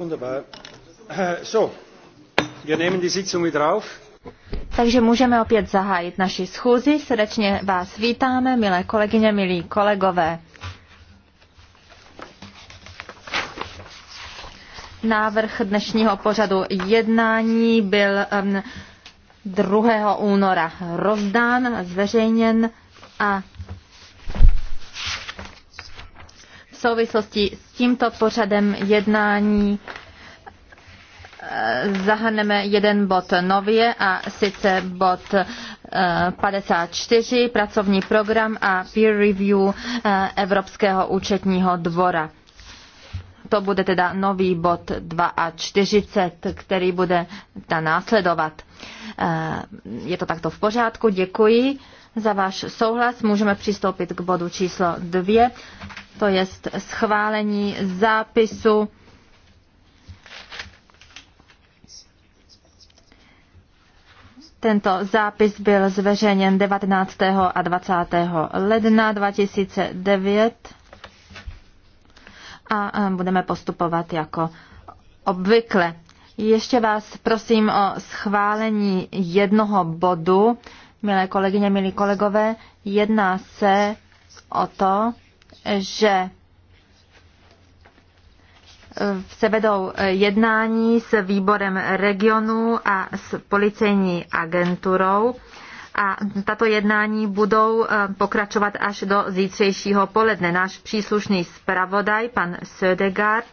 Äh, Takže můžeme opět zahájit naši schůzi. Srdečně vás vítáme, milé kolegyně, milí kolegové. Návrh dnešního pořadu jednání byl 2. února rozdán, zveřejněn a souvislosti s tímto pořadem jednání eh, zahrneme jeden bod nově a sice bod 54, eh, pracovní program a peer review eh, Evropského účetního dvora. To bude teda nový bod 42, který bude ta následovat. Je to takto v pořádku, děkuji za váš souhlas. Můžeme přistoupit k bodu číslo dvě, to je schválení zápisu Tento zápis byl zveřejněn 19. a 20. ledna 2009 a budeme postupovat jako obvykle. Ještě vás prosím o schválení jednoho bodu Milé kolegyně, milí kolegové, jedná se o to, že se vedou jednání s výborem regionu a s policejní agenturou a tato jednání budou eh, pokračovat až do zítřejšího poledne. Náš příslušný zpravodaj, pan Södegard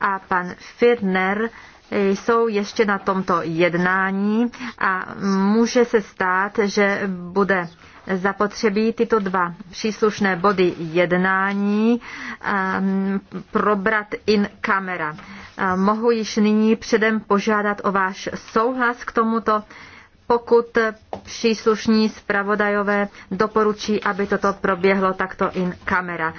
a pan Firner, jsou ještě na tomto jednání a může se stát, že bude zapotřebí tyto dva příslušné body jednání ehm, probrat in camera. Mohu již nyní předem požádat o váš souhlas k tomuto pokud příslušní zpravodajové doporučí, aby toto proběhlo takto in kamera.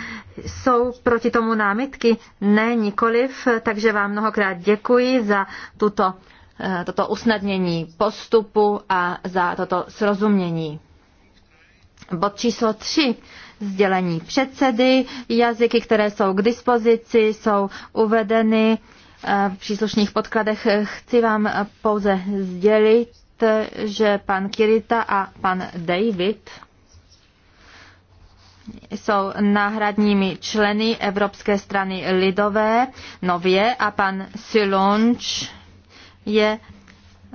Jsou proti tomu námitky? Ne, nikoliv, takže vám mnohokrát děkuji za tuto, eh, toto usnadnění postupu a za toto srozumění. Bod číslo 3. Sdělení předsedy. Jazyky, které jsou k dispozici, jsou uvedeny eh, v příslušných podkladech. Chci vám pouze sdělit, že pan Kirita a pan David jsou náhradními členy Evropské strany lidové nově a pan Silonč je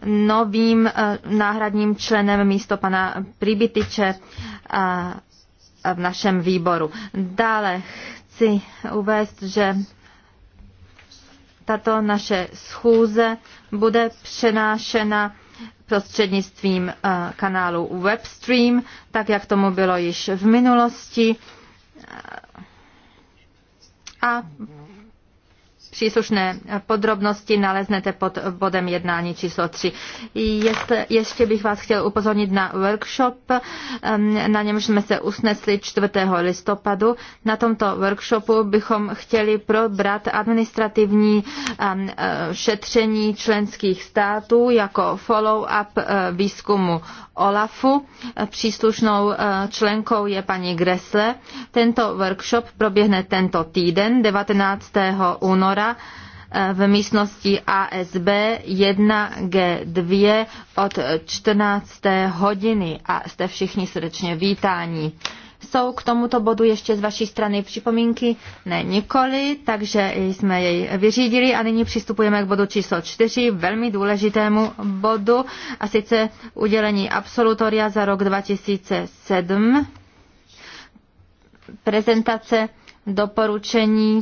novým eh, náhradním členem místo pana Pribityče eh, v našem výboru. Dále chci uvést, že tato naše schůze bude přenášena prostřednictvím eh, kanálu Webstream, tak jak tomu bylo již v minulosti. A Příslušné podrobnosti naleznete pod bodem jednání číslo 3. ještě bych vás chtěl upozornit na workshop, na němž jsme se usnesli 4. listopadu. Na tomto workshopu bychom chtěli probrat administrativní eh, šetření členských států jako follow-up eh, výzkumu OLAFu. Příslušnou eh, členkou je paní Gresle. Tento workshop proběhne tento týden 19. února Eh, v místnosti ASB 1G2 od 14. hodiny a jste všichni srdečně vítáni. Jsou k tomuto bodu ještě z vaší strany připomínky? Ne, nikoli, takže jsme jej vyřídili a nyní přistupujeme k bodu číslo čtyři, velmi důležitému bodu, a sice udělení absolutoria za rok 2007, prezentace doporučení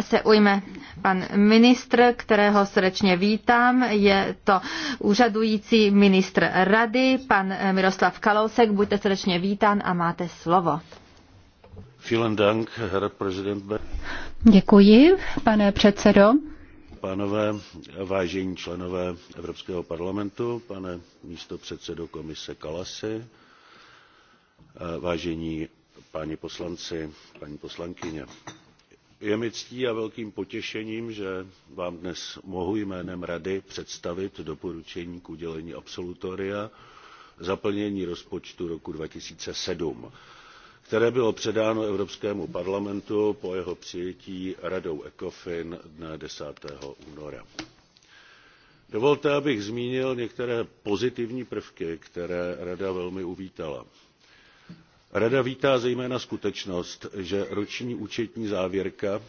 se ujme pan ministr, kterého srdečně vítám. Je to úřadující ministr rady, pan Miroslav Kalousek. Buďte srdečně vítán a máte slovo. Děkuji, pane předsedo. Pánové, vážení členové Evropského parlamentu, pane místopředsedo komise Kalasy, vážení páni poslanci, paní poslankyně je mi ctí a velkým potěšením že vám dnes mohu jménem rady představit doporučení k udělení absolutoria za plnění rozpočtu roku two thousand and seven které bylo předáno evropskému parlamentu po jeho přijetí radou ecofin dne. ten února. dovolte abych zmínil některé pozitivní prvky které rada velmi uvítala rada vítá zejména skutečnost že roční účetní závěrka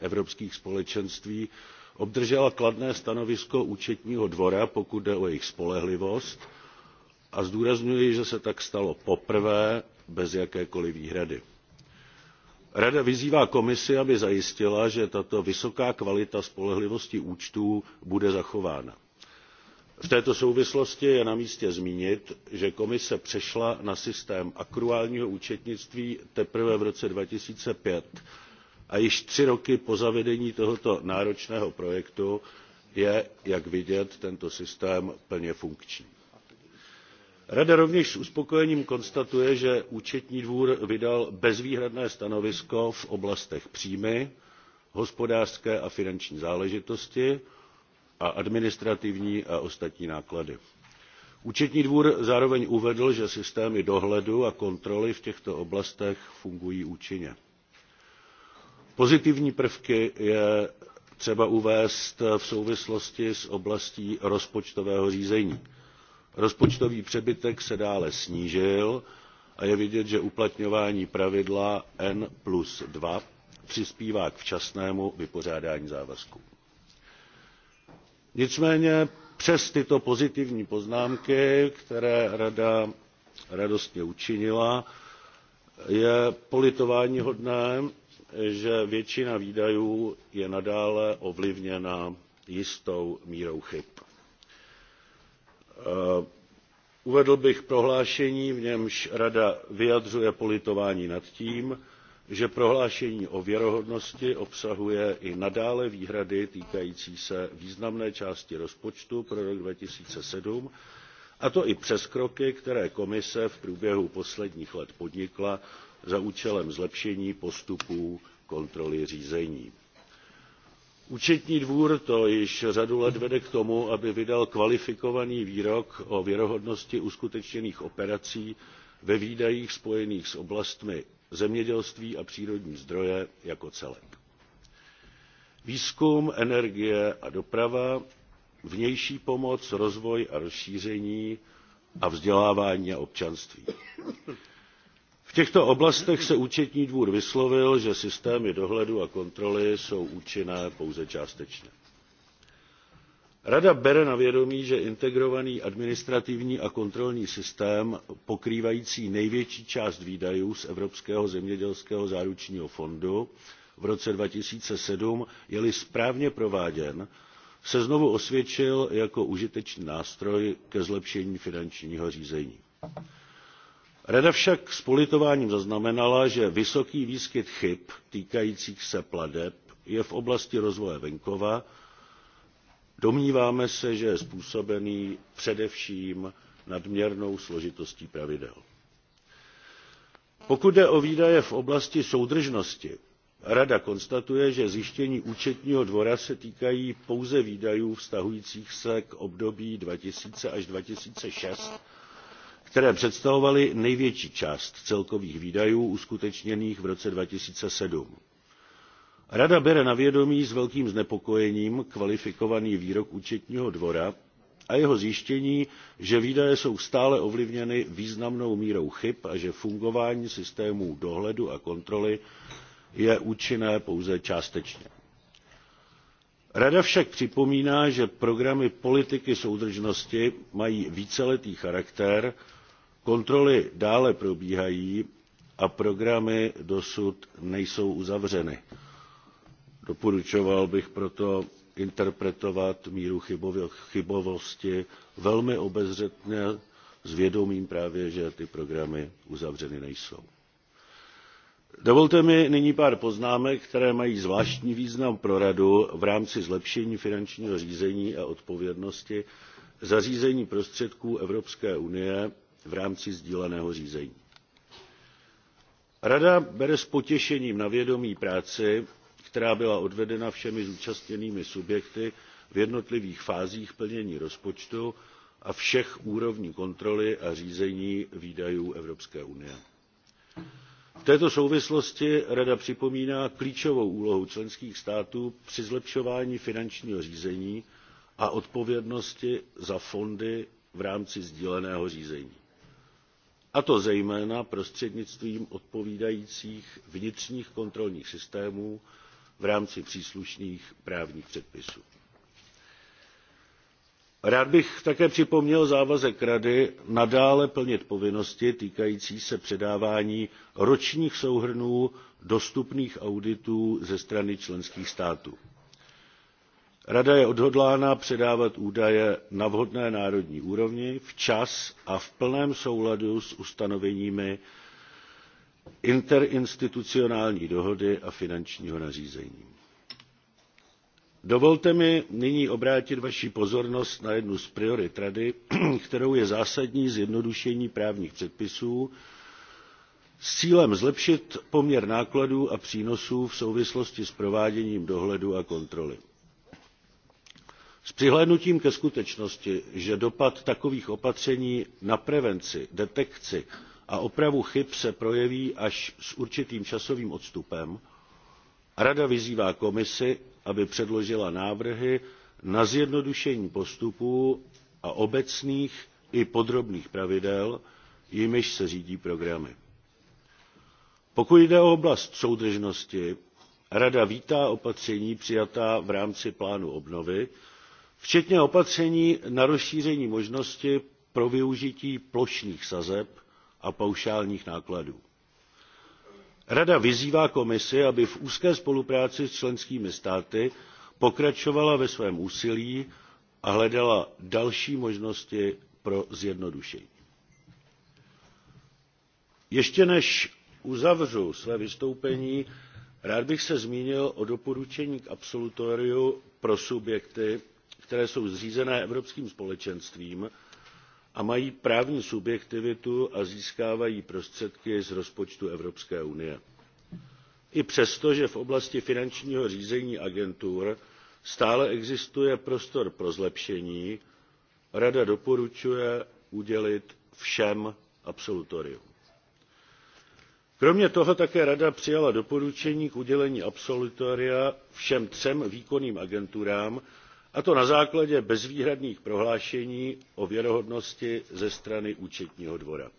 evropských společenství obdržela kladné stanovisko účetního dvora pokud jde o jejich spolehlivost a zdůrazňuji že se tak stalo poprvé bez jakékoliv výhrady. rada vyzývá komisi aby zajistila že tato vysoká kvalita spolehlivosti účtů bude zachována v této souvislosti je místě zmínit že komise přešla na systém akruálního účetnictví teprve v roce two thousand and five a již tři roky po zavedení tohoto náročného projektu je jak vidět tento systém plně funkční. rada rovněž s uspokojením konstatuje že účetní dvůr vydal bezvýhradné stanovisko v oblastech příjmy hospodářské a finanční záležitosti a administrativní a ostatní náklady. účetní dvůr zároveň uvedl že systémy dohledu a kontroly v těchto oblastech fungují účinně. pozitivní prvky je třeba uvést v souvislosti s oblastí rozpočtového řízení. rozpočtový přebytek se dále snížil a je vidět že uplatňování pravidla n two přispívá k včasnému vypořádání závazků nicméně přes tyto pozitivní poznámky které rada radostně učinila je politováníhodné že většina výdajů je nadále ovlivněna jistou mírou chyb. Eh, uvedl bych prohlášení v němž rada vyjadřuje politování nad tím že prohlášení o věrohodnosti obsahuje i nadále výhrady týkající se významné části rozpočtu pro rok two thousand and seven a to i přes kroky které komise v průběhu posledních let podnikla za účelem zlepšení postupů kontroly řízení. účetní dvůr to již řadu let vede k tomu aby vydal kvalifikovaný výrok o věrohodnosti uskutečněných operací ve výdajích spojených s oblastmi zemědělství a přírodní zdroje jako celek. Výzkum, energie a doprava, vnější pomoc, rozvoj a rozšíření a vzdělávání a občanství. V těchto oblastech se účetní dvůr vyslovil, že systémy dohledu a kontroly jsou účinné pouze částečně rada bere na vědomí že integrovaný administrativní a kontrolní systém pokrývající největší část výdajů z evropského zemědělského záručního fondu v roce two thousand and seven je li správně prováděn se znovu osvědčil jako užitečný nástroj ke zlepšení finančního řízení. rada však s politováním zaznamenala že vysoký výskyt chyb týkajících se plateb je v oblasti rozvoje venkova Domníváme se, že je způsobený především nadměrnou složitostí pravidel. Pokud jde o výdaje v oblasti soudržnosti, Rada konstatuje, že zjištění účetního dvora se týkají pouze výdajů vztahujících se k období 2000 až 2006, které představovaly největší část celkových výdajů uskutečněných v roce 2007 rada bere na vědomí s velkým znepokojením kvalifikovaný výrok účetního dvora a jeho zjištění že výdaje jsou stále ovlivněny významnou mírou chyb a že fungování systémů dohledu a kontroly je účinné pouze částečně. rada však připomíná že programy politiky soudržnosti mají víceletý charakter kontroly dále probíhají a programy dosud nejsou uzavřeny. Doporučoval bych proto interpretovat míru chybovosti velmi obezřetně s vědomím právě, že ty programy uzavřeny nejsou. Dovolte mi nyní pár poznámek, které mají zvláštní význam pro Radu v rámci zlepšení finančního řízení a odpovědnosti za řízení prostředků Evropské unie v rámci sdíleného řízení. Rada bere s potěšením na vědomí práci, která byla odvedena všemi zúčastněnými subjekty v jednotlivých fázích plnění rozpočtu a všech úrovní kontroly a řízení výdajů evropské unie. v této souvislosti rada připomíná klíčovou úlohu členských států při zlepšování finančního řízení a odpovědnosti za fondy v rámci sdíleného řízení a to zejména prostřednictvím odpovídajících vnitřních kontrolních systémů v rámci příslušných právních předpisů. Rád bych také připomněl závazek Rady nadále plnit povinnosti týkající se předávání ročních souhrnů dostupných auditů ze strany členských států. Rada je odhodlána předávat údaje na vhodné národní úrovni včas a v plném souladu s ustanoveními interinstitucionální dohody a finančního nařízení. Dovolte mi nyní obrátit vaši pozornost na jednu z priorit Rady, kterou je zásadní zjednodušení právních předpisů s cílem zlepšit poměr nákladů a přínosů v souvislosti s prováděním dohledu a kontroly. S přihlédnutím ke skutečnosti, že dopad takových opatření na prevenci, detekci a opravu chyb se projeví až s určitým časovým odstupem rada vyzývá komisi aby předložila návrhy na zjednodušení postupů a obecných i podrobných pravidel jimiž se řídí programy. pokud jde o oblast soudržnosti rada vítá opatření přijatá v rámci plánu obnovy včetně opatření na rozšíření možnosti pro využití plošných sazeb a paušálních nákladů. Rada vyzývá komisi, aby v úzké spolupráci s členskými státy pokračovala ve svém úsilí a hledala další možnosti pro zjednodušení. Ještě než uzavřu své vystoupení, rád bych se zmínil o doporučení k absolutoriu pro subjekty, které jsou zřízené Evropským společenstvím, a mají právní subjektivitu a získávají prostředky z rozpočtu Evropské unie. I přesto, že v oblasti finančního řízení agentur stále existuje prostor pro zlepšení, Rada doporučuje udělit všem absolutorium. Kromě toho také Rada přijala doporučení k udělení absolutoria všem třem výkonným agenturám, a to na základě bezvýhradných prohlášení o věrohodnosti ze strany účetního dvora.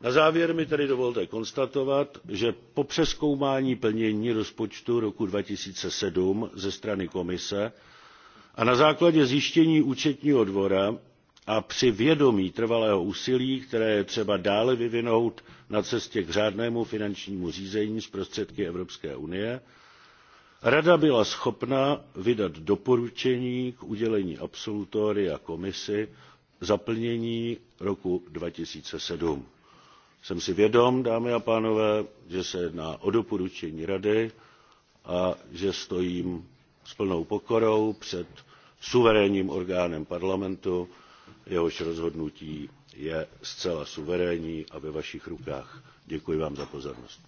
na závěr mi tedy dovolte konstatovat že po přezkoumání plnění rozpočtu roku two thousand and seven ze strany komise a na základě zjištění účetního dvora a při vědomí trvalého úsilí které je třeba dále vyvinout na cestě k řádnému finančnímu řízení s prostředky evropské unie rada byla schopna vydat doporučení k udělení absolutoria komisi za plnění roku. two thousand and seven jsem si vědom dámy a pánové že se jedná o doporučení rady a že stojím s plnou pokorou před suverénním orgánem parlamentu jehož rozhodnutí je zcela suverénní a ve vašich rukách. děkuji vám za pozornost.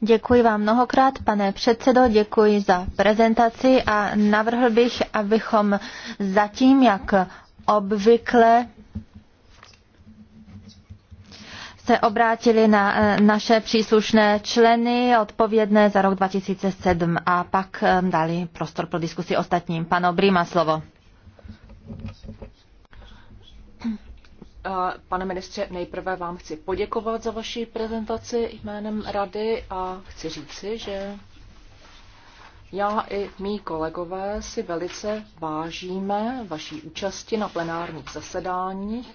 Děkuji vám mnohokrát, pane předsedo, děkuji za prezentaci a navrhl bych, abychom zatím, jak obvykle, se obrátili na eh, naše příslušné členy odpovědné za rok 2007 a pak eh, dali prostor pro diskusi ostatním. Pan Obry má slovo. Pane ministře, nejprve vám chci poděkovat za vaši prezentaci jménem Rady a chci říci, že já i mý kolegové si velice vážíme vaší účasti na plenárních zasedáních,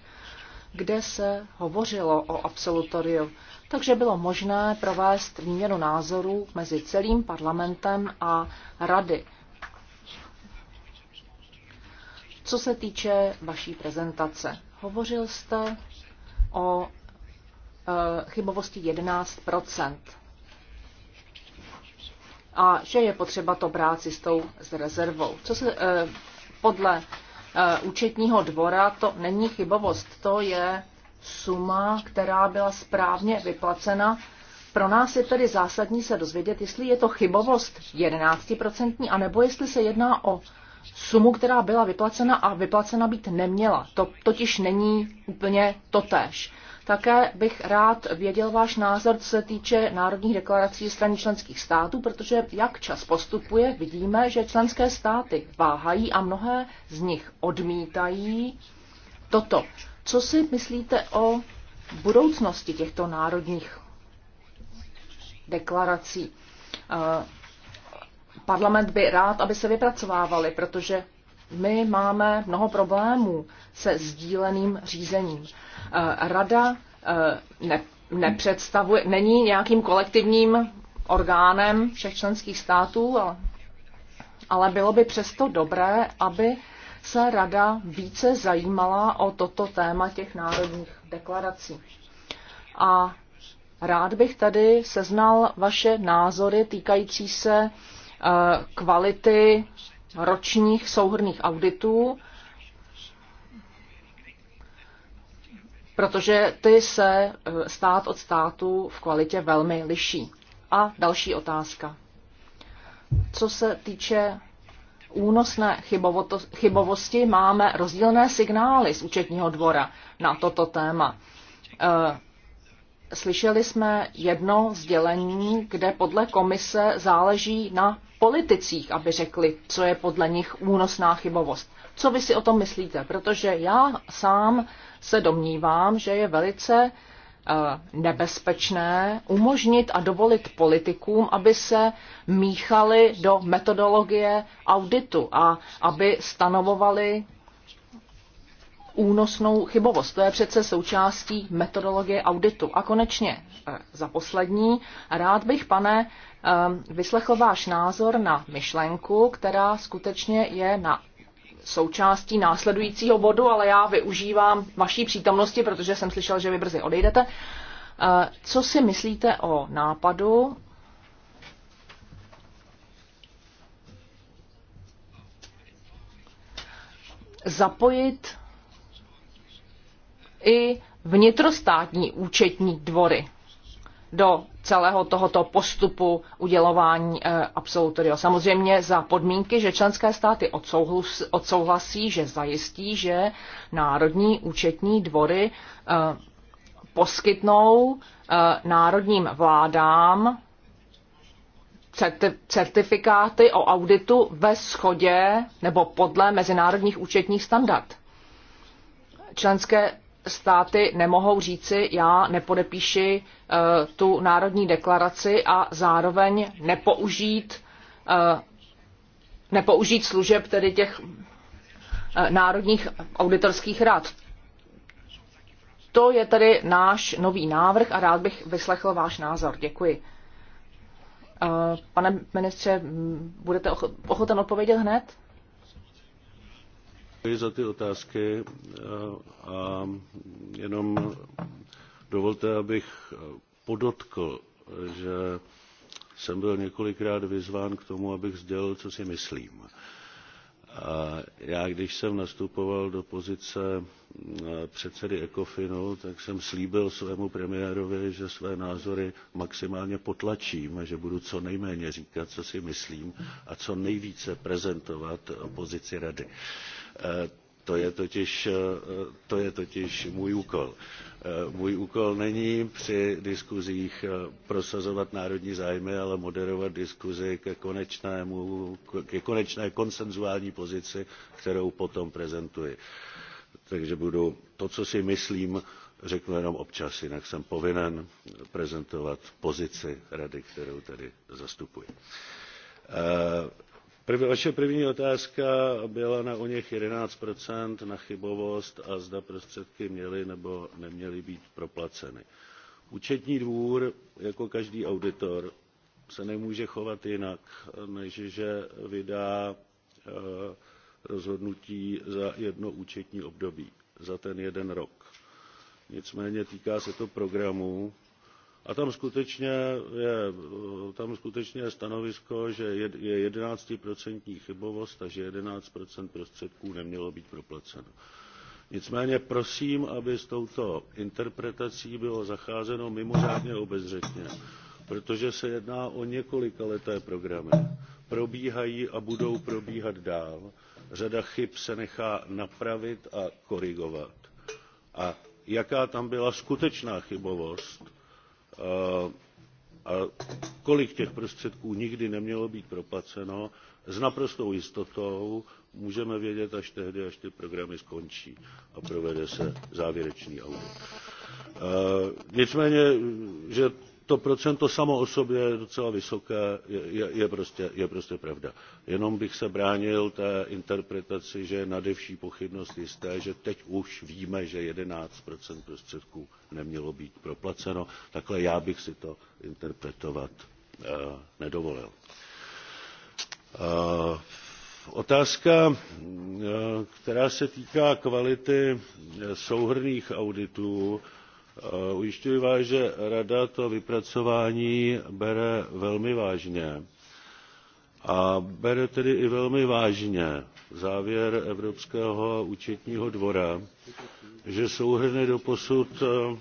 kde se hovořilo o absolutoriu, takže bylo možné provést výměnu názorů mezi celým parlamentem a rady. Co se týče vaší prezentace, Hovořil jste o e, chybovosti 11 a že je potřeba to brát si s tou s rezervou. Co se e, podle e, účetního dvora, to není chybovost, to je suma, která byla správně vyplacena. Pro nás je tedy zásadní se dozvědět, jestli je to chybovost 11% anebo jestli se jedná o sumu, která byla vyplacena a vyplacena být neměla. To totiž není úplně totéž. Také bych rád věděl váš názor, co se týče národních deklarací strany členských států, protože jak čas postupuje, vidíme, že členské státy váhají a mnohé z nich odmítají toto. Co si myslíte o budoucnosti těchto národních deklarací? Eh, parlament by rád, aby se vypracovávaly, protože my máme mnoho problémů se sdíleným řízením. Eh, rada eh, ne, nepředstavuje, není nějakým kolektivním orgánem všech členských států, ale, ale bylo by přesto dobré, aby se rada více zajímala o toto téma těch národních deklarací. A rád bych tady seznal vaše názory týkající se Eh, kvality ročních souhrných auditů, protože ty se eh, stát od státu v kvalitě velmi liší. A další otázka. Co se týče únosné chybovosti, máme rozdílné signály z účetního dvora na toto téma. Eh, slyšeli jsme jedno sdělení, kde podle komise záleží na politicích, aby řekli, co je podle nich únosná chybovost. Co vy si o tom myslíte? Protože já sám se domnívám, že je velice eh, nebezpečné umožnit a dovolit politikům, aby se míchali do metodologie auditu a aby stanovovali únosnou chybovost. To je přece součástí metodologie auditu. A konečně eh, za poslední, rád bych, pane Ehm, vyslechl váš názor na myšlenku, která skutečně je na součástí následujícího bodu, ale já využívám vaší přítomnosti, protože jsem slyšel, že vy brzy odejdete. Ehm, co si myslíte o nápadu zapojit i vnitrostátní účetní dvory do celého tohoto postupu udělování eh, absolutoria. Samozřejmě za podmínky, že členské státy odsouhlasí, že zajistí, že národní účetní dvory eh, poskytnou eh, národním vládám certifikáty o auditu ve schodě nebo podle mezinárodních účetních standard. Členské státy nemohou říci, já nepodepíši eh, tu národní deklaraci a zároveň nepoužít, eh, nepoužít služeb tedy těch eh, národních auditorských rad. To je tedy náš nový návrh a rád bych vyslechl váš názor. Děkuji. Pane ministře, budete ochoten odpovědět hned? Děkuji za ty otázky a jenom dovolte, abych podotkl, že jsem byl několikrát vyzván k tomu, abych sdělil, co si myslím. A já, když jsem nastupoval do pozice předsedy Ekofinu, tak jsem slíbil svému premiérovi, že své názory maximálně potlačím a že budu co nejméně říkat, co si myslím a co nejvíce prezentovat pozici rady. Uh, Eh, to je totiž, eh, to je totiž můj úkol. Eh, můj úkol není při diskuzích prosazovat národní zájmy, ale moderovat diskuzi ke, konečnému, ke konečné konsenzuální pozici, kterou potom prezentuji. Takže budu to, co si myslím, řeknu jenom občas, jinak jsem povinen prezentovat pozici rady, kterou tady zastupuji vaše první otázka byla na oněch něch 11 na chybovost a zda prostředky měly nebo neměly být proplaceny. Účetní dvůr, jako každý auditor, se nemůže chovat jinak, než že vydá eh, rozhodnutí za jedno účetní období, za ten jeden rok. Nicméně týká se to programů, a tam skutečně je, tam skutečně je stanovisko, že je 11% chybovost a že 11% prostředků nemělo být proplaceno. Nicméně prosím, aby s touto interpretací bylo zacházeno mimořádně obezřetně, protože se jedná o několikaleté programy. Probíhají a budou probíhat dál. Řada chyb se nechá napravit a korigovat. A jaká tam byla skutečná chybovost, Eh, a kolik těch prostředků nikdy nemělo být proplaceno s naprostou jistotou můžeme vědět až tehdy až ty programy skončí a provede se závěrečný audit. Eh, nicméně že to procento samo o sobě je docela vysoké, je, je, prostě, je prostě pravda. Jenom bych se bránil té interpretaci, že je nadevší pochybnost jisté, že teď už víme, že 11% prostředků nemělo být proplaceno. Takhle já bych si to interpretovat eh, nedovolil. Eh, otázka eh, která se týká kvality souhrnných auditů Eh, ujišťuji vás že rada to vypracování bere velmi vážně a bere tedy i velmi vážně závěr evropského účetního dvora že souhrny doposud eh,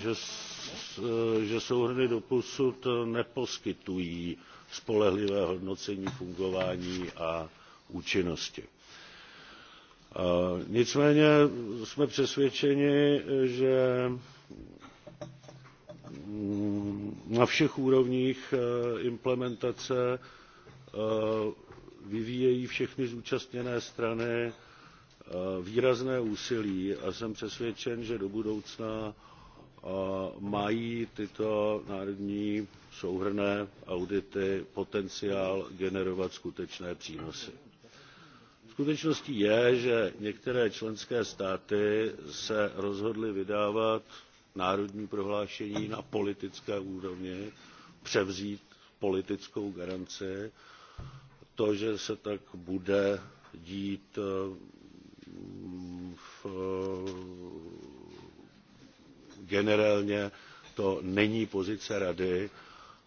že, eh, že souhrny doposud neposkytují spolehlivé hodnocení fungování a účinnosti Nicméně jsme přesvědčeni, že na všech úrovních e, implementace e, vyvíjejí všechny zúčastněné strany e, výrazné úsilí a jsem přesvědčen, že do budoucna mají tyto národní souhrnné audity potenciál generovat skutečné přínosy. Skutečností je, že některé členské státy se rozhodly vydávat národní prohlášení na politické úrovni, převzít politickou garanci. To, že se tak bude dít eh, v, generálně, to není pozice rady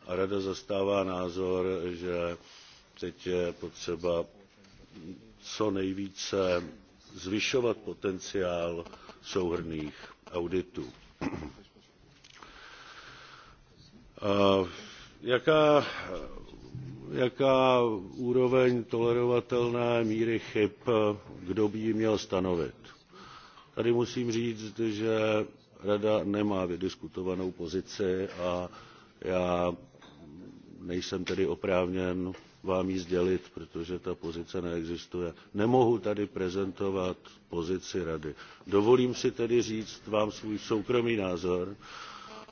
a rada zastává názor, že teď je potřeba co nejvíce zvyšovat potenciál souhrnných auditů. Jaká, jaká úroveň tolerovatelné míry chyb, kdo by ji měl stanovit? Tady musím říct, že Rada nemá vydiskutovanou pozici a já nejsem tedy oprávněn vám ji sdělit, protože ta pozice neexistuje. Nemohu tady prezentovat pozici rady. Dovolím si tedy říct vám svůj soukromý názor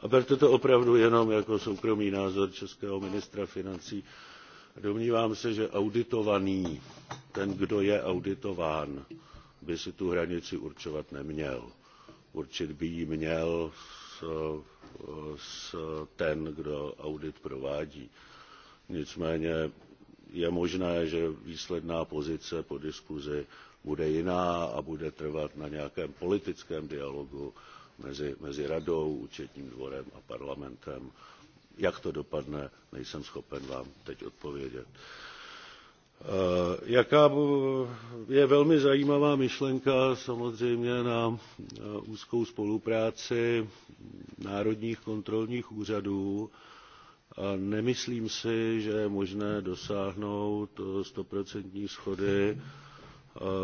a berte to opravdu jenom jako soukromý názor českého ministra financí. Domnívám se, že auditovaný, ten, kdo je auditován, by si tu hranici určovat neměl. Určit by ji měl s, s ten, kdo audit provádí. Nicméně je možné, že výsledná pozice po diskuzi bude jiná a bude trvat na nějakém politickém dialogu mezi, mezi radou, účetním dvorem a parlamentem. Jak to dopadne, nejsem schopen vám teď odpovědět. Eh, jaká je velmi zajímavá myšlenka samozřejmě na eh, úzkou spolupráci národních kontrolních úřadů, Nemyslím si, že je možné dosáhnout eh, stoprocentní schody eh,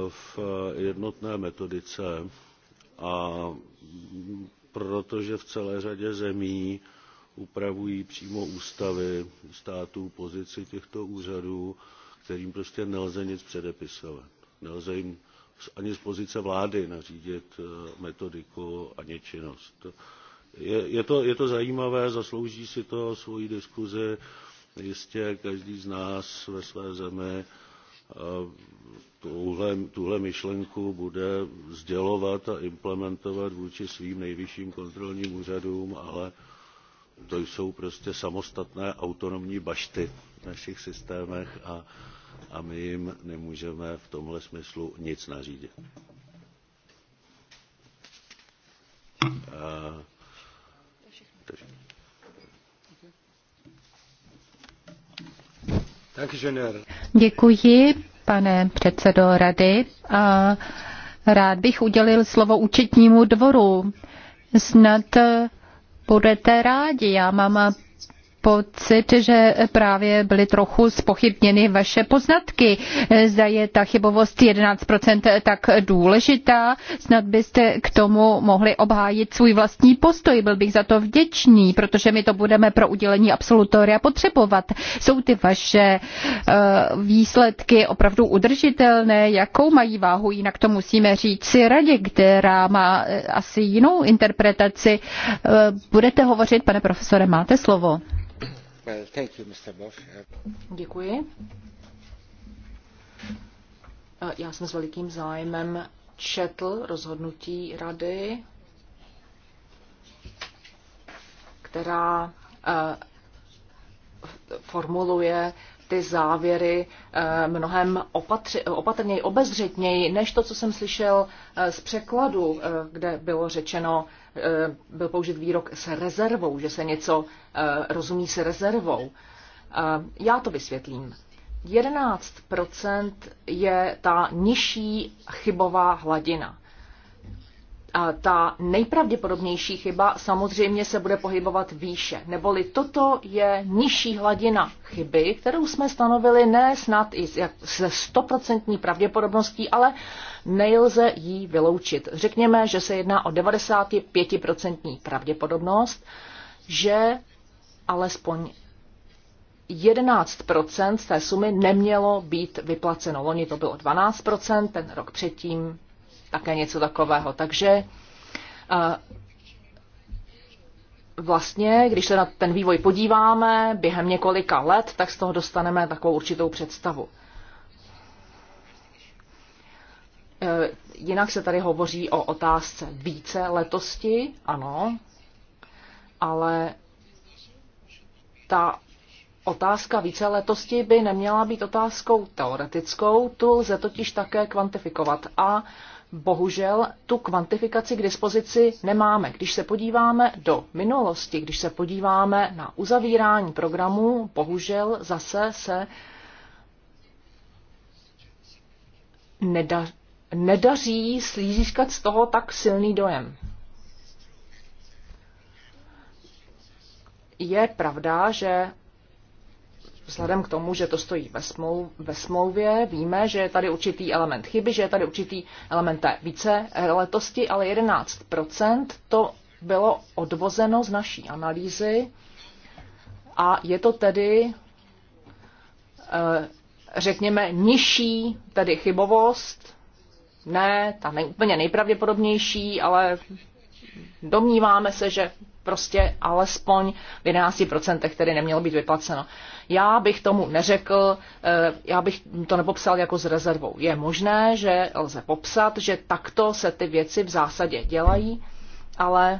v eh, jednotné metodice a protože v celé řadě zemí upravují přímo ústavy států pozici těchto úřadů, kterým prostě nelze nic předepisovat. Nelze jim ani z pozice vlády nařídit metodiku ani činnost. Je, to, je to zajímavé, zaslouží si to svoji diskuzi. Jistě každý z nás ve své zemi tuhle, tuhle myšlenku bude sdělovat a implementovat vůči svým nejvyšším kontrolním úřadům, ale to jsou prostě samostatné autonomní bašty v našich systémech a, a my jim nemůžeme v tomhle smyslu nic nařídit. A Děkuji, pane předsedo rady. A rád bych udělil slovo účetnímu dvoru. Snad budete rádi. Já mám pocit, že právě byly trochu spochybněny vaše poznatky. Zda je ta chybovost 11% tak důležitá, snad byste k tomu mohli obhájit svůj vlastní postoj. Byl bych za to vděčný, protože my to budeme pro udělení absolutoria potřebovat. Jsou ty vaše eh, výsledky opravdu udržitelné? Jakou mají váhu? Jinak to musíme říct si radě, která má eh, asi jinou interpretaci. Eh, budete hovořit, pane profesore, máte slovo. Děkuji. E, já jsem s velikým zájmem četl rozhodnutí rady, která e, formuluje ty závěry eh, mnohem opatři, opatrněji, obezřetněji, než to, co jsem slyšel eh, z překladu, eh, kde bylo řečeno, byl použit výrok s rezervou, že se něco rozumí s rezervou. Já to vysvětlím. 11 je ta nižší chybová hladina ta nejpravděpodobnější chyba samozřejmě se bude pohybovat výše, neboli toto je nižší hladina chyby, kterou jsme stanovili ne snad i se stoprocentní pravděpodobností, ale nejlze ji vyloučit. Řekněme, že se jedná o 95% pravděpodobnost, že alespoň 11 z té sumy nemělo být vyplaceno. Loni to bylo 12 ten rok předtím také něco takového. Takže vlastně, když se na ten vývoj podíváme během několika let, tak z toho dostaneme takovou určitou představu. E, jinak se tady hovoří o otázce více letosti, ano, ale ta otázka více letosti by neměla být otázkou teoretickou, tu lze totiž také kvantifikovat a Bohužel tu kvantifikaci k dispozici nemáme. Když se podíváme do minulosti, když se podíváme na uzavírání programů, bohužel zase se neda, nedaří získat z toho tak silný dojem. Je pravda, že vzhledem k tomu, že to stojí ve, smlou, ve smlouvě, víme, že je tady určitý element chyby, že je tady určitý element té více letosti, ale 11% to bylo odvozeno z naší analýzy a je to tedy, eh, řekněme, nižší tedy chybovost, ne ta nej, úplně nejpravděpodobnější, ale domníváme se, že prostě alespoň v 11% tedy nemělo být vyplaceno. Já bych tomu neřekl, eh, já bych to nepopsal jako s rezervou. Je možné, že lze popsat, že takto se ty věci v zásadě dělají, ale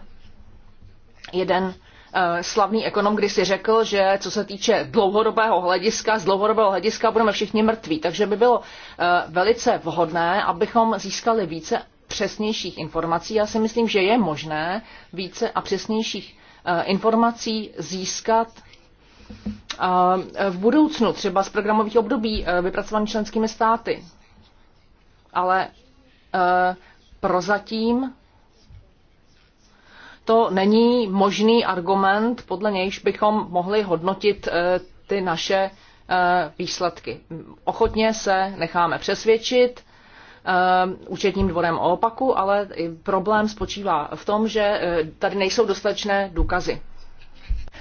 jeden eh, slavný ekonom kdysi řekl, že co se týče dlouhodobého hlediska, z dlouhodobého hlediska budeme všichni mrtví. Takže by bylo eh, velice vhodné, abychom získali více přesnějších informací. Já si myslím, že je možné více a přesnějších eh, informací získat eh, v budoucnu, třeba z programových období eh, vypracovaných členskými státy. Ale prozatím to není možný argument, podle nějž bychom mohli hodnotit ty naše výsledky. Ochotně se necháme přesvědčit, Ehm, účetním dvorem o opaku, ale problém spočívá v tom, že eh, tady nejsou dostatečné důkazy.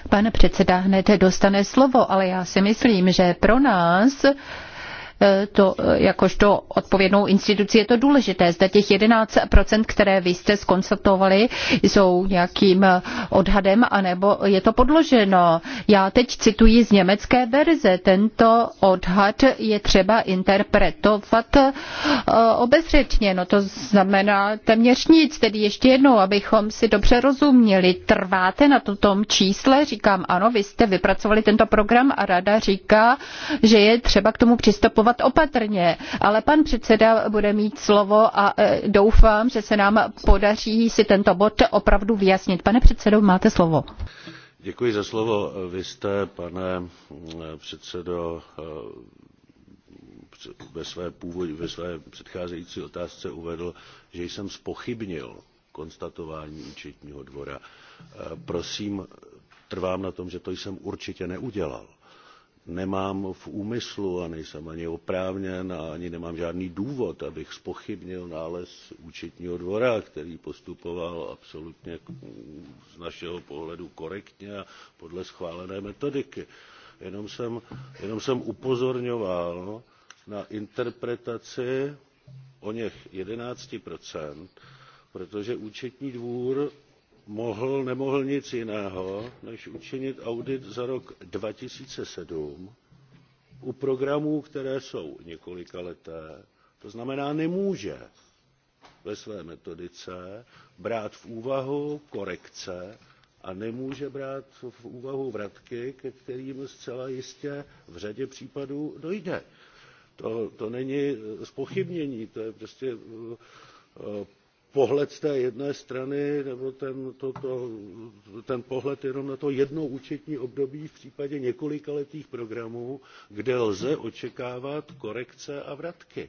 Pane předseda hned dostane slovo, ale já si myslím, že pro nás Eh, to eh, jakožto odpovědnou instituci je to důležité. Zda těch 11%, které vy jste skonstatovali, jsou nějakým eh, odhadem, anebo je to podloženo. Já teď cituji z německé verze. Tento odhad je třeba interpretovat obezřetně. No to znamená téměř nic. Tedy ještě jednou, abychom si dobře rozuměli. Trváte na tom čísle? Říkám ano, vy jste vypracovali tento program a rada říká, že je třeba k tomu přistupovat hlasovat opatrně, ale pan předseda bude mít slovo a e, doufám, že se nám podaří si tento bod opravdu vyjasnit. Pane předsedo, máte slovo. Děkuji za slovo. Vy jste, pane e, předsedo, e, ve své, původ, ve své předcházející otázce uvedl, že jsem spochybnil konstatování účetního dvora. Prosím, trvám na tom, že to jsem určitě neudělal nemám v úmyslu a nejsem ani oprávněn a ani nemám žádný důvod, abych spochybnil nález účetního dvora, který postupoval absolutně z našeho pohledu korektně a podle schválené metodiky. Jenom jsem, jenom jsem upozorňoval na interpretaci o něch 11%, protože účetní dvůr mohl nemohl nic jiného než učinit audit za rok two thousand and seven u programů které jsou několikaleté to znamená nemůže ve své metodice brát v úvahu korekce a nemůže brát v úvahu vratky, ke kterým zcela jistě v řadě případů dojde. To, to není eh, zpochybnění, to je prostě eh, pohled z té jedné strany nebo ten, to, to, ten pohled jenom na to jedno účetní období v případě několikaletých programů, kde lze očekávat korekce a vratky.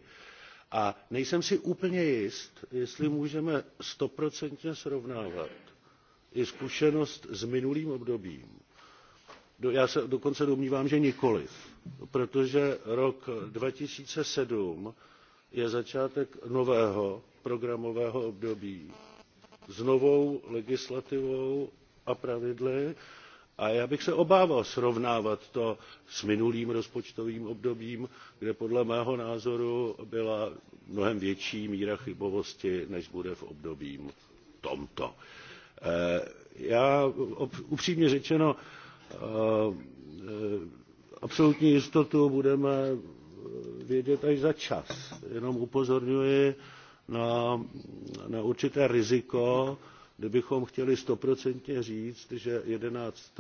A nejsem si úplně jist, jestli můžeme stoprocentně srovnávat i zkušenost s minulým obdobím. Já se dokonce domnívám, že nikoliv, protože rok 2007 je začátek nového programového období s novou legislativou a pravidly a já bych se obával srovnávat to s minulým rozpočtovým obdobím kde podle mého názoru byla mnohem větší míra chybovosti než bude v období tomto. Eh, já upřímně řečeno eh, eh, absolutní jistotu budeme vědět až za čas. Jenom upozorňuji na, na určité riziko, kdybychom chtěli stoprocentně říct, že 11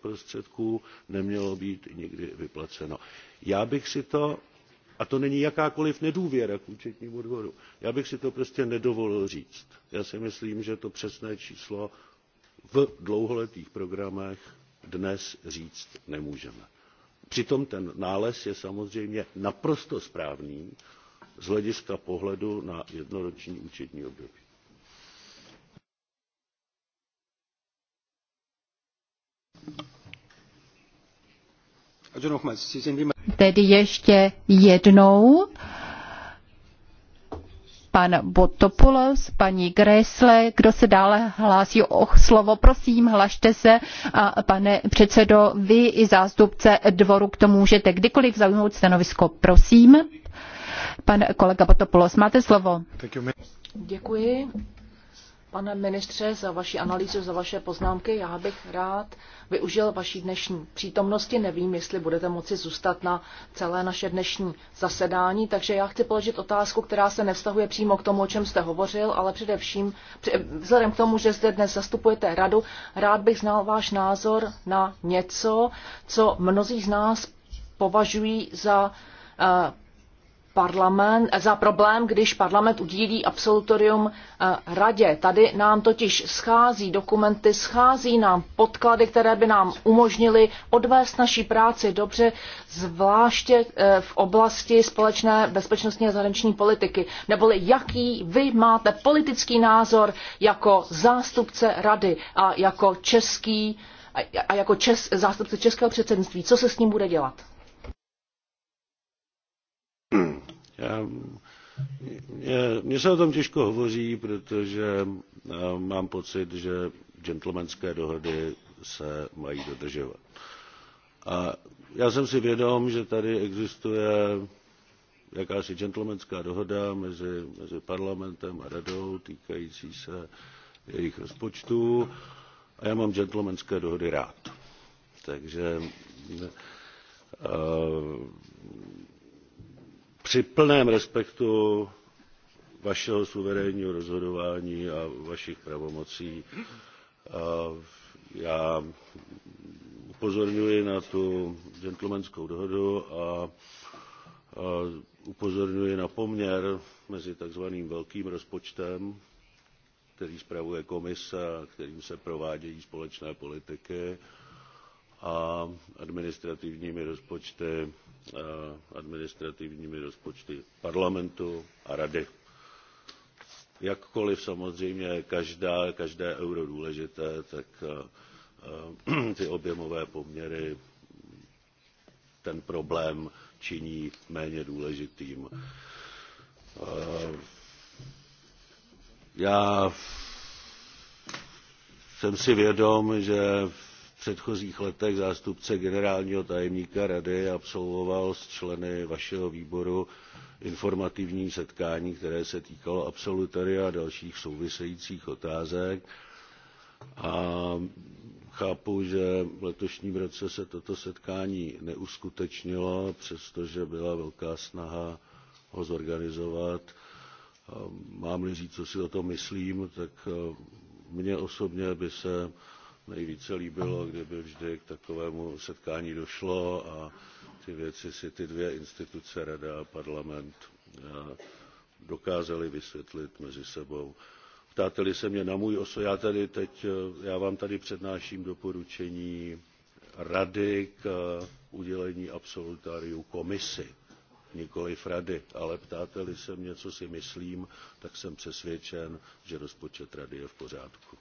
prostředků nemělo být nikdy vyplaceno. Já bych si to, a to není jakákoliv nedůvěra k účetnímu dvoru, já bych si to prostě nedovolil říct. Já si myslím, že to přesné číslo v dlouholetých programech dnes říct nemůžeme. Přitom ten nález je samozřejmě naprosto správný z hlediska pohledu na jednoroční účetní období. Tedy ještě jednou pan Botopoulos, paní Gresle. Kdo se dále hlásí o slovo? Prosím, hlašte se. A pane předsedo, vy i zástupce dvoru k tomu můžete kdykoliv zaujmout stanovisko. Prosím. Pan kolega Botopoulos, máte slovo. Děkuji. Pane ministře, za vaši analýzu, za vaše poznámky, já bych rád využil vaší dnešní přítomnosti. Nevím, jestli budete moci zůstat na celé naše dnešní zasedání, takže já chci položit otázku, která se nevztahuje přímo k tomu, o čem jste hovořil, ale především vzhledem k tomu, že zde dnes zastupujete radu, rád bych znal váš názor na něco, co mnozí z nás považují za eh, parlament, za problém, když parlament udílí absolutorium eh, radě. Tady nám totiž schází dokumenty, schází nám podklady, které by nám umožnily odvést naší práci dobře, zvláště eh, v oblasti společné bezpečnostní a zahraniční politiky. Neboli jaký vy máte politický názor jako zástupce rady a jako český a jako čes, zástupce českého předsednictví, co se s ním bude dělat? Já, mně se o tom těžko hovoří, protože eh, mám pocit, že gentlemanské dohody se mají dodržovat. A já jsem si vědom, že tady existuje jakási gentlemanská dohoda mezi, mezi parlamentem a radou týkající se jejich rozpočtů a já mám gentlemanské dohody rád. Takže uh, při plném respektu vašeho suverénního rozhodování a vašich pravomocí já upozorňuji na tu gentlemanskou dohodu a upozorňuji na poměr mezi takzvaným velkým rozpočtem který spravuje komise a kterým se provádějí společné politiky a administrativními rozpočty, administrativními rozpočty parlamentu a rady. Jakkoliv samozřejmě každá, každé euro důležité, tak ty objemové poměry ten problém činí méně důležitým. Já jsem si vědom, že v předchozích letech zástupce generálního tajemníka rady absolvoval s členy vašeho výboru informativní setkání, které se týkalo absolutoria a dalších souvisejících otázek. A chápu, že v letošním roce se toto setkání neuskutečnilo, přestože byla velká snaha ho zorganizovat. Mám-li říct, co si o tom myslím, tak eh, mně osobně by se nejvíce líbilo, kdyby vždy k takovému setkání došlo a ty věci si ty dvě instituce, Rada a parlament, eh, dokázaly vysvětlit mezi sebou. Ptáte-li se mě na můj oso, já, tady teď, eh, já vám tady přednáším doporučení rady k eh, udělení absolutáriu komisi, nikoliv rady. Ale ptáte-li se mě, co si myslím, tak jsem přesvědčen, že rozpočet rady je v pořádku.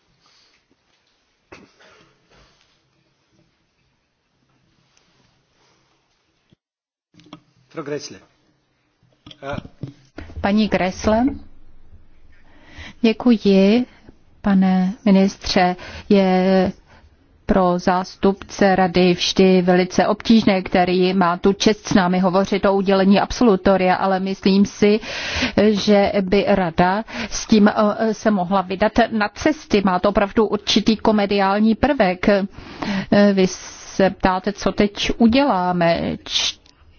Äh, Paní Gressle, děkuji, pane ministře. Je pro zástupce rady vždy velice obtížné, který má tu čest s námi hovořit o udělení absolutoria, ale myslím si, že by rada s tím eh, se mohla vydat na cesty. Má to opravdu určitý komediální prvek. Eh, vy se ptáte, co teď uděláme.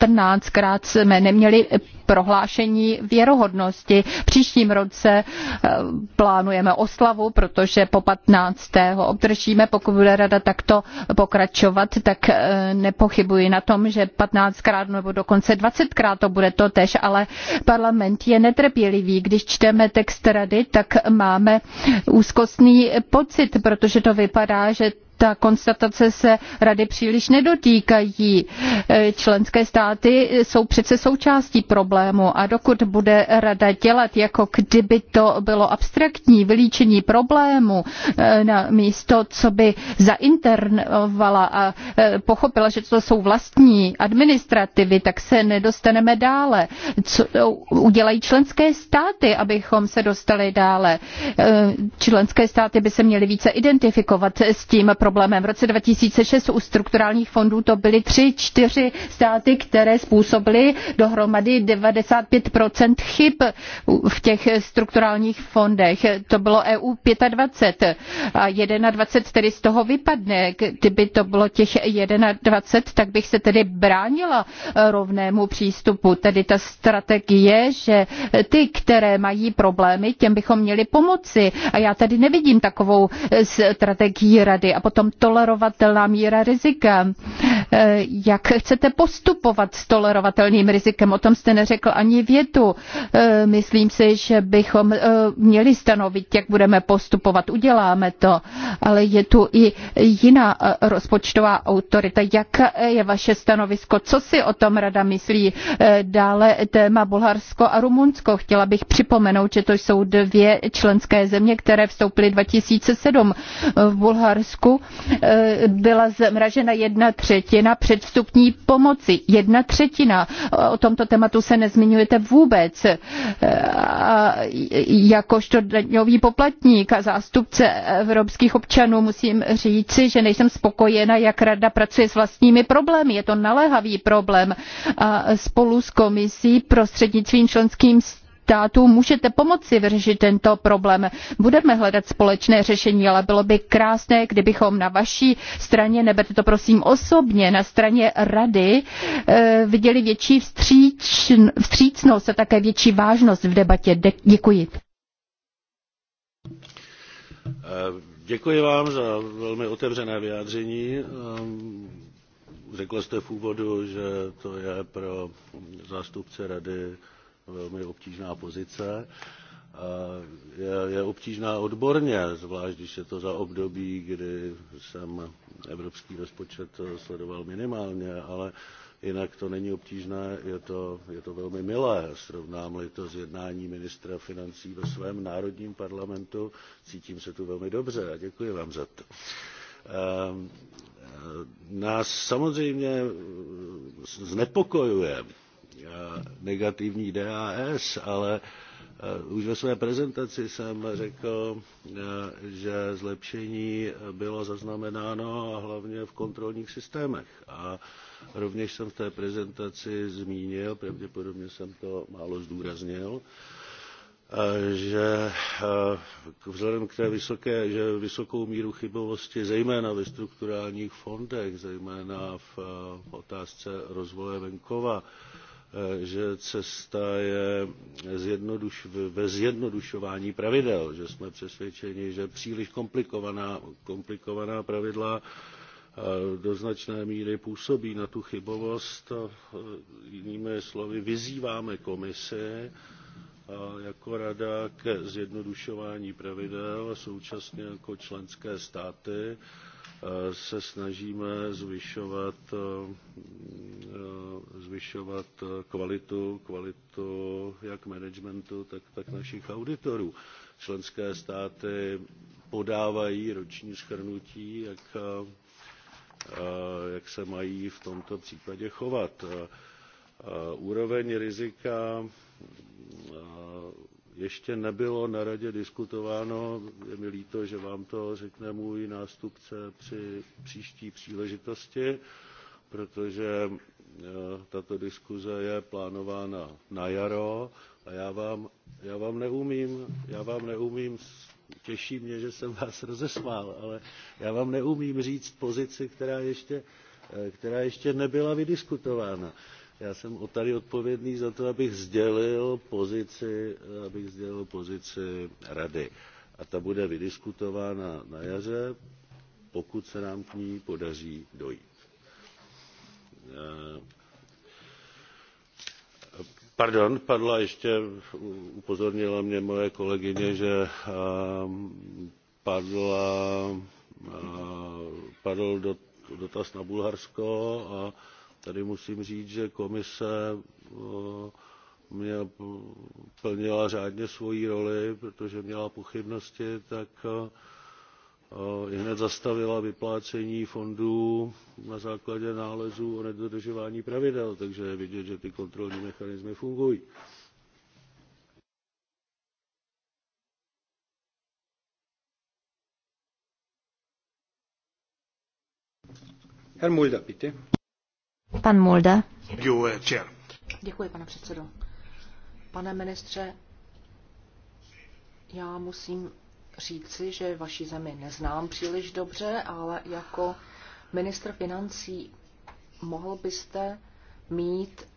14krát jsme neměli prohlášení věrohodnosti. Příštím roce eh, plánujeme oslavu, protože po 15. obdržíme, pokud bude rada takto pokračovat, tak eh, nepochybuji na tom, že 15krát nebo dokonce 20krát to bude to tež, ale parlament je netrpělivý. Když čteme text rady, tak máme úzkostný pocit, protože to vypadá, že ta konstatace se rady příliš nedotýkají. E, členské státy jsou přece součástí problému a dokud bude rada dělat, jako kdyby to bylo abstraktní vylíčení problému e, na místo, co by zainternovala a e, pochopila, že to jsou vlastní administrativy, tak se nedostaneme dále. Co udělají členské státy, abychom se dostali dále? Členské státy by se měly více identifikovat s tím problémem problémem. V roce 2006 u strukturálních fondů to byly tři, čtyři státy, které způsobily dohromady 95 chyb v těch strukturálních fondech. To bylo EU 25 a 21 tedy z toho vypadne. Kdyby to bylo těch 21, tak bych se tedy bránila eh, rovnému přístupu. Tedy ta strategie, že ty, které mají problémy, těm bychom měli pomoci. A já tady nevidím takovou eh, strategii rady. A potom přitom tolerovatelná míra rizika. Eh, jak chcete postupovat s tolerovatelným rizikem? O tom jste neřekl ani větu. Eh, myslím si, že bychom eh, měli stanovit, jak budeme postupovat. Uděláme to. Ale je tu i jiná rozpočtová autorita. Jak je vaše stanovisko? Co si o tom rada myslí? Dále téma Bulharsko a Rumunsko. Chtěla bych připomenout, že to jsou dvě členské země, které vstoupily 2007 v Bulharsku. Byla zmražena jedna třetí třetina předstupní pomoci. Jedna třetina. O tomto tématu se nezmiňujete vůbec. E, a jakožto daňový poplatník a zástupce evropských občanů musím říci, že nejsem spokojena, jak rada pracuje s vlastními problémy. Je to naléhavý problém. A spolu s komisí prostřednictvím členským státům států můžete pomoci vyřešit tento problém. Budeme hledat společné řešení, ale bylo by krásné, kdybychom na vaší straně, neberte to prosím osobně, na straně rady eh, viděli větší vstřícnost a také větší vážnost v debatě. Děkuji. Eh, děkuji vám za velmi otevřené vyjádření. Eh, řekl jste v úvodu, že to je pro zástupce rady velmi obtížná pozice. Je, je obtížná odborně, zvlášť když je to za období, kdy jsem evropský rozpočet sledoval minimálně, ale jinak to není obtížné, je to, je to velmi milé. Srovnám-li to s jednání ministra financí ve svém národním parlamentu, cítím se tu velmi dobře a děkuji vám za to. Ehm, e, nás samozřejmě znepokojuje Eh, negativní DAS, ale eh, už ve své prezentaci jsem řekl, eh, že zlepšení bylo zaznamenáno a hlavně v kontrolních systémech. A rovněž jsem v té prezentaci zmínil, pravděpodobně jsem to málo zdůraznil, že vzhledem k té vysoké, že vysokou míru chybovosti, zejména ve strukturálních fondech, zejména v otázce rozvoje venkova, Eh, že cesta je zjednoduš, ve zjednodušování pravidel, že jsme přesvědčeni, že příliš komplikovaná, komplikovaná pravidla eh, do značné míry působí na tu chybovost. Eh, jinými slovy, vyzýváme komisi jako rada ke zjednodušování pravidel a současně jako členské státy Eh, se snažíme zvyšovat, eh, eh, zvyšovat kvalitu, kvalitu jak managementu, tak, tak našich auditorů. Členské státy podávají roční schrnutí, jak, jak se mají v tomto případě chovat. Úroveň rizika ještě nebylo na radě diskutováno. Je mi líto, že vám to řekne můj nástupce při příští příležitosti, protože eh, tato diskuze je plánována na jaro a já vám, já vám neumím, já vám neumím, těší mě, že jsem vás rozesmál, ale já vám neumím říct pozici, která ještě, eh, která ještě nebyla vydiskutována já jsem tady odpovědný za to, abych sdělil pozici, abych sdělil pozici rady. A ta bude vydiskutována na jaře, pokud se nám k ní podaří dojít. Eh, pardon, padla ještě, upozornila mě moje kolegyně, že ehm, padla, eh, padl dotaz na Bulharsko a tady musím říct, že komise eh, mě plnila řádně svoji roli, protože měla pochybnosti, tak eh, i hned zastavila vyplácení fondů na základě nálezů o nedodržování pravidel, takže je vidět, že ty kontrolní mechanismy fungují. Herr Mulder, bitte. Pan Mulda. Uh, Děkuji, pane předsedo. Pane ministře, já musím říci, že vaši zemi neznám příliš dobře, ale jako ministr financí mohl byste mít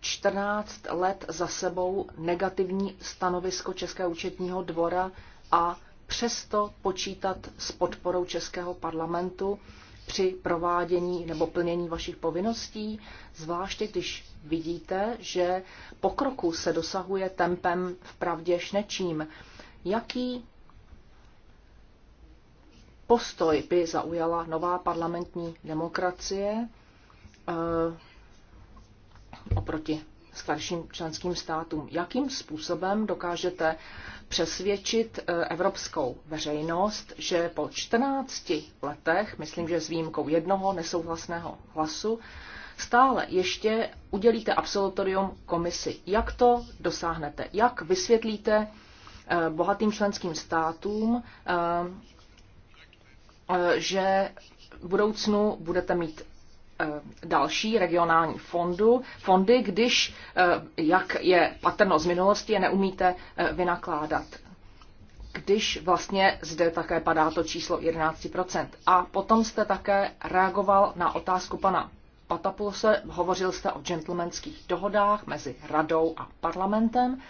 14 let za sebou negativní stanovisko Českého účetního dvora a přesto počítat s podporou Českého parlamentu při provádění nebo plnění vašich povinností, zvláště když vidíte, že pokroku se dosahuje tempem v pravdě šnečím. Jaký postoj by zaujala nová parlamentní demokracie eh, oproti starším členským státům. Jakým způsobem dokážete přesvědčit eh, evropskou veřejnost, že po 14 letech, myslím, že s výjimkou jednoho nesouhlasného hlasu, stále ještě udělíte absolutorium komisi. Jak to dosáhnete? Jak vysvětlíte eh, bohatým členským státům, eh, že v budoucnu budete mít Eh, další regionální fondu, fondy, když, eh, jak je patrno z minulosti, je neumíte eh, vynakládat. Když vlastně zde také padá to číslo 11%. A potom jste také reagoval na otázku pana Patapulse, hovořil jste o gentlemanských dohodách mezi radou a parlamentem.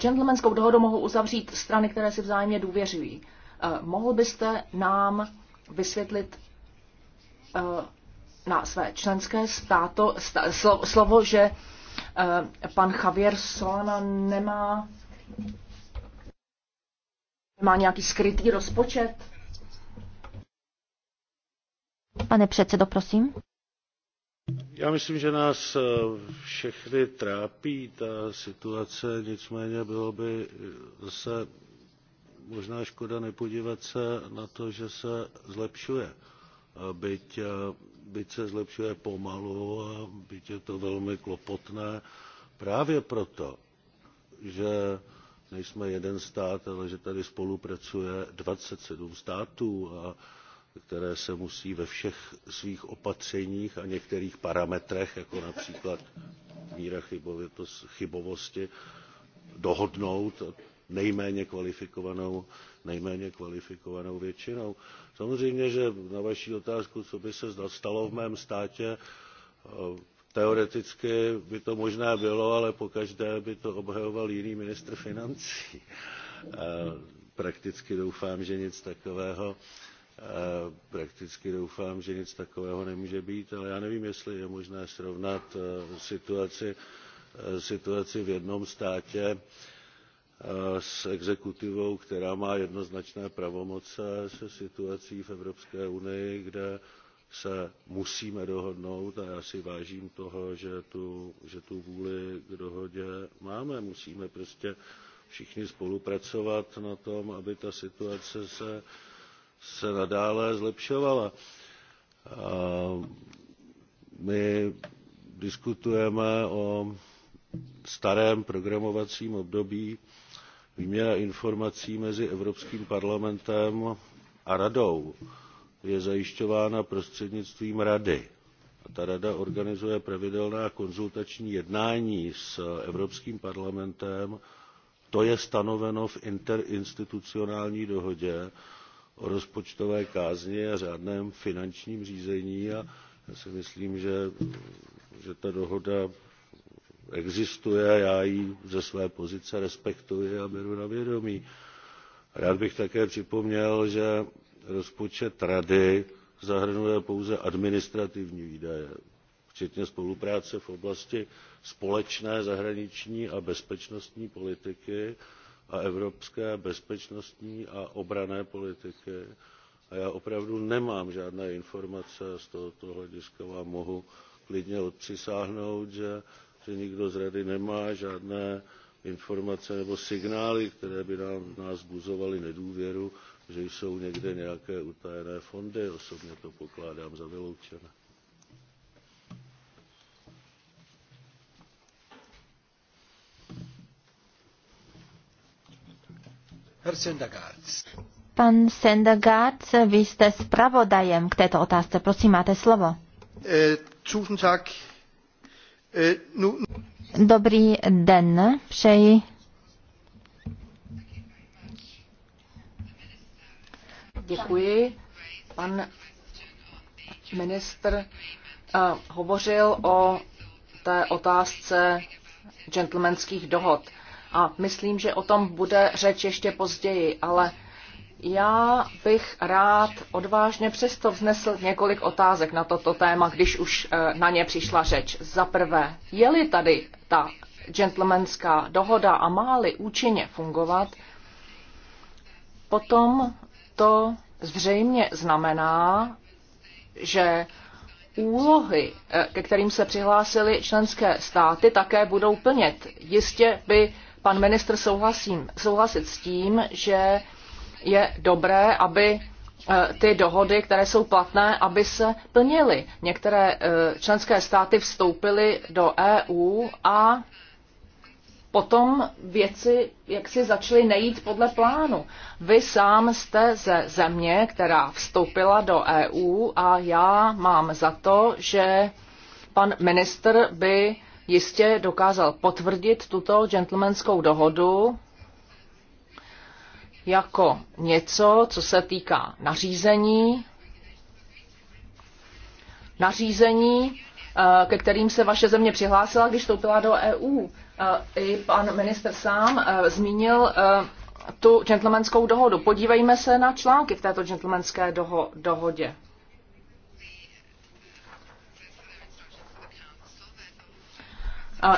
Gentlemanskou dohodu mohou uzavřít strany, které si vzájemně důvěřují. Mohl byste nám vysvětlit eh, na své členské státo, sta, slovo, slovo, že eh, pan Javier Solana nemá, nemá nějaký skrytý rozpočet? Pane předsedo, prosím. Já myslím, že nás eh, všechny trápí ta situace, nicméně bylo by zase možná škoda nepodívat se na to, že se zlepšuje. Byť, byť se zlepšuje pomalu a byť je to velmi klopotné, právě proto, že nejsme jeden stát, ale že tady spolupracuje 27 států, a které se musí ve všech svých opatřeních a některých parametrech, jako například míra chybovosti, dohodnout nejméně kvalifikovanou, nejméně kvalifikovanou většinou. Samozřejmě, že na vaši otázku, co by se stalo v mém státě, eh, teoreticky by to možné bylo, ale pokaždé by to obhajoval jiný ministr financí. Eh, prakticky doufám, že nic takového eh, prakticky doufám, že nic takového nemůže být, ale já nevím, jestli je možné srovnat situaci, situaci v jednom státě Eh, s exekutivou, která má jednoznačné pravomoce, se situací v Evropské unii, kde se musíme dohodnout a já si vážím toho, že tu, že tu vůli k dohodě máme. Musíme prostě všichni spolupracovat na tom, aby ta situace se, se nadále zlepšovala. A my diskutujeme o starém programovacím období výměna informací mezi evropským parlamentem a radou je zajišťována prostřednictvím rady. A ta rada organizuje pravidelná konzultační jednání s Evropským parlamentem. To je stanoveno v interinstitucionální dohodě o rozpočtové kázni a řádném finančním řízení a já si myslím, že, že ta dohoda existuje, já ji ze své pozice respektuji a beru na vědomí. Rád bych také připomněl, že rozpočet Rady zahrnuje pouze administrativní výdaje, včetně spolupráce v oblasti společné zahraniční a bezpečnostní politiky a evropské bezpečnostní a obrané politiky. A já opravdu nemám žádné informace a z tohoto hlediska vám mohu klidně odpřisáhnout, že že nikdo z rady nemá žádné informace nebo signály, které by nám, nás buzovaly nedůvěru, že jsou někde nějaké utajené fondy. Osobně to pokládám za vyloučené. Pan Sendagard, vy jste zpravodajem k této otázce. Prosím, máte slovo. Eh, tusen tak. Dobrý den, přeji. Děkuji. Pan ministr uh, hovořil o té otázce gentlemanských dohod. A myslím, že o tom bude řeč ještě později, ale já bych rád odvážně přesto vznesl několik otázek na toto téma, když už eh, na ně přišla řeč. Za prvé, je-li tady ta gentlemanská dohoda a má-li účinně fungovat, potom to zřejmě znamená, že úlohy, eh, ke kterým se přihlásily členské státy, také budou plnit. Jistě by pan ministr souhlasím, souhlasit s tím, že je dobré, aby e, ty dohody, které jsou platné, aby se plnily. Některé e, členské státy vstoupily do EU a potom věci jak si začaly nejít podle plánu. Vy sám jste ze země, která vstoupila do EU a já mám za to, že pan minister by jistě dokázal potvrdit tuto gentlemanskou dohodu jako něco, co se týká nařízení, nařízení, eh, ke kterým se vaše země přihlásila, když vstoupila do EU. Eh, I pan minister sám eh, zmínil tu gentlemanskou dohodu. Podívejme se na články v této gentlemanské doho- dohodě.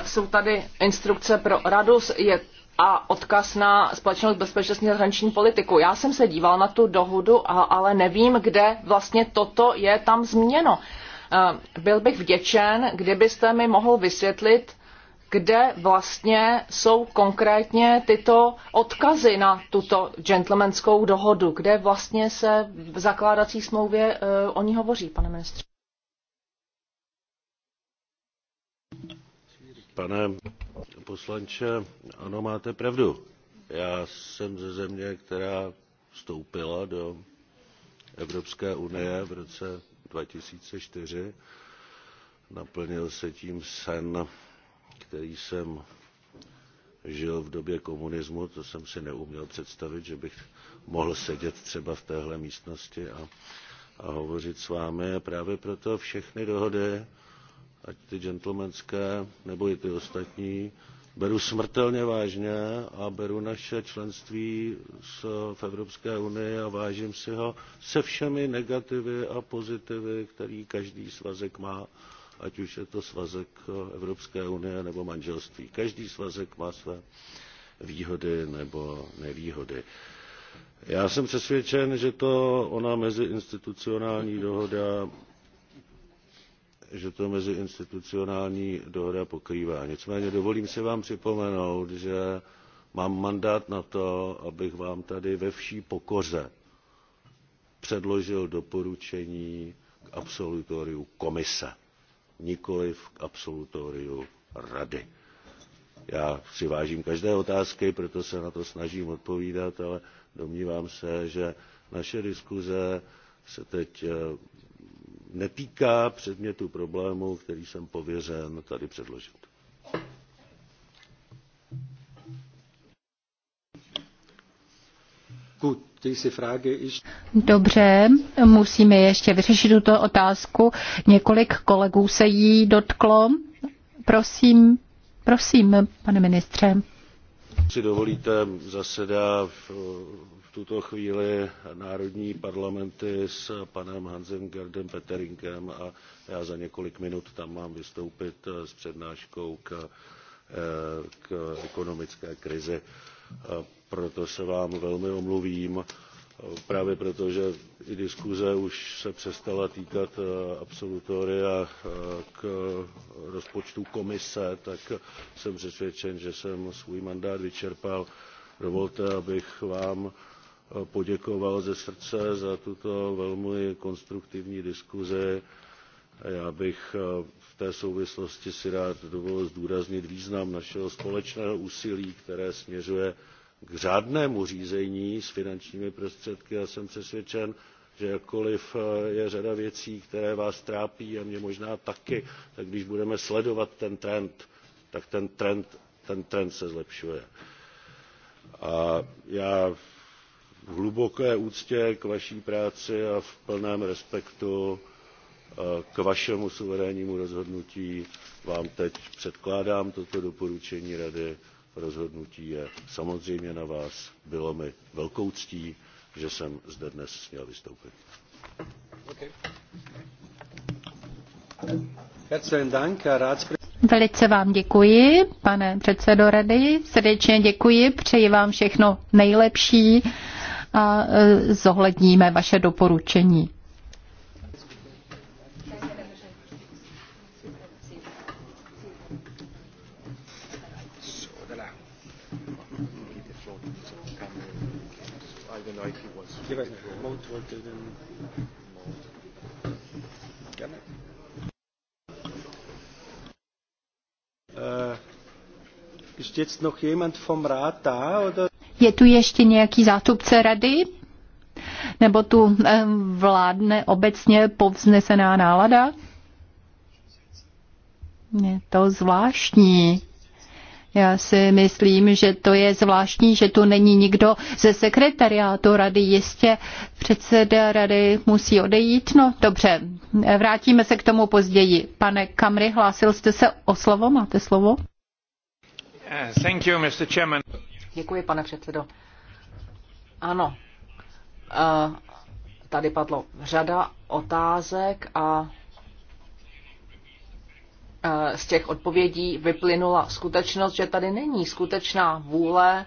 Jsou tady instrukce pro Radus, je a odkaz na společnou bezpečnostní a zahraniční politiku. Já jsem se díval na tu dohodu, ale nevím, kde vlastně toto je tam zmíněno. Eh, byl bych vděčen, kdybyste mi mohl vysvětlit, kde vlastně jsou konkrétně tyto odkazy na tuto gentlemanskou dohodu, kde vlastně se v zakládací smlouvě eh, o ní hovoří, pane ministře. Pane poslanče, ano, máte pravdu. Já jsem ze země, která vstoupila do Evropské unie v roce 2004. Naplnil se tím sen, který jsem žil v době komunismu, to jsem si neuměl představit, že bych mohl sedět třeba v téhle místnosti a, a hovořit s vámi. A právě proto všechny dohody, ať ty gentlemanské nebo i ty ostatní, beru smrtelně vážně a beru naše členství s, v Evropské unii a vážím si ho se všemi negativy a pozitivy, který každý svazek má, ať už je to svazek Evropské unie nebo manželství. Každý svazek má své výhody nebo nevýhody. Já jsem přesvědčen, že to ona meziinstitucionální dohoda že to meziinstitucionální dohoda pokrývá. Nicméně dovolím si vám připomenout, že mám mandát na to, abych vám tady ve vší pokoře předložil doporučení k absolutoriu komise, nikoli k absolutoriu rady. Já si vážím každé otázky, proto se na to snažím odpovídat, ale domnívám se, že naše diskuze se teď eh, netýká předmětu problému, který jsem pověřen tady předložit. Dobře, musíme ještě vyřešit tuto otázku. Několik kolegů se jí dotklo. Prosím, prosím, pane ministře. Si dovolíte, zasedá v, tuto chvíli národní parlamenty s panem Hansem Gerdem Peterinkem a já za několik minut tam mám vystoupit s přednáškou k, eh, k ekonomické krizi. Proto se vám velmi omluvím právě proto, že i diskuze už se přestala týkat eh, absolutoria eh, k rozpočtu komise, tak jsem přesvědčen, že jsem svůj mandát vyčerpal. Dovolte, abych vám eh, poděkoval ze srdce za tuto velmi konstruktivní diskuzi. Já bych v té souvislosti si rád dovolil zdůraznit význam našeho společného úsilí, které směřuje k řádnému řízení s finančními prostředky a jsem přesvědčen že jakkoliv eh, je řada věcí které vás trápí a mě možná taky tak když budeme sledovat ten trend tak ten trend, ten trend se zlepšuje. A já v hluboké úctě k vaší práci a v plném respektu eh, k vašemu suverénnímu rozhodnutí vám teď předkládám toto doporučení rady rozhodnutí je samozřejmě na vás. Bylo mi velkou ctí, že jsem zde dnes směl vystoupit. Velice vám děkuji, pane předsedo rady. Srdečně děkuji, přeji vám všechno nejlepší a e, zohledníme vaše doporučení. Äh, Je tu ještě nějaký zástupce rady? Nebo tu ehm, vládne obecně povznesená nálada? Je to zvláštní. Já si myslím, že to je zvláštní, že tu není nikdo ze sekretariátu rady. Jistě předseda rady musí odejít. No dobře, vrátíme se k tomu později. Pane Kamry, hlásil jste se o slovo? Máte slovo? Thank you, Mr. Chairman. Děkuji, pane předsedo. Ano, eh, tady padlo řada otázek a Eh, z těch odpovědí vyplynula skutečnost, že tady není skutečná vůle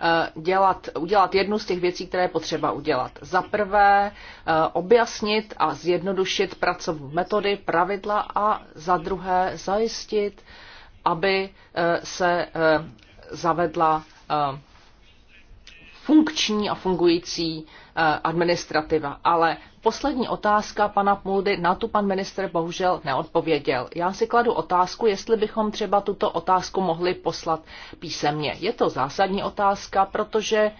eh, dělat, udělat jednu z těch věcí, které je potřeba udělat. Za prvé eh, objasnit a zjednodušit pracovní metody, pravidla a za druhé zajistit, aby se zavedla funkční a fungující administrativa. Ale poslední otázka pana Muldy, na tu pan minister bohužel neodpověděl. Já si kladu otázku, jestli bychom třeba tuto otázku mohli poslat písemně. Je to zásadní otázka, protože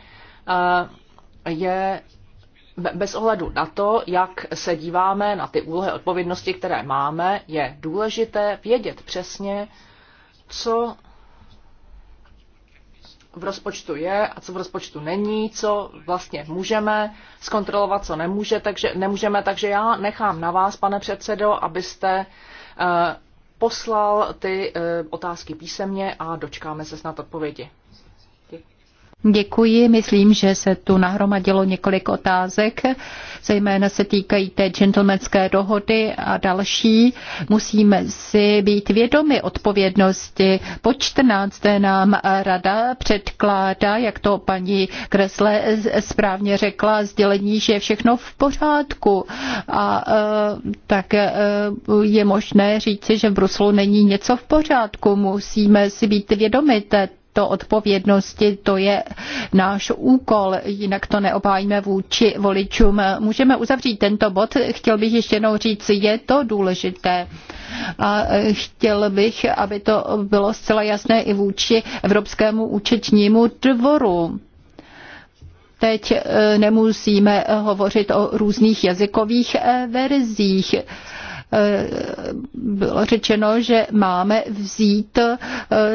eh, je bez ohledu na to, jak se díváme na ty úlohy odpovědnosti, které máme, je důležité vědět přesně, co v rozpočtu je a co v rozpočtu není, co vlastně můžeme zkontrolovat, co nemůže, takže, nemůžeme. Takže já nechám na vás, pane předsedo, abyste eh, poslal ty eh, otázky písemně a dočkáme se snad odpovědi. Děkuji, myslím, že se tu nahromadilo několik otázek, zejména se týkají té gentlemanské dohody a další. Musíme si být vědomi odpovědnosti. Po 14. nám rada předkládá, jak to paní Kresle správně řekla, sdělení, že je všechno v pořádku. A e, tak e, je možné říci, že v Bruslu není něco v pořádku. Musíme si být vědomi této této odpovědnosti. To je náš úkol, jinak to neobájíme vůči voličům. Můžeme uzavřít tento bod. Chtěl bych ještě jednou říct, je to důležité. A chtěl bych, aby to bylo zcela jasné i vůči Evropskému účetnímu dvoru teď e, nemusíme hovořit o různých jazykových e, verzích. Eh, bylo řečeno, že máme vzít eh,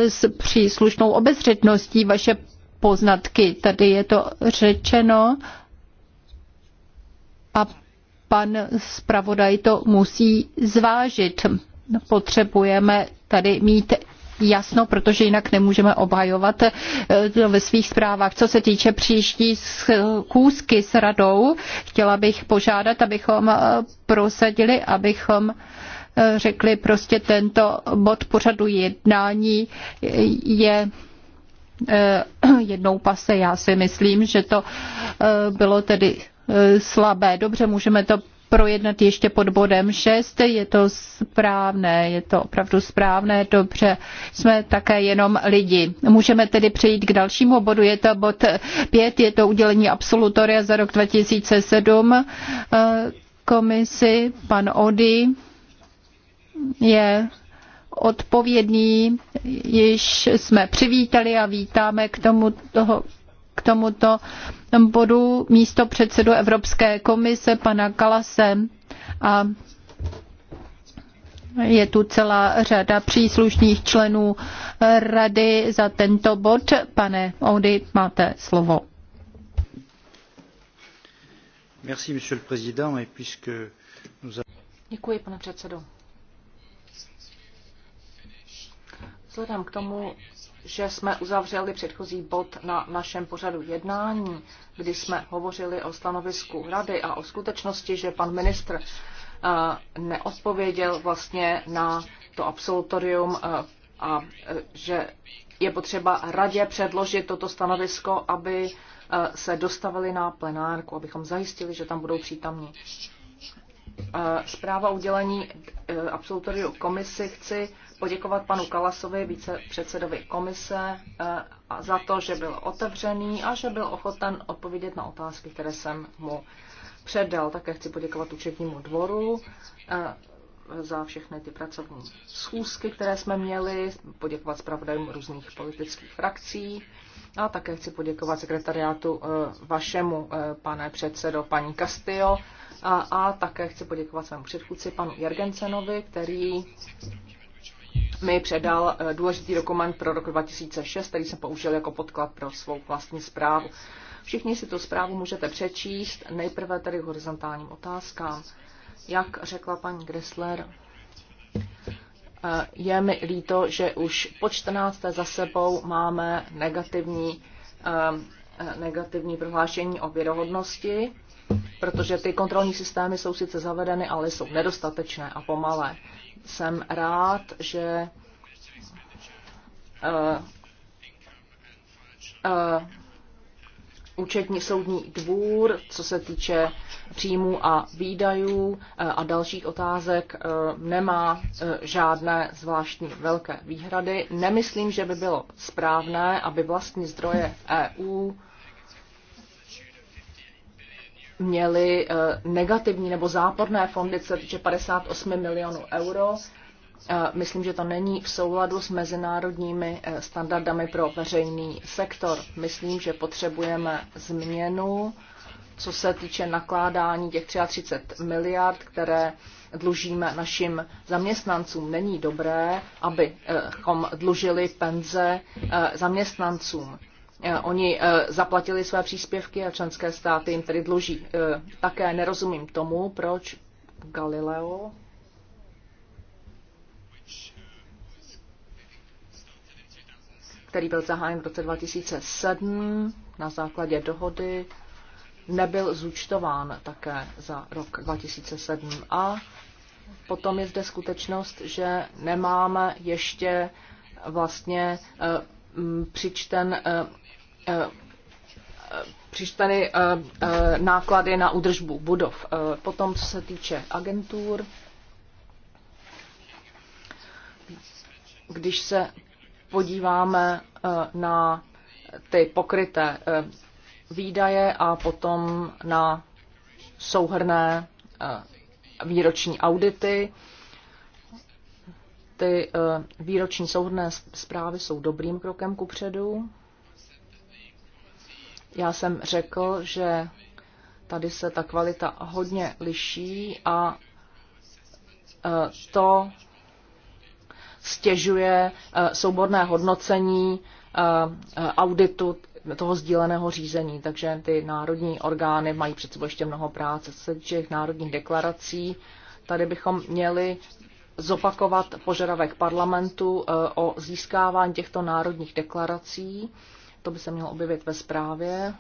s příslušnou obezřetností vaše poznatky. Tady je to řečeno a pan zpravodaj to musí zvážit. Potřebujeme tady mít jasno, protože jinak nemůžeme obhajovat eh, ve svých zprávách. Co se týče příští kůzky s radou, chtěla bych požádat, abychom eh, prosadili, abychom eh, řekli prostě tento bod pořadu jednání je jednou pase. Já si myslím, že to bylo tedy slabé. Dobře, můžeme to projednat ještě pod bodem 6. Je to správné, je to opravdu správné, dobře. Jsme také jenom lidi. Můžeme tedy přejít k dalšímu bodu. Je to bod 5, je to udělení absolutoria za rok 2007 eh, komisi. Pan Ody je odpovědný, již jsme přivítali a vítáme k tomu toho k tomuto bodu místo předsedu Evropské komise pana Kalase a je tu celá řada příslušných členů rady za tento bod. Pane Oudy, máte slovo. Děkuji, pane předsedo. Vzhledem k tomu, že jsme uzavřeli předchozí bod na našem pořadu jednání, kdy jsme hovořili o stanovisku rady a o skutečnosti, že pan ministr eh, neodpověděl vlastně na to absolutorium eh, a eh, že je potřeba radě předložit toto stanovisko, aby se dostavili na plenárku, abychom zajistili, že tam budou přítomní. Zpráva udělení absolutoriu komisi chci poděkovat panu Kalasovi, více předsedovi komise, eh, za to, že byl otevřený a že byl ochoten odpovědět na otázky, které jsem mu předal. Také chci poděkovat účetnímu dvoru eh, za všechny ty pracovní schůzky, které jsme měli, poděkovat zpravodajům různých politických frakcí a také chci poděkovat sekretariátu eh, vašemu, pane předsedo, paní Castillo a, a také chci poděkovat svému předchůdci, panu Jergensenovi, který mi předal eh, důležitý dokument pro rok 2006, který jsem použil jako podklad pro svou vlastní zprávu. Všichni si tu zprávu můžete přečíst, nejprve tedy horizontálním otázkám. Jak řekla paní Gressler, eh, je mi líto, že už po 14. za sebou máme negativní, eh, negativní prohlášení o věrohodnosti, protože ty kontrolní systémy jsou sice zavedeny, ale jsou nedostatečné a pomalé jsem rád, že uh, uh, účetní soudní dvůr, co se týče příjmů a výdajů eh, a dalších otázek, nemá žádné zvláštní velké výhrady. Nemyslím, že by bylo správné, aby vlastní zdroje EU měli eh, negativní nebo záporné fondy, co se týče 58 milionů euro. Eh, myslím, že to není v souladu s mezinárodními eh, standardami pro veřejný sektor. Myslím, že potřebujeme změnu, co se týče nakládání těch 33 miliard, které dlužíme našim zaměstnancům. Není dobré, abychom dlužili penze zaměstnancům Eh, oni eh, zaplatili své příspěvky a členské státy jim tedy dluží. Eh, také nerozumím tomu, proč Galileo který byl zahájen v roce 2007 na základě dohody, nebyl zúčtován také za rok 2007. A potom je zde skutečnost, že nemáme ještě vlastně přičten Eh, eh, přišpeny eh, náklady na údržbu budov. Potom, co se týče agentur, když se podíváme na ty pokryté výdaje a potom na souhrné výroční audity, ty výroční souhrné zprávy jsou dobrým krokem kupředu. Já jsem řekl, že tady se ta kvalita hodně liší a e, to stěžuje e, souborné hodnocení e, auditu toho sdíleného řízení, takže ty národní orgány mají před sebou ještě mnoho práce. se těch národních deklarací, tady bychom měli zopakovat požadavek parlamentu o získávání těchto národních deklarací to by se mělo objevit ve zprávě.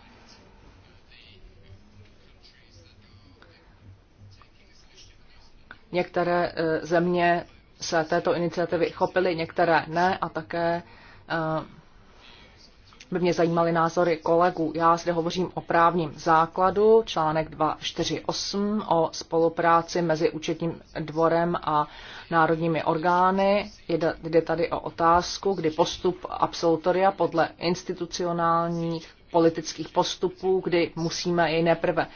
Některé eh, země se této iniciativy chopily, některé ne a také eh, by mě zajímaly názory kolegů. Já zde hovořím o právním základu, článek 248 o spolupráci mezi účetním dvorem a národními orgány. Jde tady o otázku, kdy postup absolutoria podle institucionálních politických postupů, kdy musíme jej neprve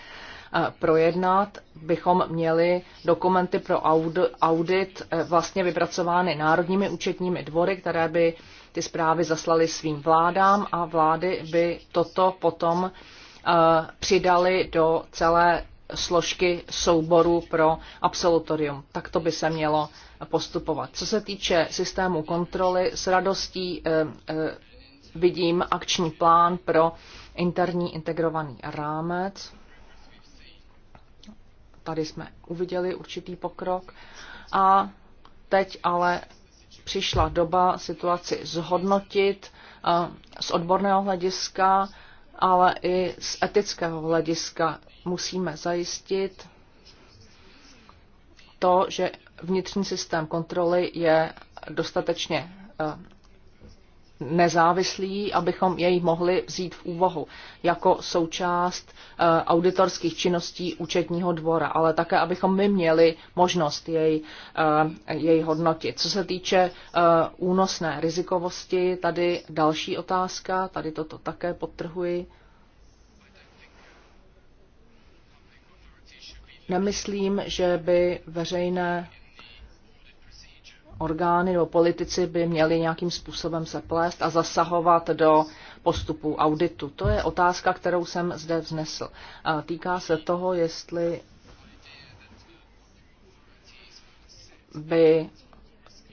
eh, projednat, bychom měli dokumenty pro audit eh, vlastně vypracovány národními účetními dvory, které by ty zprávy zaslali svým vládám a vlády by toto potom eh, přidali do celé složky souboru pro absolutorium. Tak to by se mělo postupovat. Co se týče systému kontroly, s radostí eh, eh, vidím akční plán pro interní integrovaný rámec. Tady jsme uviděli určitý pokrok. A teď ale přišla doba situaci zhodnotit eh, z odborného hlediska, ale i z etického hlediska. Musíme zajistit to, že vnitřní systém kontroly je dostatečně eh, nezávislí, abychom jej mohli vzít v úvahu jako součást eh, auditorských činností účetního dvora, ale také, abychom my měli možnost jej, eh, jej hodnotit. Co se týče eh, únosné rizikovosti, tady další otázka, tady toto také podtrhuji. Nemyslím, že by veřejné orgány nebo politici by měli nějakým způsobem zaplést a zasahovat do postupu auditu. To je otázka, kterou jsem zde vznesl. A týká se toho, jestli by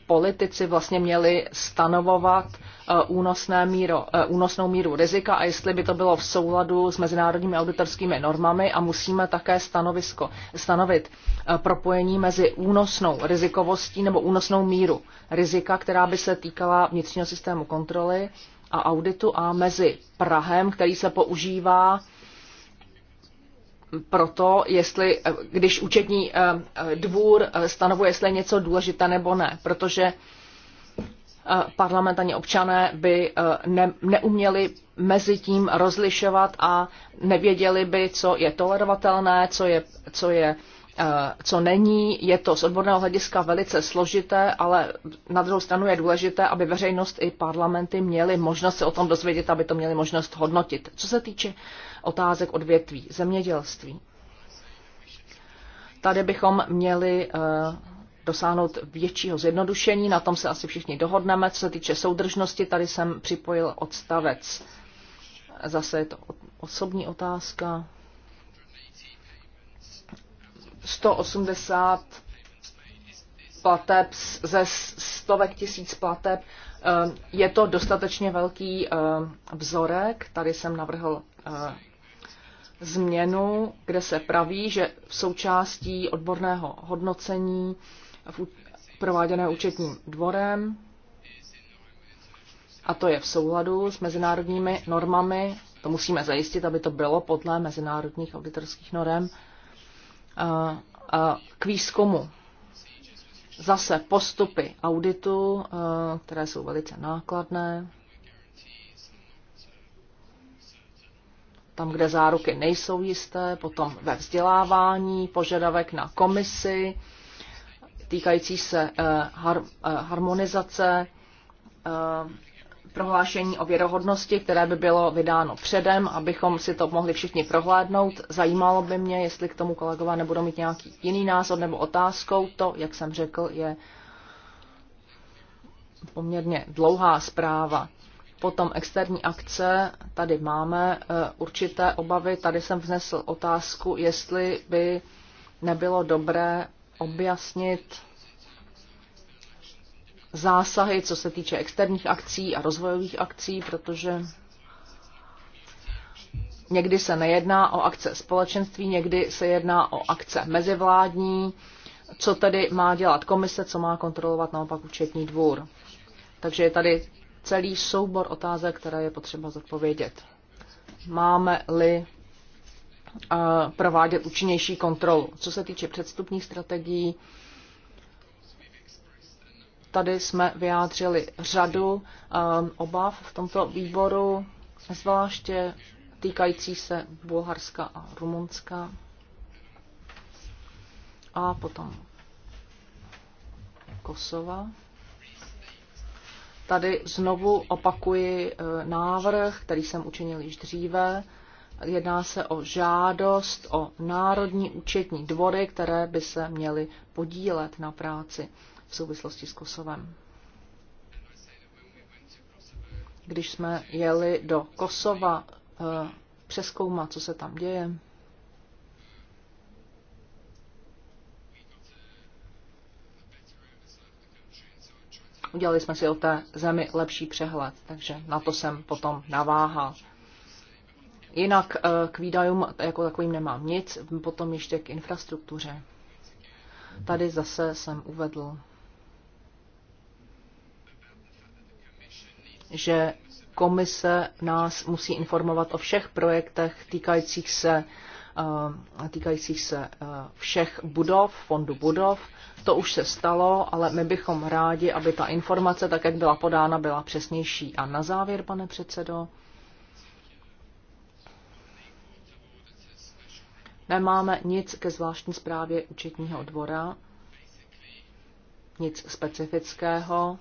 politici vlastně měli stanovovat eh, únosné míro, eh, únosnou míru rizika a jestli by to bylo v souladu s mezinárodními auditorskými normami a musíme také stanovisko, stanovit eh, propojení mezi únosnou rizikovostí nebo únosnou míru rizika, která by se týkala vnitřního systému kontroly a auditu a mezi Prahem, který se používá proto, jestli, eh, když účetní eh, eh, dvůr stanovuje, jestli je něco důležité nebo ne, protože parlament ani občané by ne, neuměli mezi tím rozlišovat a nevěděli by, co je tolerovatelné, co je, co je co není. Je to z odborného hlediska velice složité, ale na druhou stranu je důležité, aby veřejnost i parlamenty měly možnost se o tom dozvědět, aby to měly možnost hodnotit. Co se týče otázek odvětví zemědělství. Tady bychom měli eh, dosáhnout většího zjednodušení, na tom se asi všichni dohodneme. Co se týče soudržnosti, tady jsem připojil odstavec. Zase je to osobní otázka. 180 plateb ze stovek tisíc plateb. Eh, je to dostatečně velký eh, vzorek. Tady jsem navrhl změnu, kde se praví, že v součástí odborného hodnocení v prováděné účetním dvorem, a to je v souladu s mezinárodními normami, to musíme zajistit, aby to bylo podle mezinárodních auditorských norm, a, a k výzkumu. Zase postupy auditu, které jsou velice nákladné, tam, kde záruky nejsou jisté, potom ve vzdělávání, požadavek na komisi, týkající se eh, har, eh, harmonizace, eh, prohlášení o věrohodnosti, které by bylo vydáno předem, abychom si to mohli všichni prohlédnout. Zajímalo by mě, jestli k tomu kolegové nebudou mít nějaký jiný názor nebo otázkou. To, jak jsem řekl, je poměrně dlouhá zpráva. Potom externí akce, tady máme eh, určité obavy. Tady jsem vznesl otázku, jestli by nebylo dobré objasnit zásahy, co se týče externích akcí a rozvojových akcí, protože někdy se nejedná o akce společenství, někdy se jedná o akce mezivládní, co tedy má dělat komise, co má kontrolovat naopak účetní dvůr. Takže je tady celý soubor otázek, které je potřeba zodpovědět. Máme-li eh, provádět účinnější kontrolu. Co se týče předstupních strategií, tady jsme vyjádřili řadu eh, obav v tomto výboru, zvláště týkající se Bulharska a Rumunska. A potom Kosova. Tady znovu opakuji eh, návrh, který jsem učinil již dříve. Jedná se o žádost o národní účetní dvory, které by se měly podílet na práci v souvislosti s Kosovem. Když jsme jeli do Kosova eh, přeskoumat, co se tam děje, Udělali jsme si o té zemi lepší přehled, takže na to jsem potom naváhal. Jinak eh, k výdajům jako takovým nemám nic, potom ještě k infrastruktuře. Tady zase jsem uvedl, že komise nás musí informovat o všech projektech týkajících se, eh, týkajících se eh, všech budov, fondu budov to už se stalo, ale my bychom rádi, aby ta informace, tak jak byla podána, byla přesnější. A na závěr, pane předsedo, nemáme nic ke zvláštní zprávě účetního dvora, nic specifického.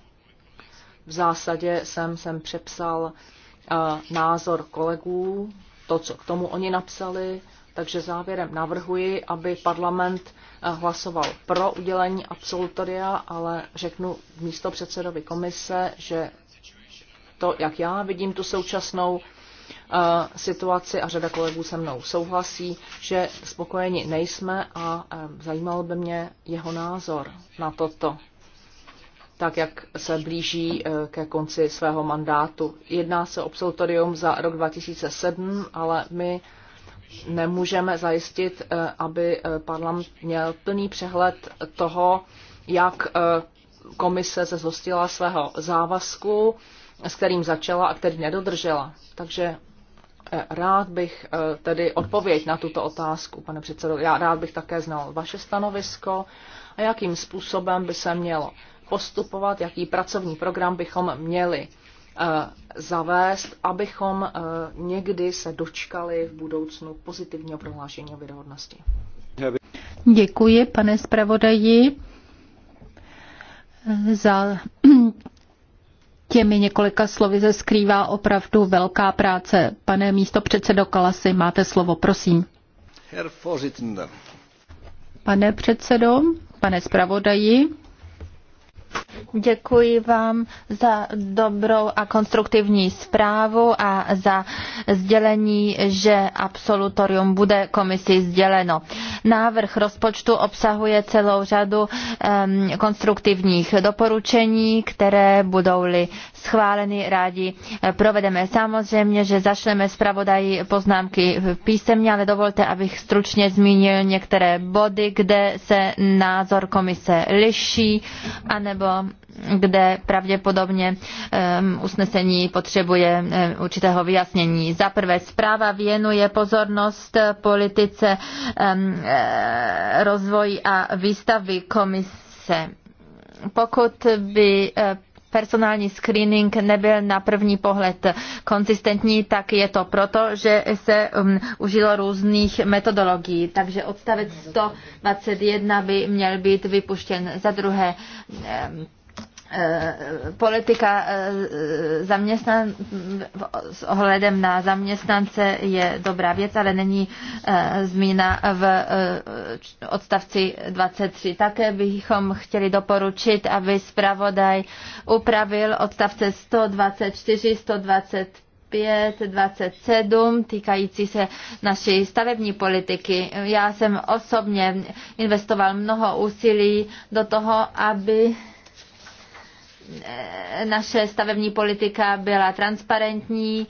V zásadě jsem sem přepsal uh, názor kolegů, to, co k tomu oni napsali, takže závěrem navrhuji, aby parlament hlasoval pro udělení absolutoria, ale řeknu místo předsedovi komise, že to, jak já vidím tu současnou eh, situaci a řada kolegů se mnou souhlasí, že spokojeni nejsme a eh, zajímal by mě jeho názor na toto, tak jak se blíží eh, ke konci svého mandátu. Jedná se o absolutorium za rok 2007, ale my nemůžeme zajistit, eh, aby eh, parlament měl plný přehled toho, jak eh, komise se zhostila svého závazku, s kterým začala a který nedodržela. Takže rád bych tedy odpověď na tuto otázku, pane předsedo. Já rád bych také znal vaše stanovisko a jakým způsobem by se mělo postupovat, jaký pracovní program bychom měli Eh, zavést, abychom eh, někdy se dočkali v budoucnu pozitivního prohlášení o věrohodnosti. Děkuji, pane zpravodaji, za těmi několika slovy se skrývá opravdu velká práce. Pane místo předsedo Kalasy, máte slovo, prosím. Pane předsedo, pane zpravodaji, Děkuji vám za dobrou a konstruktivní zprávu a za sdělení, že absolutorium bude komisi sděleno. Návrh rozpočtu obsahuje celou řadu um, konstruktivních doporučení, které budou-li schválený rádi eh, provedeme. Samozřejmě, že zašleme zpravodaji poznámky písemně, ale dovolte, abych stručně zmínil některé body, kde se názor komise liší, anebo kde pravděpodobně um, usnesení potřebuje um, určitého vyjasnění. Za prvé, zpráva věnuje pozornost politice um, ehm, eh, rozvoji a výstavy komise. Pokud by personální screening nebyl na první pohled konzistentní, tak je to proto, že se um, užilo různých metodologií. Takže odstavec 121 by měl být vypuštěn. Za druhé, um, Eh, politika eh, zaměstnan, s ohledem na zaměstnance je dobrá věc, ale není eh, zmína v odstavci 23. Také bychom chtěli doporučit, aby zpravodaj upravil odstavce 124, 125, 5, 27 týkající se naší stavební politiky. Já jsem osobně investoval mnoho úsilí do toho, aby Eh, naše stavební politika byla transparentní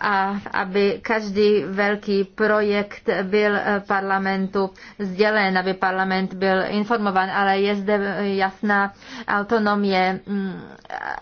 a aby každý velký projekt byl eh, parlamentu sdělen, aby parlament byl informovan, ale je zde jasná autonomie mm,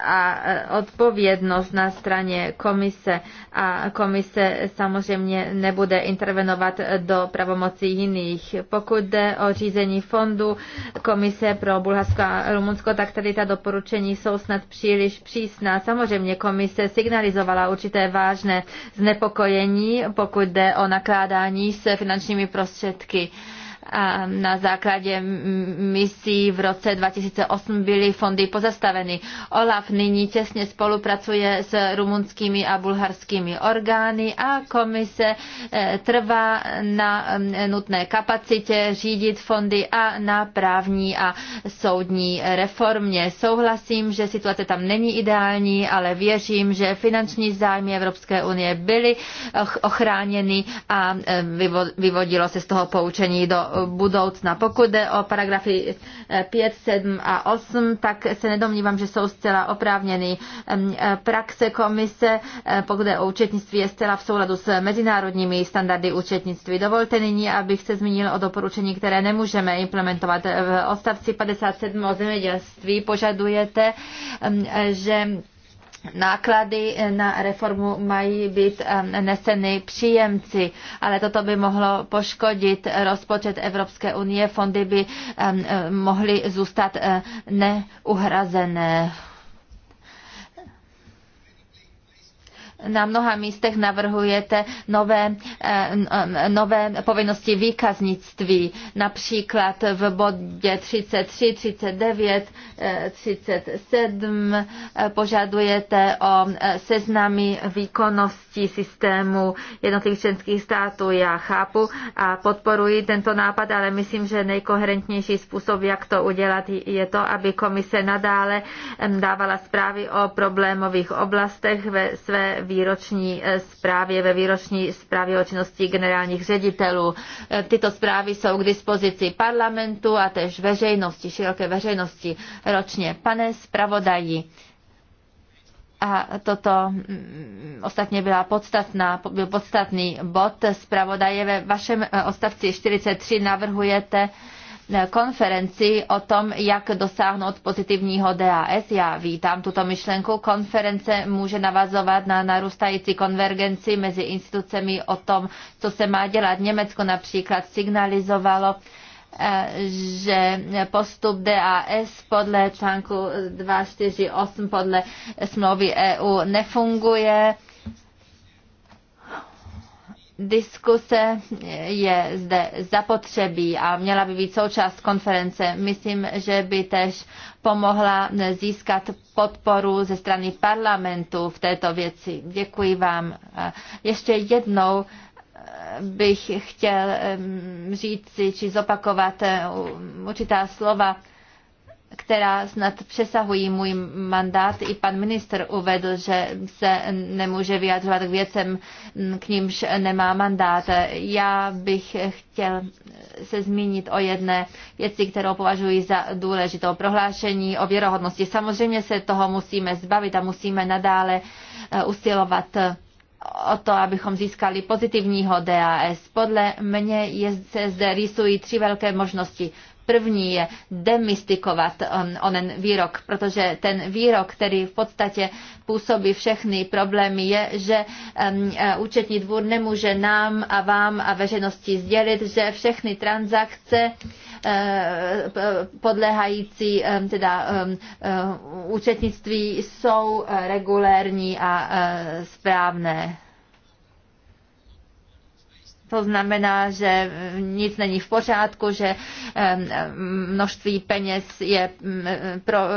a eh, odpovědnost na straně komise a komise samozřejmě nebude intervenovat do pravomocí jiných. Pokud jde o řízení fondu komise pro Bulharsko a Rumunsko, tak tady ta doporučení jsou snad příliš přísná. Samozřejmě komise signalizovala určité vážné značné znepokojení, pokud jde o nakládání se finančními prostředky na základě misí v roce 2008 byly fondy pozastaveny. OLAF nyní těsně spolupracuje s rumunskými a bulharskými orgány a komise e, trvá na nutné kapacitě řídit fondy a na právní a soudní reformě. Souhlasím, že situace tam není ideální, ale věřím, že finanční zájmy Evropské unie byly ochráněny a e, vyvodilo se z toho poučení do budoucna. Pokud jde o paragrafy 5, eh, 7 a 8, tak se nedomnívám, že jsou zcela oprávněny. Eh, praxe komise, eh, pokud jde o účetnictví, je zcela v souladu s mezinárodními standardy účetnictví. Dovolte nyní, abych se zmínil o doporučení, které nemůžeme implementovat. V odstavci 57 o zemědělství požadujete, že Náklady eh, na reformu mají být eh, neseny příjemci, ale toto by mohlo poškodit rozpočet Evropské unie. Fondy by eh, mohly zůstat neuhrazené. na mnoha místech navrhujete nové, eh, nové povinnosti výkaznictví, například v bodě 33, 39, 37 požadujete o eh, seznamy výkonnosti systému jednotlivých členských států. Já chápu a podporuji tento nápad, ale myslím, že nejkoherentnější způsob, jak to udělat, je to, aby komise nadále dávala zprávy o problémových oblastech ve své výroční eh, zprávě, ve výroční zprávě o činnosti generálních ředitelů. Eh, tyto zprávy jsou k dispozici parlamentu a též veřejnosti, široké veřejnosti ročně. Pane zpravodaji, a toto mm, ostatně byla podstatná, byl podstatný bod zpravodaje. Ve vašem eh, odstavci 43 navrhujete konferenci o tom, jak dosáhnout pozitivního DAS. Já vítám tuto myšlenku. Konference může navazovat na narůstající konvergenci mezi institucemi o tom, co se má dělat. Německo například signalizovalo, eh, že postup DAS podle článku 248 podle smlouvy EU nefunguje diskuse je zde zapotřebí a měla by být součást konference. Myslím, že by tež pomohla získat podporu ze strany parlamentu v této věci. Děkuji vám. Ještě jednou eh, bych chtěl si či zopakovat eh, určitá slova která snad přesahují můj mandát. I pan minister uvedl, že se nemůže vyjadřovat k věcem, k nímž nemá mandát. Já bych chtěl se zmínit o jedné věci, kterou považuji za důležitou prohlášení o věrohodnosti. Samozřejmě se toho musíme zbavit a musíme nadále eh, usilovat o to, abychom získali pozitivního DAS. Podle mě je, se zde rýsují tři velké možnosti. První je demystikovat um, onen výrok, protože ten výrok, který v podstatě působí všechny problémy, je, že um, uh, účetní dvůr nemůže nám a vám a veřejnosti sdělit, že všechny transakce uh, podléhající um, teda uh, účetnictví jsou regulérní a správné. To znamená, že nic není v pořádku, že množství peněz je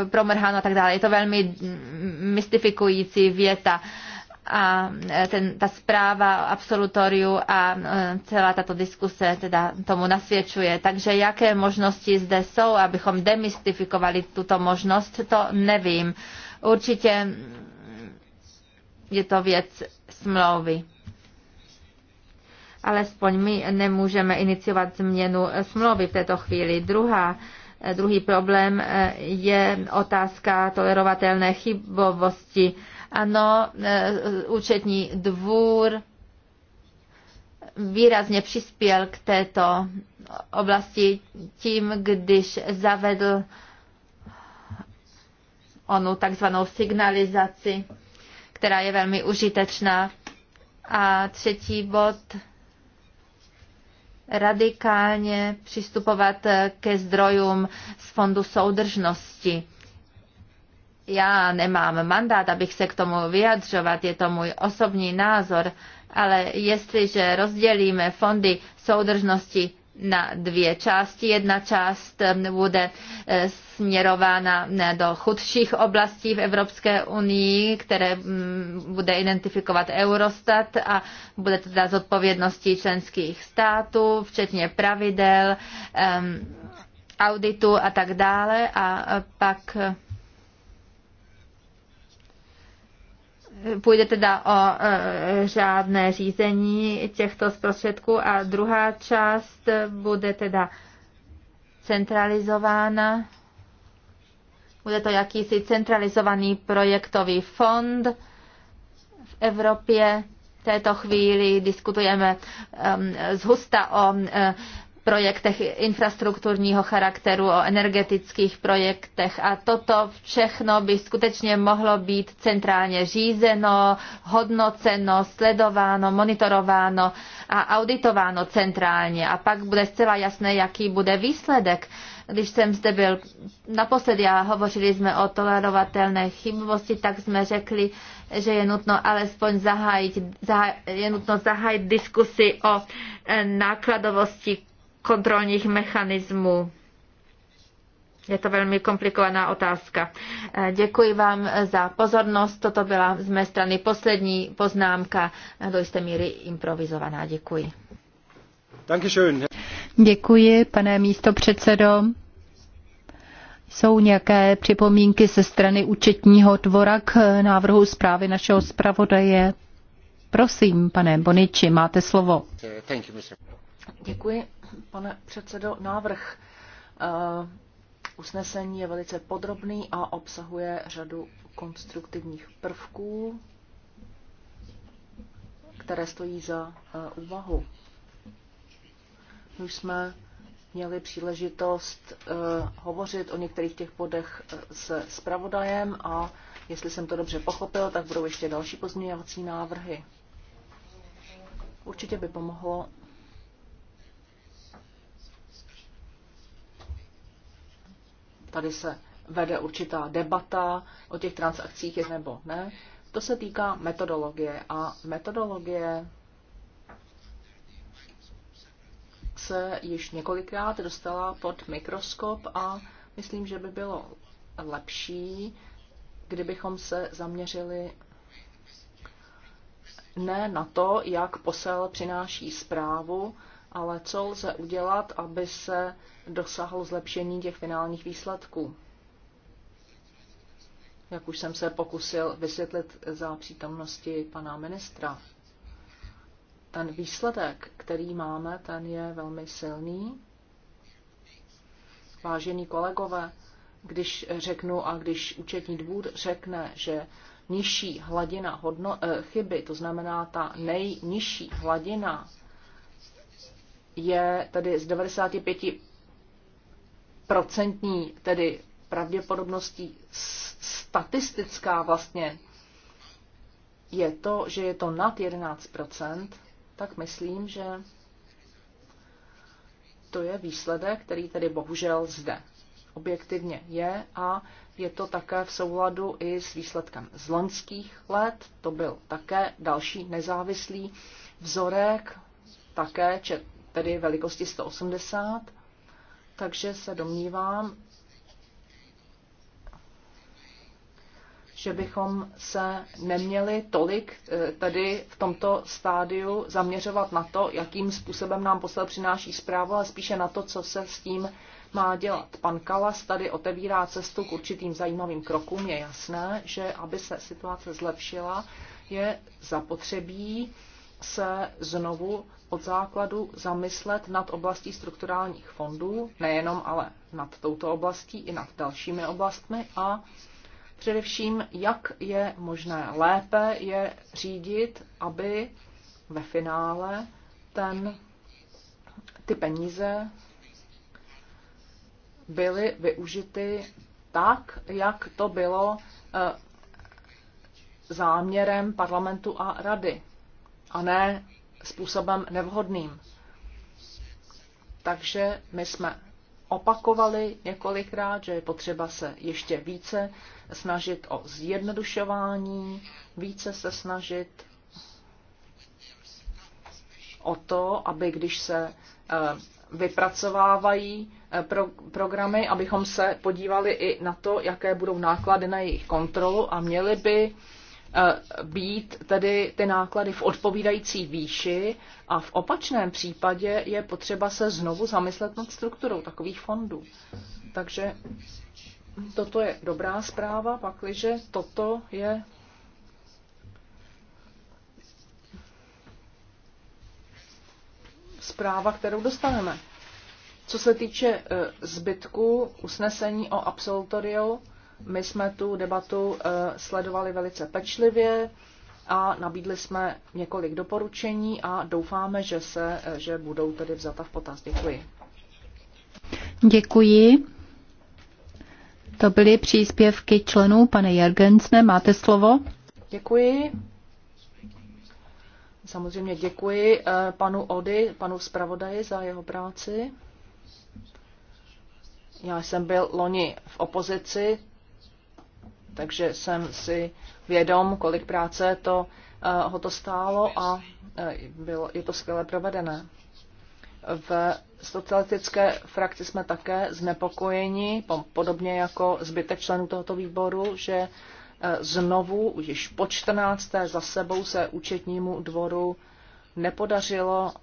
promrháno a tak dále. Je to velmi mm, mystifikující věta a e, ten, ta zpráva o absolutoriu a e, celá tato diskuse teda tomu nasvědčuje. Takže jaké možnosti zde jsou, abychom demystifikovali tuto možnost, to nevím. Určitě mm, je to věc smlouvy alespoň my nemůžeme iniciovat změnu smlouvy v této chvíli. Druhá eh, Druhý problém eh, je otázka tolerovatelné chybovosti. Ano, eh, účetní dvůr výrazně přispěl k této oblasti tím, když zavedl onu takzvanou signalizaci, která je velmi užitečná. A třetí bod radikálně přistupovat ke zdrojům z Fondu soudržnosti. Já nemám mandát, abych se k tomu vyjadřovat, je to můj osobní názor, ale jestliže rozdělíme fondy soudržnosti na dvě části. Jedna část bude e, směrována do chudších oblastí v Evropské unii, které bude identifikovat Eurostat a bude to teda z odpovědností členských států, včetně pravidel, auditu a tak dále. A e, pak půjde teda o žádné e, řízení těchto zprostředků a druhá část bude teda centralizována. Bude to jakýsi centralizovaný projektový fond v Evropě. V této chvíli diskutujeme um, zhusta o e, projektech infrastrukturního charakteru, o energetických projektech a toto všechno by skutečně mohlo být centrálně řízeno, hodnoceno, sledováno, monitorováno a auditováno centrálně. A pak bude zcela jasné, jaký bude výsledek. Když jsem zde byl naposledy a hovořili jsme o tolerovatelné chybovosti, tak jsme řekli, že je nutno alespoň zahájit, zahaj, je nutno zahájit diskusi o eh, nákladovosti kontrolních mechanismů. Je to velmi komplikovaná otázka. Eh, děkuji vám za pozornost. Toto byla z mé strany poslední poznámka, eh, do jisté míry improvizovaná. Děkuji. Děkuji, pane místo předsedo. Jsou nějaké připomínky ze strany účetního dvora k eh, návrhu zprávy našeho zpravodaje? Prosím, pane Boniči, máte slovo. Děkuji pane předsedo. Návrh eh, usnesení je velice podrobný a obsahuje řadu konstruktivních prvků, které stojí za eh, úvahu. Už jsme měli příležitost eh, hovořit o některých těch bodech se spravodajem a jestli jsem to dobře pochopil, tak budou ještě další pozměňovací návrhy. Určitě by pomohlo Tady se vede určitá debata o těch transakcích je nebo ne. To se týká metodologie a metodologie se již několikrát dostala pod mikroskop a myslím, že by bylo lepší, kdybychom se zaměřili ne na to, jak posel přináší zprávu, ale co lze udělat, aby se dosáhlo zlepšení těch finálních výsledků? Jak už jsem se pokusil vysvětlit za přítomnosti pana ministra. Ten výsledek, který máme, ten je velmi silný. Vážení kolegové, když řeknu a když účetní dvůr řekne, že nižší hladina hodno, eh, chyby, to znamená ta nejnižší hladina je tedy z 95% tedy pravděpodobností statistická vlastně je to, že je to nad 11%, tak myslím, že to je výsledek, který tedy bohužel zde objektivně je a je to také v souladu i s výsledkem z loňských let. To byl také další nezávislý vzorek, také tedy velikosti 180, takže se domnívám, že bychom se neměli tolik eh, tady v tomto stádiu zaměřovat na to, jakým způsobem nám posel přináší zprávu, ale spíše na to, co se s tím má dělat. Pan Kalas tady otevírá cestu k určitým zajímavým krokům. Je jasné, že aby se situace zlepšila, je zapotřebí se znovu od základu zamyslet nad oblastí strukturálních fondů, nejenom ale nad touto oblastí i nad dalšími oblastmi a především, jak je možné lépe je řídit, aby ve finále ten, ty peníze byly využity tak, jak to bylo eh, záměrem parlamentu a rady a ne způsobem nevhodným. Takže my jsme opakovali několikrát, že je potřeba se ještě více snažit o zjednodušování, více se snažit o to, aby když se eh, vypracovávají eh, pro, programy, abychom se podívali i na to, jaké budou náklady na jejich kontrolu a měli by Eh, být tedy ty náklady v odpovídající výši a v opačném případě je potřeba se znovu zamyslet nad strukturou takových fondů. Takže toto je dobrá zpráva, pakliže toto je zpráva, kterou dostaneme. Co se týče eh, zbytku usnesení o absolutoriu, my jsme tu debatu eh, sledovali velice pečlivě a nabídli jsme několik doporučení a doufáme, že, se, eh, že budou tedy vzata v potaz. Děkuji. Děkuji. To byly příspěvky členů. Pane Jergensne, máte slovo? Děkuji. Samozřejmě děkuji eh, panu Ody, panu zpravodaji za jeho práci. Já jsem byl loni v opozici, takže jsem si vědom, kolik práce to, eh, ho to stálo a eh, bylo, je to skvěle provedené. V socialistické frakci jsme také znepokojeni, podobně jako zbytek členů tohoto výboru, že eh, znovu, již po 14. za sebou se účetnímu dvoru nepodařilo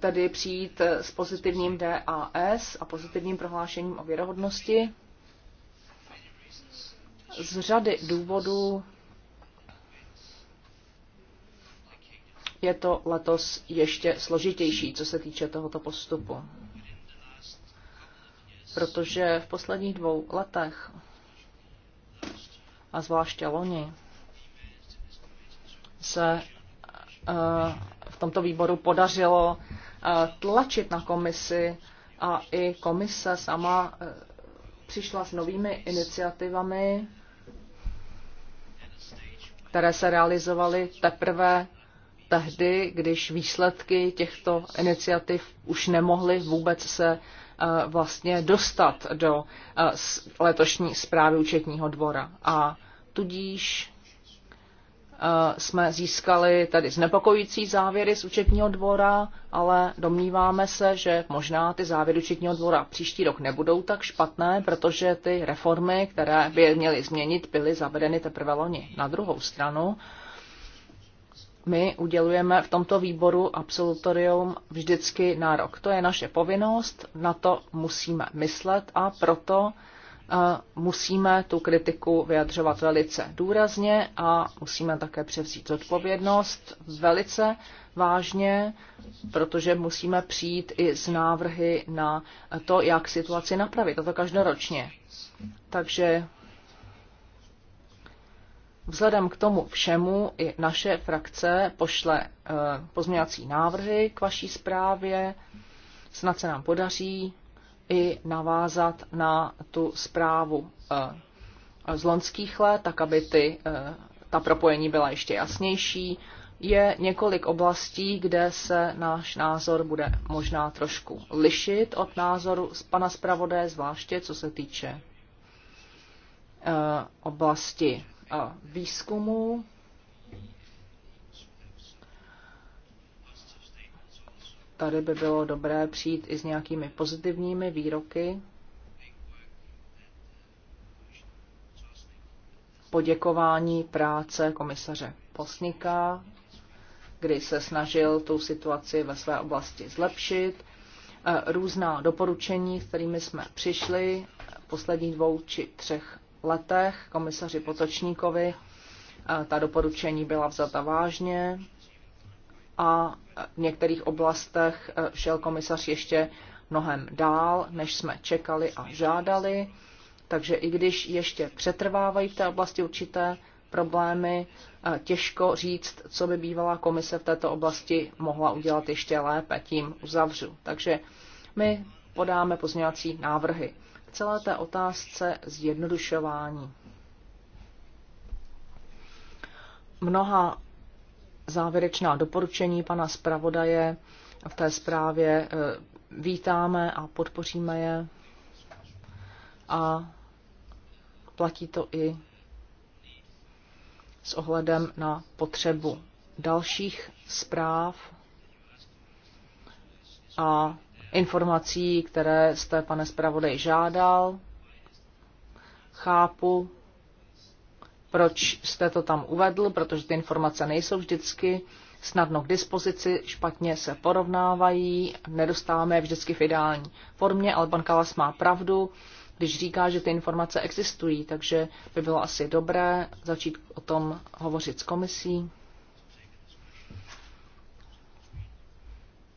tedy přijít s pozitivním DAS a pozitivním prohlášením o věrohodnosti z řady důvodů je to letos ještě složitější, co se týče tohoto postupu. Protože v posledních dvou letech a zvláště loni se eh, v tomto výboru podařilo eh, tlačit na komisi a i komise sama eh, přišla s novými iniciativami, které se realizovaly teprve tehdy, když výsledky těchto iniciativ už nemohly vůbec se eh, vlastně dostat do eh, letošní zprávy účetního dvora. A tudíž Eh, jsme získali tady znepokojící závěry z účetního dvora, ale domníváme se, že možná ty závěry účetního dvora příští rok nebudou tak špatné, protože ty reformy, které by je měly změnit, byly zavedeny teprve loni. Na druhou stranu, my udělujeme v tomto výboru absolutorium vždycky na rok. To je naše povinnost, na to musíme myslet a proto musíme tu kritiku vyjadřovat velice důrazně a musíme také převzít odpovědnost velice vážně, protože musíme přijít i z návrhy na to, jak situaci napravit, a to každoročně. Takže Vzhledem k tomu všemu i naše frakce pošle eh, pozměňovací návrhy k vaší zprávě. Snad se nám podaří i navázat na tu zprávu eh, z loňských let, tak aby ty, eh, ta propojení byla ještě jasnější. Je několik oblastí, kde se náš názor bude možná trošku lišit od názoru z pana zpravodé, zvláště co se týče eh, oblasti výzkumu tady by bylo dobré přijít i s nějakými pozitivními výroky, poděkování práce komisaře Posnika, kdy se snažil tu situaci ve své oblasti zlepšit. Eh, různá doporučení, kterými jsme přišli v posledních dvou či třech letech komisaři Potočníkovi, eh, ta doporučení byla vzata vážně a v některých oblastech eh, šel komisař ještě mnohem dál, než jsme čekali a žádali. Takže i když ještě přetrvávají v té oblasti určité problémy, eh, těžko říct, co by bývalá komise v této oblasti mohla udělat ještě lépe, tím uzavřu. Takže my podáme pozměňovací návrhy k celé té otázce zjednodušování. Mnoha závěrečná doporučení pana zpravodaje v té zprávě eh, vítáme a podpoříme je. A platí to i s ohledem na potřebu dalších zpráv a informací, které jste, pane zpravodaj, žádal. Chápu proč jste to tam uvedl, protože ty informace nejsou vždycky snadno k dispozici, špatně se porovnávají, nedostáváme je vždycky v ideální formě, ale pan Kalas má pravdu, když říká, že ty informace existují, takže by bylo asi dobré začít o tom hovořit s komisí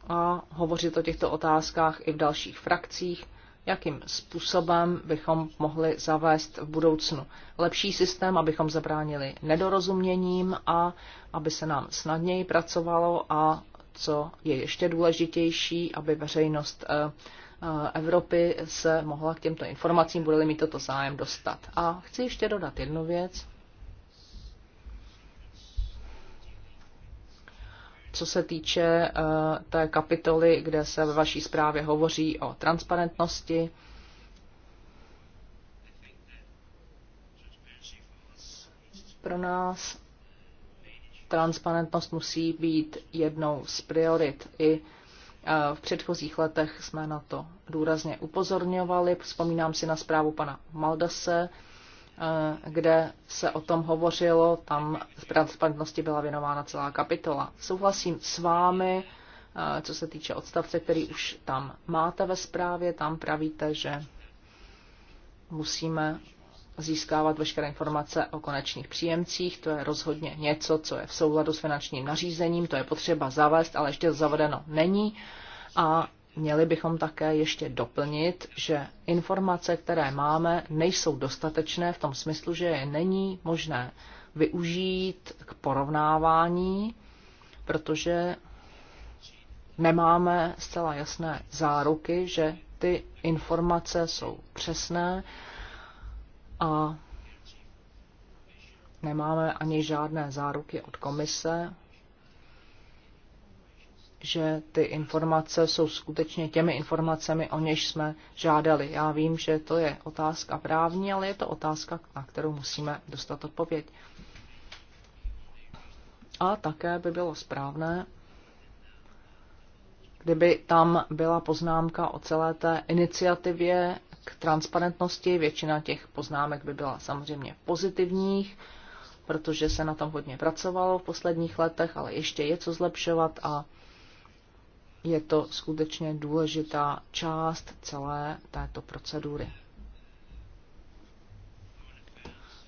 a hovořit o těchto otázkách i v dalších frakcích jakým způsobem bychom mohli zavést v budoucnu lepší systém, abychom zabránili nedorozuměním a aby se nám snadněji pracovalo a co je ještě důležitější, aby veřejnost eh, eh, Evropy se mohla k těmto informacím, bude-li mít toto zájem, dostat. A chci ještě dodat jednu věc. co se týče eh, té kapitoly, kde se ve vaší zprávě hovoří o transparentnosti, pro nás transparentnost musí být jednou z priorit. I eh, v předchozích letech jsme na to důrazně upozorňovali. Vzpomínám si na zprávu pana Maldase, Eh, kde se o tom hovořilo, tam v transparentnosti byla věnována celá kapitola. Souhlasím s vámi, eh, co se týče odstavce, který už tam máte ve zprávě, tam pravíte, že musíme získávat veškeré informace o konečných příjemcích. To je rozhodně něco, co je v souladu s finančním nařízením, to je potřeba zavést, ale ještě zavedeno není. A Měli bychom také ještě doplnit, že informace, které máme, nejsou dostatečné v tom smyslu, že je není možné využít k porovnávání, protože nemáme zcela jasné záruky, že ty informace jsou přesné a nemáme ani žádné záruky od komise že ty informace jsou skutečně těmi informacemi, o něž jsme žádali. Já vím, že to je otázka právní, ale je to otázka, na kterou musíme dostat odpověď. A také by bylo správné, kdyby tam byla poznámka o celé té iniciativě k transparentnosti. Většina těch poznámek by byla samozřejmě pozitivních, protože se na tom hodně pracovalo v posledních letech, ale ještě je co zlepšovat a je to skutečně důležitá část celé této procedury.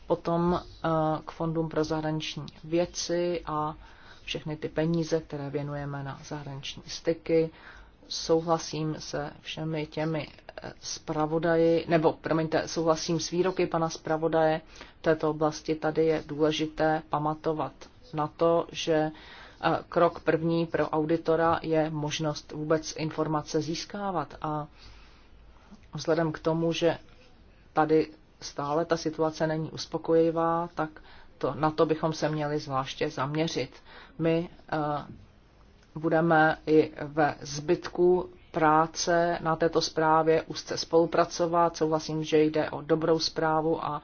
Potom eh, k fondům pro zahraniční věci a všechny ty peníze, které věnujeme na zahraniční styky. Souhlasím se všemi těmi eh, zpravodaji, nebo promiňte, souhlasím s výroky pana zpravodaje v této oblasti. Tady je důležité pamatovat na to, že krok první pro auditora je možnost vůbec informace získávat a vzhledem k tomu, že tady stále ta situace není uspokojivá, tak to, na to bychom se měli zvláště zaměřit. My uh, budeme i ve zbytku práce na této zprávě úzce spolupracovat. Souhlasím, že jde o dobrou zprávu a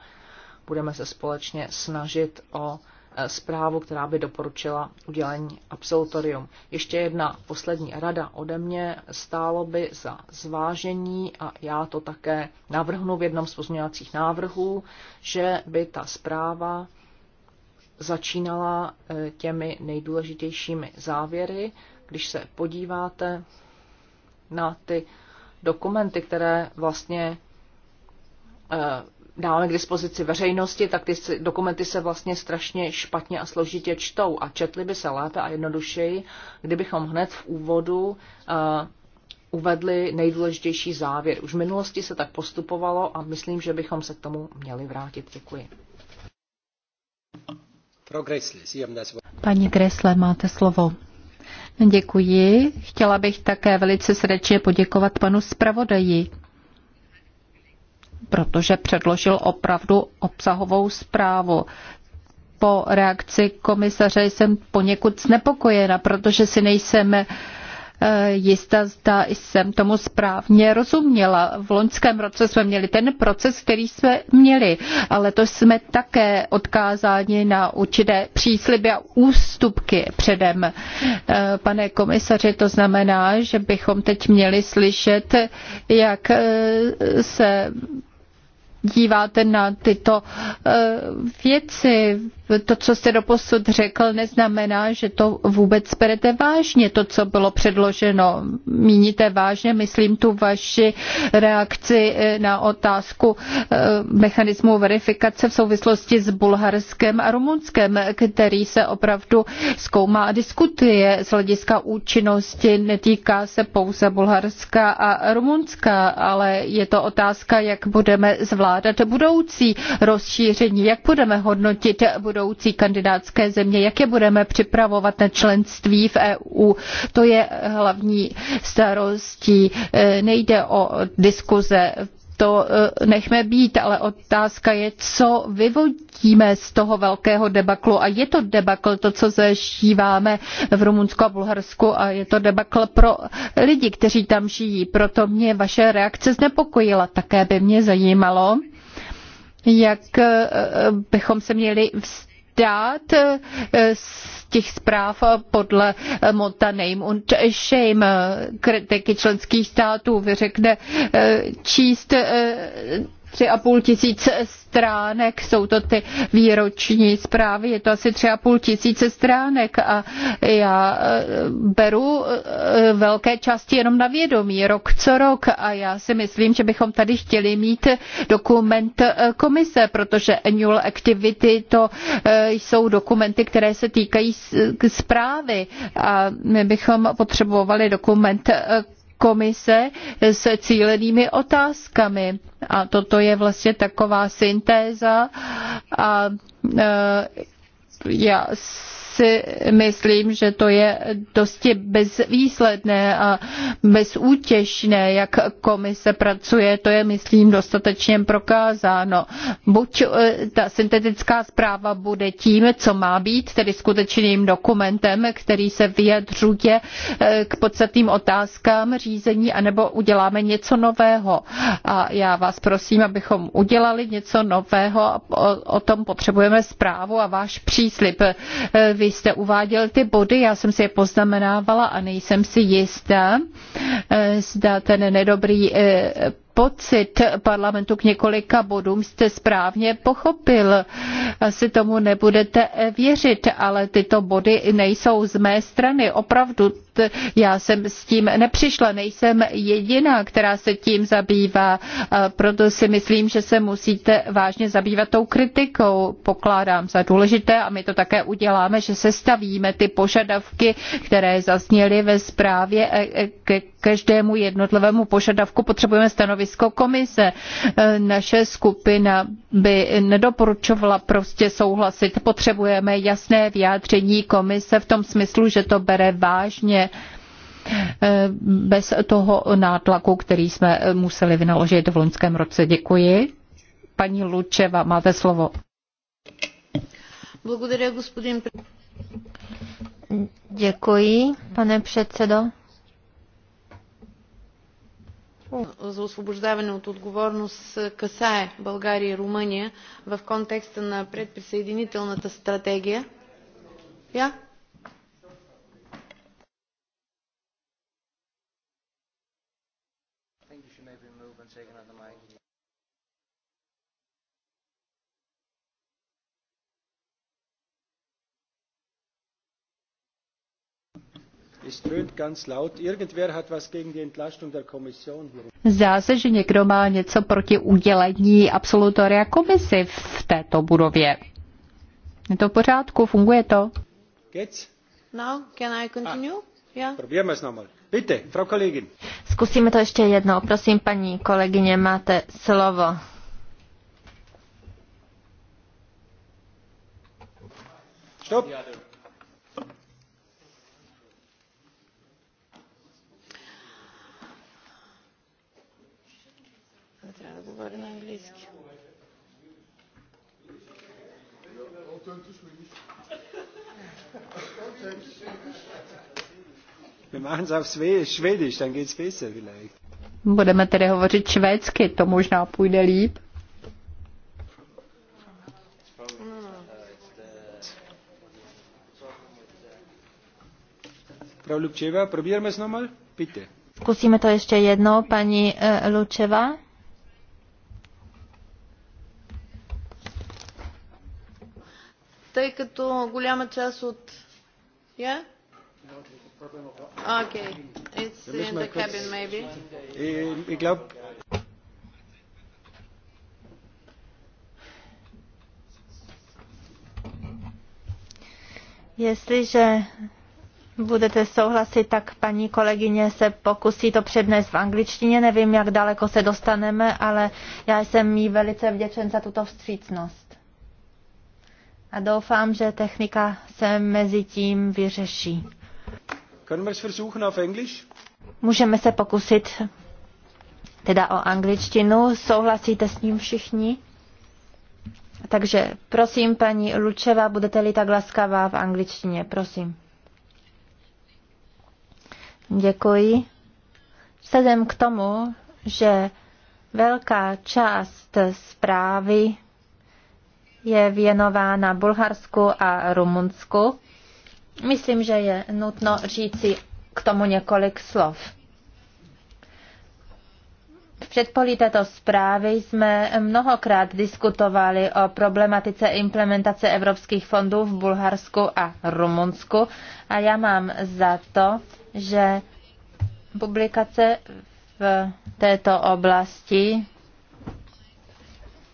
budeme se společně snažit o Eh, zprávu, která by doporučila udělení absolutorium. Ještě jedna poslední rada ode mě stálo by za zvážení a já to také navrhnu v jednom z pozměňovacích návrhů, že by ta zpráva začínala eh, těmi nejdůležitějšími závěry. Když se podíváte na ty dokumenty, které vlastně eh, dáme k dispozici veřejnosti, tak ty dokumenty se vlastně strašně špatně a složitě čtou a četly by se lépe a jednodušeji, kdybychom hned v úvodu uh, uvedli nejdůležitější závěr. Už v minulosti se tak postupovalo a myslím, že bychom se k tomu měli vrátit. Děkuji. Paní Gresle, máte slovo. Děkuji. Chtěla bych také velice srdečně poděkovat panu zpravodaji protože předložil opravdu obsahovou zprávu. Po reakci komisaře jsem poněkud znepokojena, protože si nejsem eh, jistá, zda jsem tomu správně rozuměla. V loňském roce jsme měli ten proces, který jsme měli, ale to jsme také odkázáni na určité přísliby a ústupky předem. Eh, pane komisaři, to znamená, že bychom teď měli slyšet, jak eh, se díváte na tyto eh, věci. To, co jste doposud řekl, neznamená, že to vůbec berete vážně, to, co bylo předloženo. Míníte vážně, myslím tu vaši reakci eh, na otázku eh, mechanismu verifikace v souvislosti s Bulharskem a Rumunskem, který se opravdu zkoumá a diskutuje z hlediska účinnosti. Netýká se pouze Bulharska a Rumunska, ale je to otázka, jak budeme zvládat zvládat budoucí rozšíření, jak budeme hodnotit budoucí kandidátské země, jak je budeme připravovat na členství v EU. To je hlavní starostí. E, nejde o diskuze to eh, nechme být, ale otázka je, co vyvodíme z toho velkého debaklu. A je to debakl, to, co zažíváme v Rumunsku a Bulharsku a je to debakl pro lidi, kteří tam žijí. Proto mě vaše reakce znepokojila. Také by mě zajímalo, jak eh, bychom se měli vstát dát eh, z těch zpráv podle Monta Name und Shame kritiky členských států. vyřekne eh, číst eh, tři a půl tisíce stránek, jsou to ty výroční zprávy, je to asi tři a půl tisíce stránek a já eh, beru eh, velké části jenom na vědomí, rok co rok a já si myslím, že bychom tady chtěli mít dokument eh, komise, protože annual activity to jsou dokumenty, které se týkají zprávy a my bychom potřebovali dokument komise s cílenými otázkami. A toto je vlastně taková syntéza a e, já si myslím, že to je dosti bezvýsledné a bezútěšné, jak komise pracuje, to je, myslím, dostatečně prokázáno. Buď eh, ta syntetická zpráva bude tím, co má být, tedy skutečným dokumentem, který se vyjadřuje eh, k podstatným otázkám řízení, anebo uděláme něco nového. A já vás prosím, abychom udělali něco nového, o, o tom potřebujeme zprávu a váš příslip. Eh, vy jste uváděl ty body, já jsem si je poznamenávala a nejsem si jistá, eh, zda ten nedobrý eh, pocit parlamentu k několika bodům jste správně pochopil. Asi tomu nebudete věřit, ale tyto body nejsou z mé strany. Opravdu já jsem s tím nepřišla, nejsem jediná, která se tím zabývá, proto si myslím, že se musíte vážně zabývat tou kritikou. Pokládám za důležité a my to také uděláme, že se stavíme ty požadavky, které zazněly ve zprávě, e- e- ke každému jednotlivému požadavku potřebujeme stanovisko komise. E, naše skupina by nedoporučovala prostě souhlasit. Potřebujeme jasné vyjádření komise v tom smyslu, že to bere vážně e, bez toho nátlaku, který jsme museli vynaložit v loňském roce. Děkuji. Paní Lučeva, máte slovo. Děkuji, pane předsedo за освобождаване от отговорност касае България и Румъния в контекста на предприсъединителната стратегия. Yeah? Es ganz laut. Irgendwer hat was gegen die Entlastung der Kommission Zdá se, že někdo má něco proti udělení absolutoria komisi v této budově. Je to v pořádku? Funguje to? Geht's? can I continue? Ah. Yeah. Probujeme es nochmal. Bitte, Frau Kollegin. Zkusíme to ještě jednou. Prosím, paní kolegyně, máte slovo. Stop. govori na angliski. Budeme tedy hovořit švédsky, to možná půjde líp. znovu? Zkusíme to ještě jednou, paní eh, Lučeva. тъй като голяма част от... Yeah? Okay. It's in the cabin maybe. Ich glaube... Jestliže budete souhlasit, tak paní kolegyně se pokusí to přednést v angličtině. Nevím, jak daleko se dostaneme, ale já jsem jí velice vděčen za tuto vstřícnost. A doufám, že technika se mezi tím vyřeší. Můžeme se pokusit teda o angličtinu. Souhlasíte s ním všichni? Takže prosím, paní Lučeva, budete-li tak laskavá v angličtině, prosím. Děkuji. Vzhledem k tomu, že velká část zprávy je věnována Bulharsku a Rumunsku. Myslím, že je nutno říci k tomu několik slov. V předpolí této zprávy jsme mnohokrát diskutovali o problematice implementace evropských fondů v Bulharsku a Rumunsku a já mám za to, že publikace v této oblasti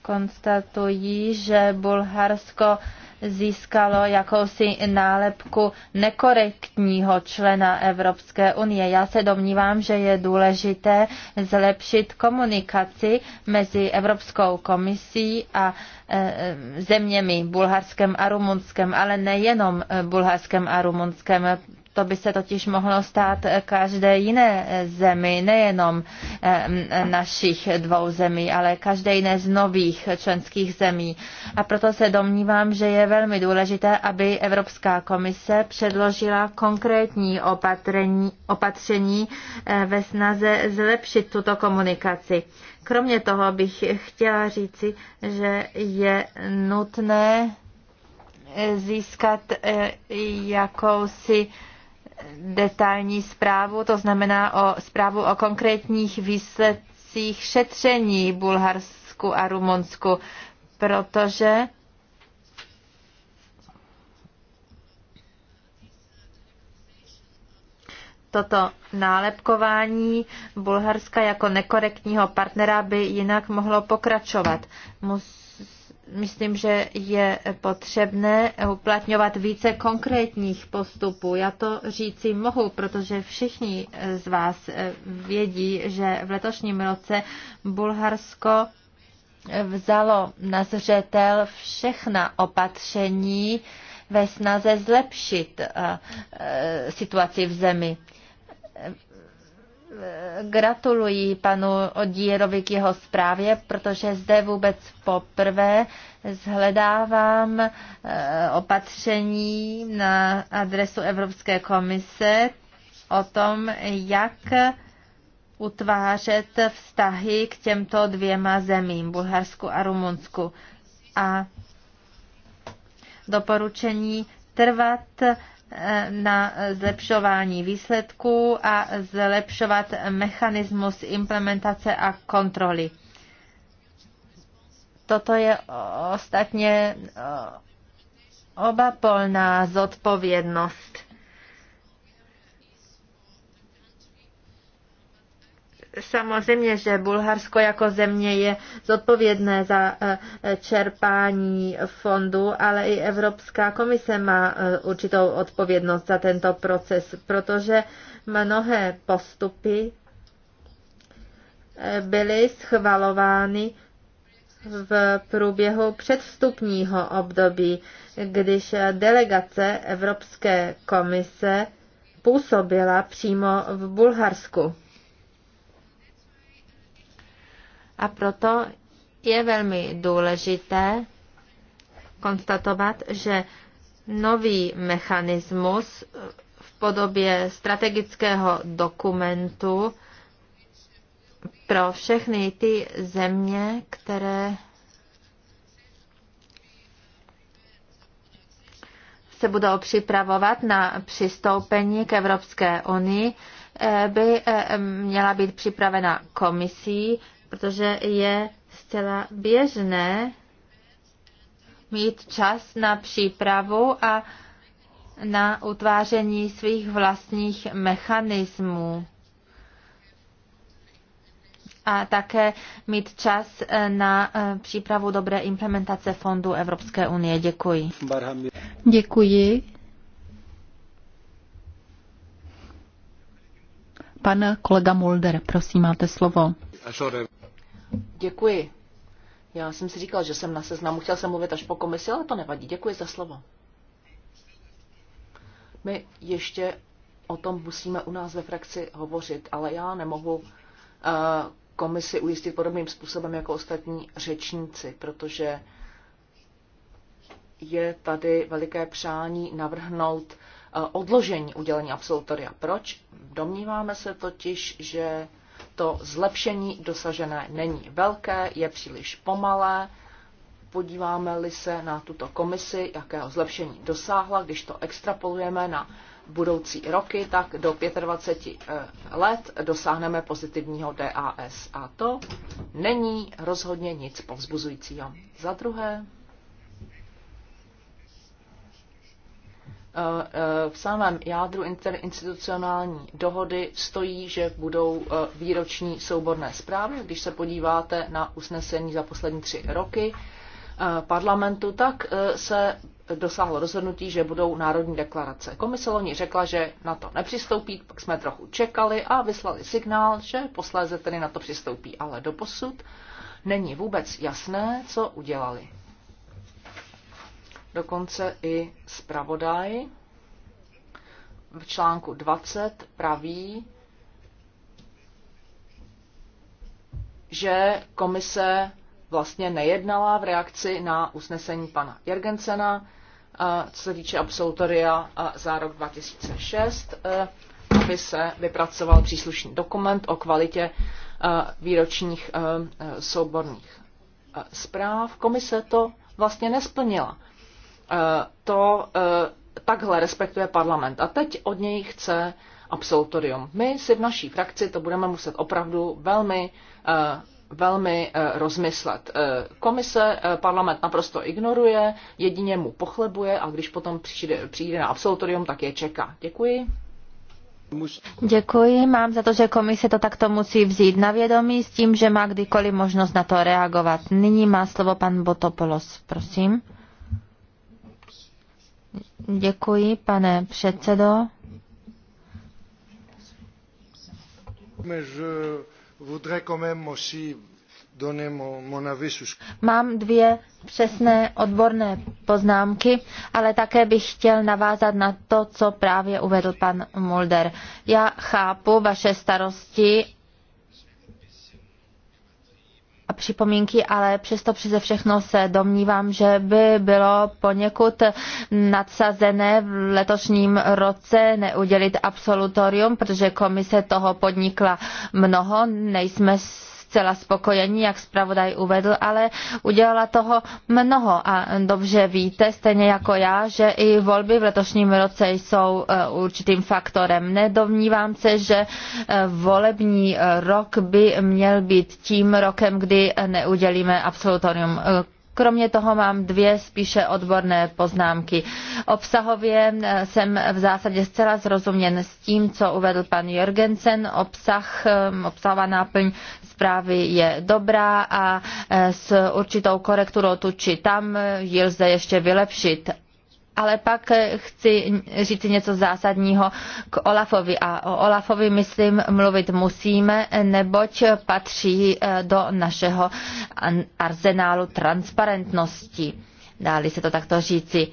konstatují, že Bulharsko získalo jakousi nálepku nekorektního člena Evropské unie. Já se domnívám, že je důležité zlepšit komunikaci mezi Evropskou komisí a e, zeměmi Bulharskem a Rumunskem, ale nejenom e, Bulharskem a Rumunskem. To by se totiž mohlo stát eh, každé jiné eh, zemi, nejenom eh, našich dvou zemí, ale každé jiné z nových členských zemí. A proto se domnívám, že je velmi důležité, aby Evropská komise předložila konkrétní opatření, opatření ve snaze zlepšit tuto komunikaci. Kromě toho bych chtěla říci, že je nutné získat jakousi detailní zprávu, to znamená o zprávu o konkrétních výsledcích šetření Bulharsku a Rumunsku, protože toto nálepkování Bulharska jako nekorektního partnera by jinak mohlo pokračovat. Mus myslím, že je potřebné uplatňovat více konkrétních postupů. Já to říci mohu, protože všichni z vás vědí, že v letošním roce Bulharsko vzalo na zřetel všechna opatření ve snaze zlepšit eh, eh, situaci v zemi gratuluji panu Odírovi k jeho zprávě, protože zde vůbec poprvé zhledávám eh, opatření na adresu Evropské komise o tom, jak utvářet vztahy k těmto dvěma zemím, Bulharsku a Rumunsku. A doporučení trvat na zlepšování výsledků a zlepšovat mechanismus implementace a kontroly. Toto je ostatně obapolná zodpovědnost Samozřejmě, že Bulharsko jako země je zodpovědné za eh, čerpání fondu, ale i Evropská komise má eh, určitou odpovědnost za tento proces, protože mnohé postupy eh, byly schvalovány v průběhu předvstupního období, když delegace Evropské komise působila přímo v Bulharsku. A proto je velmi důležité konstatovat, že nový mechanismus v podobě strategického dokumentu pro všechny ty země, které se budou připravovat na přistoupení k Evropské unii, eh, by eh, měla být připravena komisí protože je zcela běžné mít čas na přípravu a na utváření svých vlastních mechanismů. A také mít čas eh, na eh, přípravu dobré implementace fondů Evropské unie. Děkuji. Děkuji. Pan kolega Mulder, prosím, máte slovo. Děkuji. Já jsem si říkal, že jsem na seznamu, chtěl jsem mluvit až po komisi, ale to nevadí. Děkuji za slovo. My ještě o tom musíme u nás ve frakci hovořit, ale já nemohu eh, komisi ujistit podobným způsobem jako ostatní řečníci, protože je tady veliké přání navrhnout eh, odložení udělení absolutoria. Proč? Domníváme se totiž, že to zlepšení dosažené není velké, je příliš pomalé. Podíváme-li se na tuto komisi, jakého zlepšení dosáhla, když to extrapolujeme na budoucí roky, tak do 25 eh, let dosáhneme pozitivního DAS. A to není rozhodně nic povzbuzujícího. Za druhé, Eh, v samém jádru interinstitucionální dohody stojí, že budou eh, výroční souborné zprávy. Když se podíváte na usnesení za poslední tři roky eh, parlamentu, tak se dosáhlo rozhodnutí, že budou národní deklarace. Komise loni řekla, že na to nepřistoupí, pak jsme trochu čekali a vyslali signál, že posléze tedy na to přistoupí, ale doposud není vůbec jasné, co udělali dokonce i zpravodaj v článku 20 praví, že komise vlastně nejednala v reakci na usnesení pana Jergensena, eh, co se týče absolutoria eh, za rok 2006, eh, aby se vypracoval příslušný dokument o kvalitě výročních souborných zpráv. Komise to vlastně nesplnila. Eh, to eh, takhle respektuje parlament. A teď od něj chce absolutorium. My si v naší frakci to budeme muset opravdu velmi eh, velmi rozmyslet. Komise parlament naprosto ignoruje, jedině mu pochlebuje a když potom přijde, přijde na absolutorium, tak je čeká. Děkuji. Děkuji, mám za to, že komise to takto musí vzít na vědomí s tím, že má kdykoliv možnost na to reagovat. Nyní má slovo pan Botopolos, prosím. Děkuji, pane předsedo. Mám dvě přesné odborné poznámky, ale také bych chtěl navázat na to, co právě uvedl pan Mulder. Já chápu vaše starosti připomínky, ale přesto přeze všechno se domnívám, že by bylo poněkud nadsazené v letošním roce neudělit absolutorium, protože komise toho podnikla mnoho. Nejsme zcela spokojení, jak zpravodaj uvedl, ale udělala toho mnoho a dobře víte, stejně jako já, že i volby v letošním roce jsou eh, určitým faktorem. Nedomnívám se, že eh, volební eh, rok by měl být tím rokem, kdy neudělíme absolutorium Kromě toho mám dvě spíše odborné poznámky. Obsahově eh, jsem v zásadě zcela zrozuměn s tím, co uvedl pan Jorgensen. Obsah, ehm, obsahová náplň zprávy je dobrá a eh, s určitou korekturou tu či tam eh, ji lze ještě vylepšit, ale pak eh, chci říct něco zásadního k Olafovi a o Olafovi, myslím, mluvit musíme, neboť patří eh, do našeho arzenálu transparentnosti. Dáli se to takto říci.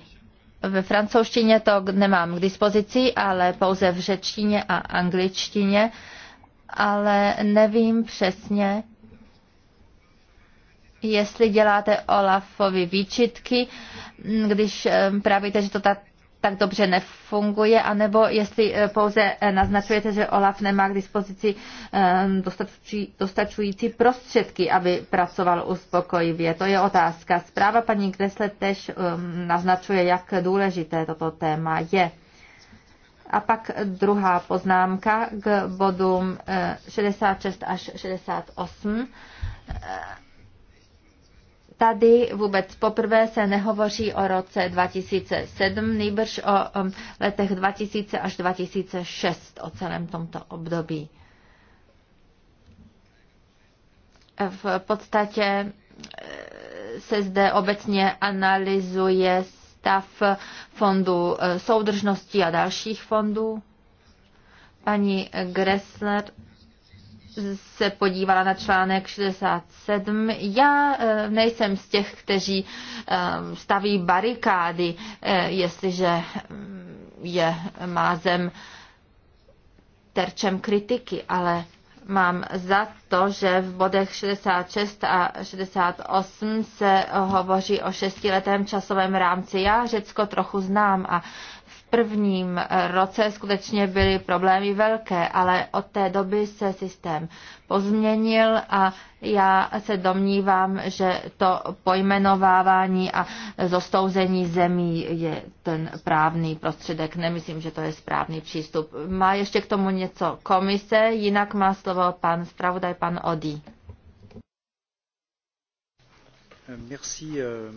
Ve francouzštině to nemám k dispozici, ale pouze v řečtině a angličtině, ale nevím přesně, jestli děláte Olafovi výčitky, mm, když pravíte, že to tak tak dobře nefunguje, anebo jestli e, pouze e, naznačujete, že OLAF nemá k dispozici dostačující prostředky, aby pracoval uspokojivě. To je otázka. Zpráva paní Kresle tež naznačuje, jak důležité toto téma je. A pak druhá poznámka k bodům 66 e, až 68 Tady vůbec poprvé se nehovoří o roce 2007, nejbrž o letech 2000 až 2006, o celém tomto období. V podstatě e, se zde obecně analyzuje stav fondu e, soudržnosti a dalších fondů. Paní Gressler se podívala na článek 67. Já eh, nejsem z těch, kteří eh, staví barikády, eh, jestliže mm, je mázem terčem kritiky, ale mám za to, že v bodech 66 a 68 se hovoří o šestiletém časovém rámci. Já Řecko trochu znám a prvním roce skutečně byly problémy velké, ale od té doby se systém pozměnil a já se domnívám, že to pojmenovávání a zostouzení zemí je ten právný prostředek. Nemyslím, že to je správný přístup. Má ještě k tomu něco komise, jinak má slovo pan zpravodaj, pan Odí. Merci, euh,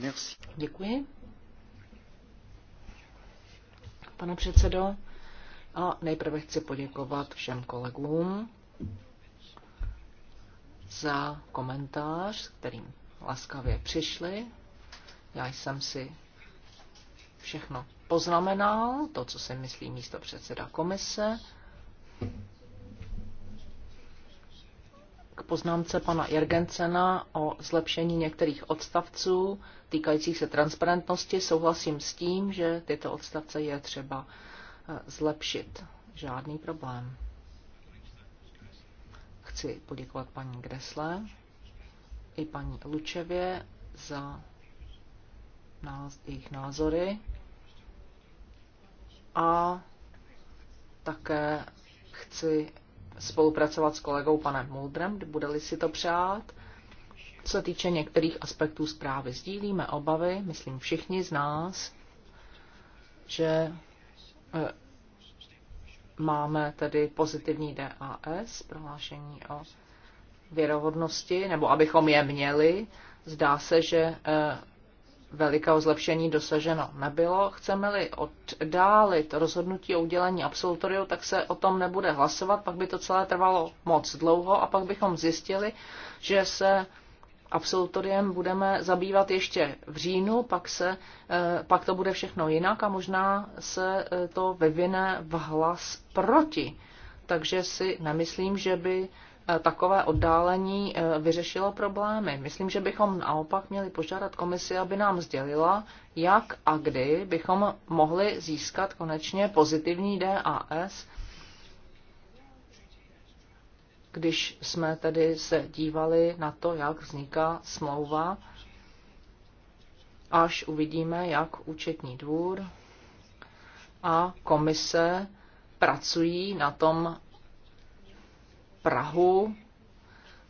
merci. Děkuji pane předsedo. A nejprve chci poděkovat všem kolegům za komentář, s kterým laskavě přišli. Já jsem si všechno poznamenal, to, co si myslí místo předseda komise k poznámce pana Jergencena o zlepšení některých odstavců týkajících se transparentnosti. Souhlasím s tím, že tyto odstavce je třeba eh, zlepšit. Žádný problém. Chci poděkovat paní Gresle i paní Lučevě za jejich názory a také chci spolupracovat s kolegou panem Muldrem, bude-li si to přát. Co se týče některých aspektů zprávy, sdílíme obavy, myslím všichni z nás, že e, máme tedy pozitivní DAS, prohlášení o věrohodnosti, nebo abychom je měli. Zdá se, že e, velikého zlepšení dosaženo nebylo. Chceme-li oddálit rozhodnutí o udělení absolutoriu, tak se o tom nebude hlasovat, pak by to celé trvalo moc dlouho a pak bychom zjistili, že se absolutoriem budeme zabývat ještě v říjnu, pak, se, eh, pak to bude všechno jinak a možná se eh, to vyvine v hlas proti. Takže si nemyslím, že by Eh, takové oddálení eh, vyřešilo problémy. Myslím, že bychom naopak měli požádat komisi, aby nám sdělila, jak a kdy bychom mohli získat konečně pozitivní DAS, když jsme tedy se dívali na to, jak vzniká smlouva, až uvidíme, jak účetní dvůr a komise pracují na tom Prahu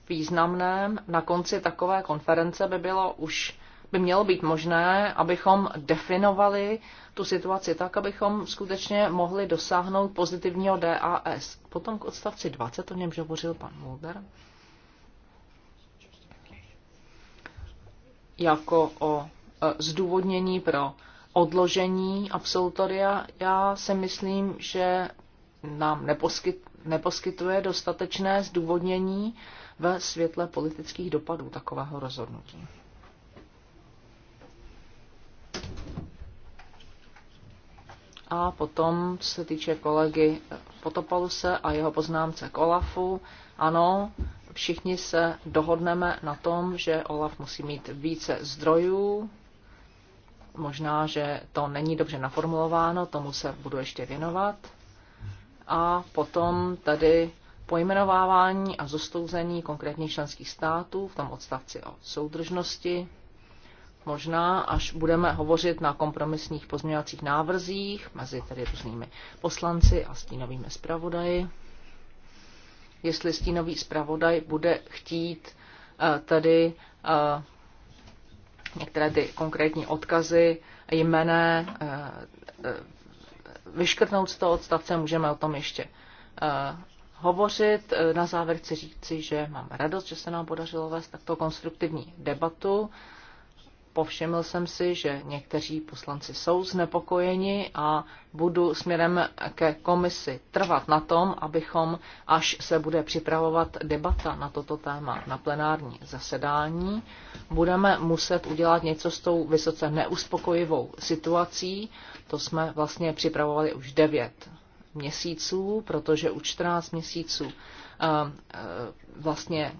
významném na konci takové konference by bylo už by mělo být možné, abychom definovali tu situaci tak, abychom skutečně mohli dosáhnout pozitivního DAS. Potom k odstavci 20, o němž hovořil pan Mulder. Jako o e, zdůvodnění pro odložení absolutoria, já si myslím, že nám neposkyt, neposkytuje dostatečné zdůvodnění ve světle politických dopadů takového rozhodnutí. A potom se týče kolegy Potopaluse a jeho poznámce k Olafu. Ano, všichni se dohodneme na tom, že Olaf musí mít více zdrojů. Možná, že to není dobře naformulováno, tomu se budu ještě věnovat a potom tady pojmenovávání a zostouzení konkrétních členských států v tom odstavci o soudržnosti. Možná, až budeme hovořit na kompromisních pozměňovacích návrzích mezi tedy různými poslanci a stínovými zpravodaji, jestli stínový zpravodaj bude chtít eh, tedy eh, některé ty konkrétní odkazy jmené eh, vyškrtnout z toho odstavce, můžeme o tom ještě eh, hovořit. Eh, na závěr chci říci, že mám radost, že se nám podařilo vést takto konstruktivní debatu povšiml jsem si, že někteří poslanci jsou znepokojeni a budu směrem ke komisi trvat na tom, abychom, až se bude připravovat debata na toto téma na plenární zasedání, budeme muset udělat něco s tou vysoce neuspokojivou situací. To jsme vlastně připravovali už 9 měsíců, protože u 14 měsíců eh, eh, vlastně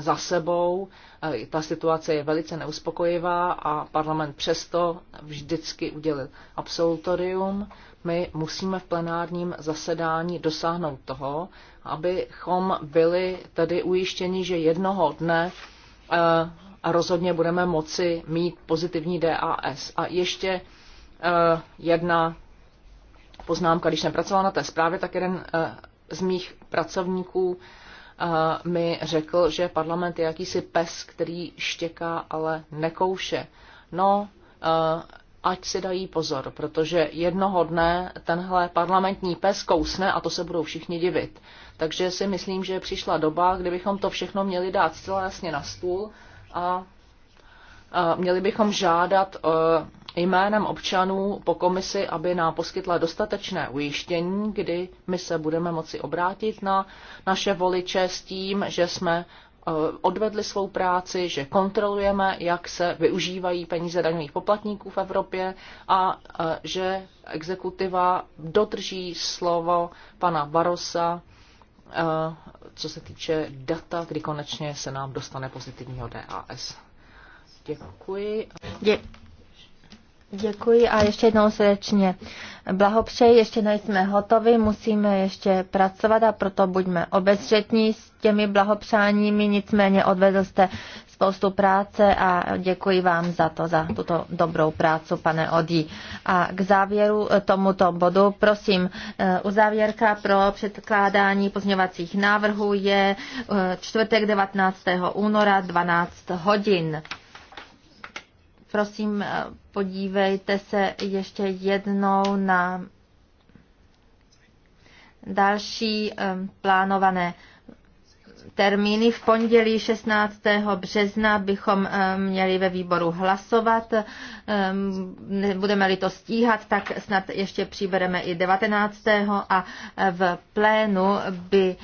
za sebou. E, ta situace je velice neuspokojivá a parlament přesto vždycky udělil absolutorium. My musíme v plenárním zasedání dosáhnout toho, abychom byli tedy ujištěni, že jednoho dne e, rozhodně budeme moci mít pozitivní DAS. A ještě e, jedna poznámka, když jsem pracovala na té zprávě, tak jeden z mých pracovníků mi řekl, že parlament je jakýsi pes, který štěká, ale nekouše. No, ať si dají pozor, protože jednoho dne tenhle parlamentní pes kousne a to se budou všichni divit. Takže si myslím, že přišla doba, kdybychom to všechno měli dát zcela jasně na stůl a měli bychom žádat jménem občanů po komisi, aby nám poskytla dostatečné ujištění, kdy my se budeme moci obrátit na naše voliče s tím, že jsme eh, odvedli svou práci, že kontrolujeme, jak se využívají peníze daňových poplatníků v Evropě a eh, že exekutiva dodrží slovo pana Barosa, eh, co se týče data, kdy konečně se nám dostane pozitivního DAS. Děkuji. Dě- Děkuji a ještě jednou srdečně blahopřeji. Ještě nejsme hotovi, musíme ještě pracovat a proto buďme obezřetní s těmi blahopřáními. Nicméně odvedl jste spoustu práce a děkuji vám za to, za tuto dobrou práci, pane Odí. A k závěru tomuto bodu, prosím, eh, uzávěrka pro předkládání pozměňovacích návrhů je eh, čtvrtek 19. února 12 hodin. Prosím, eh, podívejte se ještě jednou na další eh, plánované termíny. V pondělí 16. března bychom eh, měli ve výboru hlasovat. Budeme-li to stíhat, tak snad ještě přibereme i 19. a v plénu by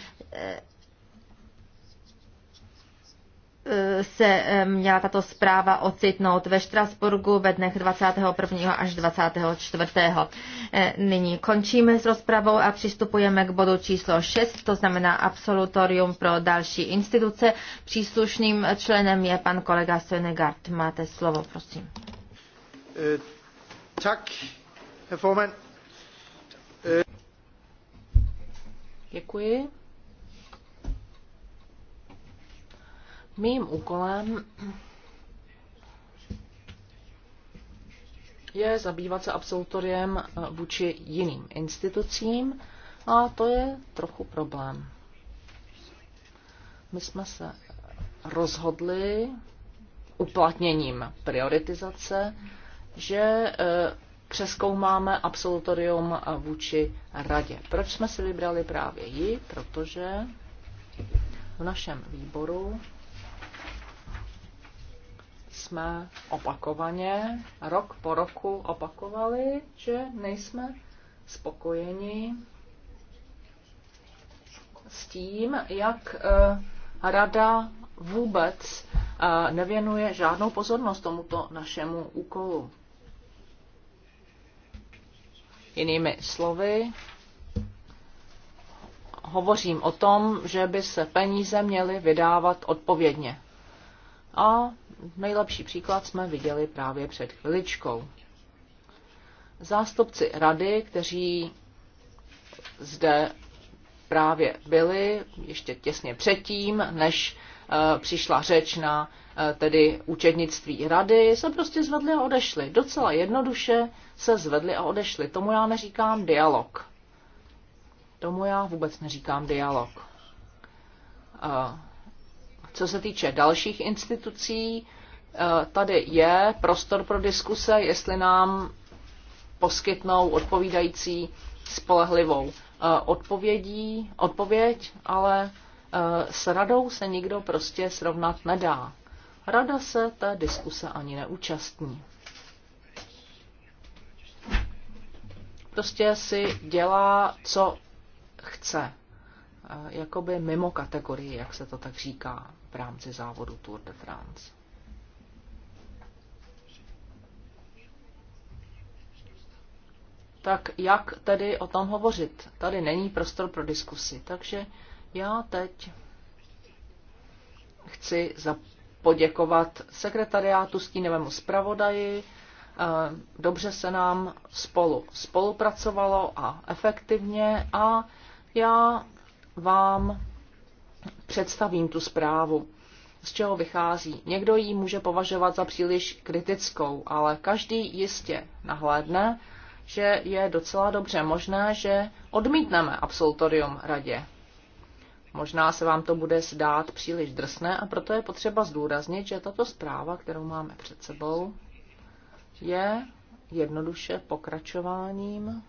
se měla tato zpráva ocitnout ve Štrasburgu ve dnech 21. až 24. E, nyní končíme s rozpravou a přistupujeme k bodu číslo 6, to znamená absolutorium pro další instituce. Příslušným členem je pan kolega Sönegard. Máte slovo, prosím. E, tak, e, Děkuji. Mým úkolem je zabývat se absolutoriem eh, vůči jiným institucím a to je trochu problém. My jsme se rozhodli uplatněním prioritizace, že eh, přeskoumáme absolutorium eh, vůči radě. Proč jsme si vybrali právě ji? Protože v našem výboru jsme opakovaně, rok po roku opakovali, že nejsme spokojeni s tím, jak eh, rada vůbec eh, nevěnuje žádnou pozornost tomuto našemu úkolu. Jinými slovy, hovořím o tom, že by se peníze měly vydávat odpovědně. A nejlepší příklad jsme viděli právě před chviličkou. Zástupci rady, kteří zde právě byli, ještě těsně předtím, než eh, přišla řeč na eh, tedy účetnictví rady, se prostě zvedli a odešli. Docela jednoduše se zvedli a odešli. Tomu já neříkám dialog. Tomu já vůbec neříkám dialog. Eh, co se týče dalších institucí, eh, tady je prostor pro diskuse, jestli nám poskytnou odpovídající spolehlivou eh, odpovědí, odpověď, ale eh, s radou se nikdo prostě srovnat nedá. Rada se té diskuse ani neúčastní. Prostě si dělá, co chce. Jakoby mimo kategorii, jak se to tak říká v rámci závodu Tour de France. Tak jak tedy o tom hovořit? Tady není prostor pro diskusy, takže já teď chci poděkovat sekretariátu stínovému zpravodaji. Eh, dobře se nám spolu spolupracovalo a efektivně a já vám představím tu zprávu, z čeho vychází. Někdo ji může považovat za příliš kritickou, ale každý jistě nahlédne, že je docela dobře možné, že odmítneme absolutorium radě. Možná se vám to bude zdát příliš drsné a proto je potřeba zdůraznit, že tato zpráva, kterou máme před sebou, je jednoduše pokračováním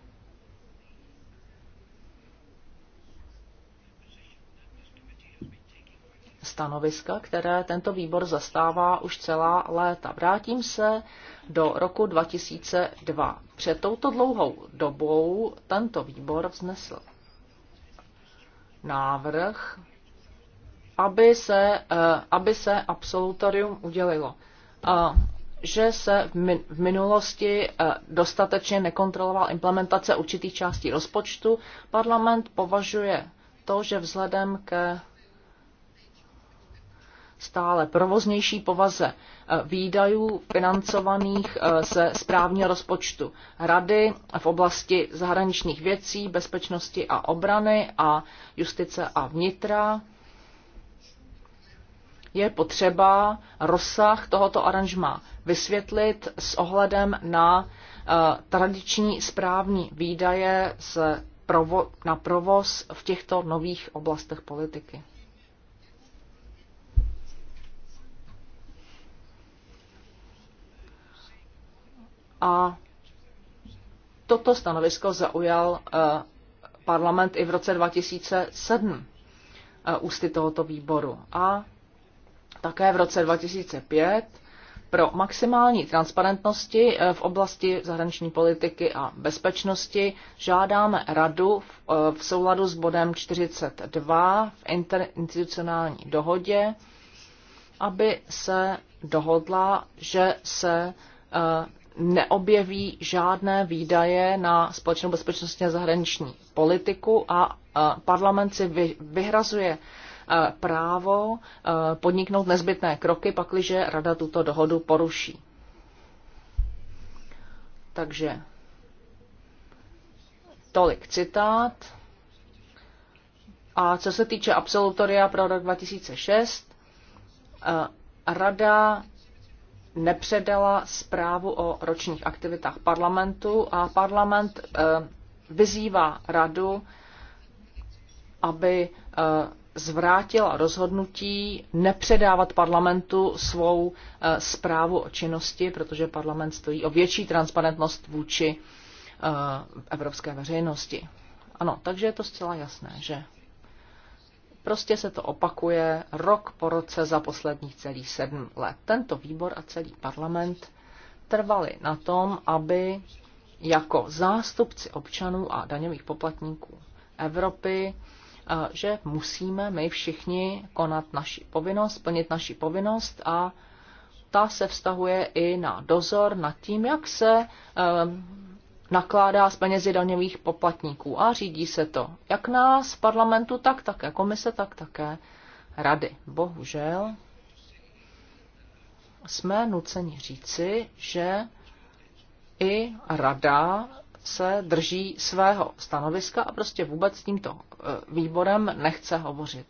stanoviska, které tento výbor zastává už celá léta. Vrátím se do roku 2002. Před touto dlouhou dobou tento výbor vznesl návrh, aby se, eh, aby se absolutorium udělilo eh, že se v minulosti eh, dostatečně nekontroloval implementace určitých částí rozpočtu. Parlament považuje to, že vzhledem ke stále provoznější povaze eh, výdajů financovaných eh, ze správního rozpočtu Rady v oblasti zahraničních věcí, bezpečnosti a obrany a justice a vnitra. Je potřeba rozsah tohoto aranžma vysvětlit s ohledem na eh, tradiční správní výdaje na provoz v těchto nových oblastech politiky. A toto stanovisko zaujal eh, parlament i v roce 2007 eh, ústy tohoto výboru. A také v roce 2005 pro maximální transparentnosti eh, v oblasti zahraniční politiky a bezpečnosti žádáme radu v souladu s bodem 42 v interinstitucionální dohodě, aby se dohodla, že se neobjeví žádné výdaje na společnou bezpečnostní a zahraniční politiku a parlament si vyhrazuje právo podniknout nezbytné kroky, pakliže rada tuto dohodu poruší. Takže tolik citát. A co se týče absolutoria pro rok 2006, Rada nepředala zprávu o ročních aktivitách parlamentu a parlament eh, vyzývá radu, aby eh, zvrátila rozhodnutí nepředávat parlamentu svou eh, zprávu o činnosti, protože parlament stojí o větší transparentnost vůči evropské veřejnosti. Ano, takže je to zcela jasné, že Prostě se to opakuje rok po roce za posledních celých sedm let. Tento výbor a celý parlament trvali na tom, aby jako zástupci občanů a daňových poplatníků Evropy, eh, že musíme my všichni konat naši povinnost, plnit naši povinnost a ta se vztahuje i na dozor nad tím, jak se eh, nakládá s penězi daňových poplatníků a řídí se to jak nás, parlamentu, tak také komise, tak také rady. Bohužel jsme nuceni říci, že i rada se drží svého stanoviska a prostě vůbec s tímto eh, výborem nechce hovořit.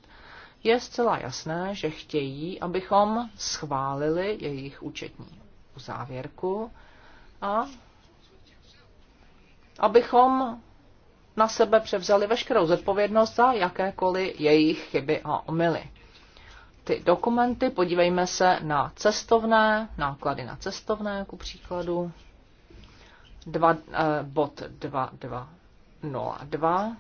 Je zcela jasné, že chtějí, abychom schválili jejich účetní uzávěrku a abychom na sebe převzali veškerou zodpovědnost za jakékoliv jejich chyby a omily. Ty dokumenty, podívejme se na cestovné, náklady na cestovné, ku příkladu, dva, eh, bod 2202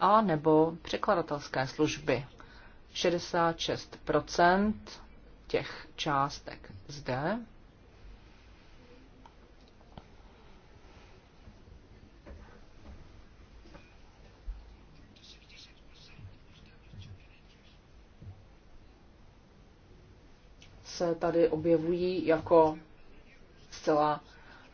a nebo překladatelské služby. 66 těch částek zde se tady objevují jako zcela,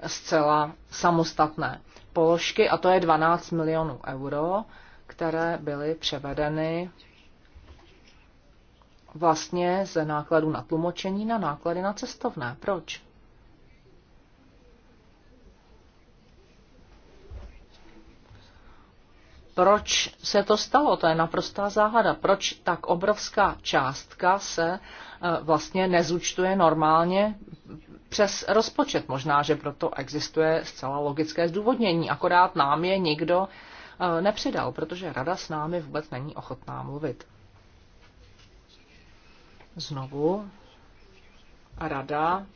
zcela samostatné položky a to je 12 milionů euro, které byly převedeny vlastně ze nákladů na tlumočení na náklady na cestovné. Proč? Proč se to stalo? To je naprostá záhada. Proč tak obrovská částka se eh, vlastně nezúčtuje normálně přes rozpočet? Možná, že proto existuje zcela logické zdůvodnění, akorát nám je nikdo eh, nepřidal, protože rada s námi vůbec není ochotná mluvit. Znovu rada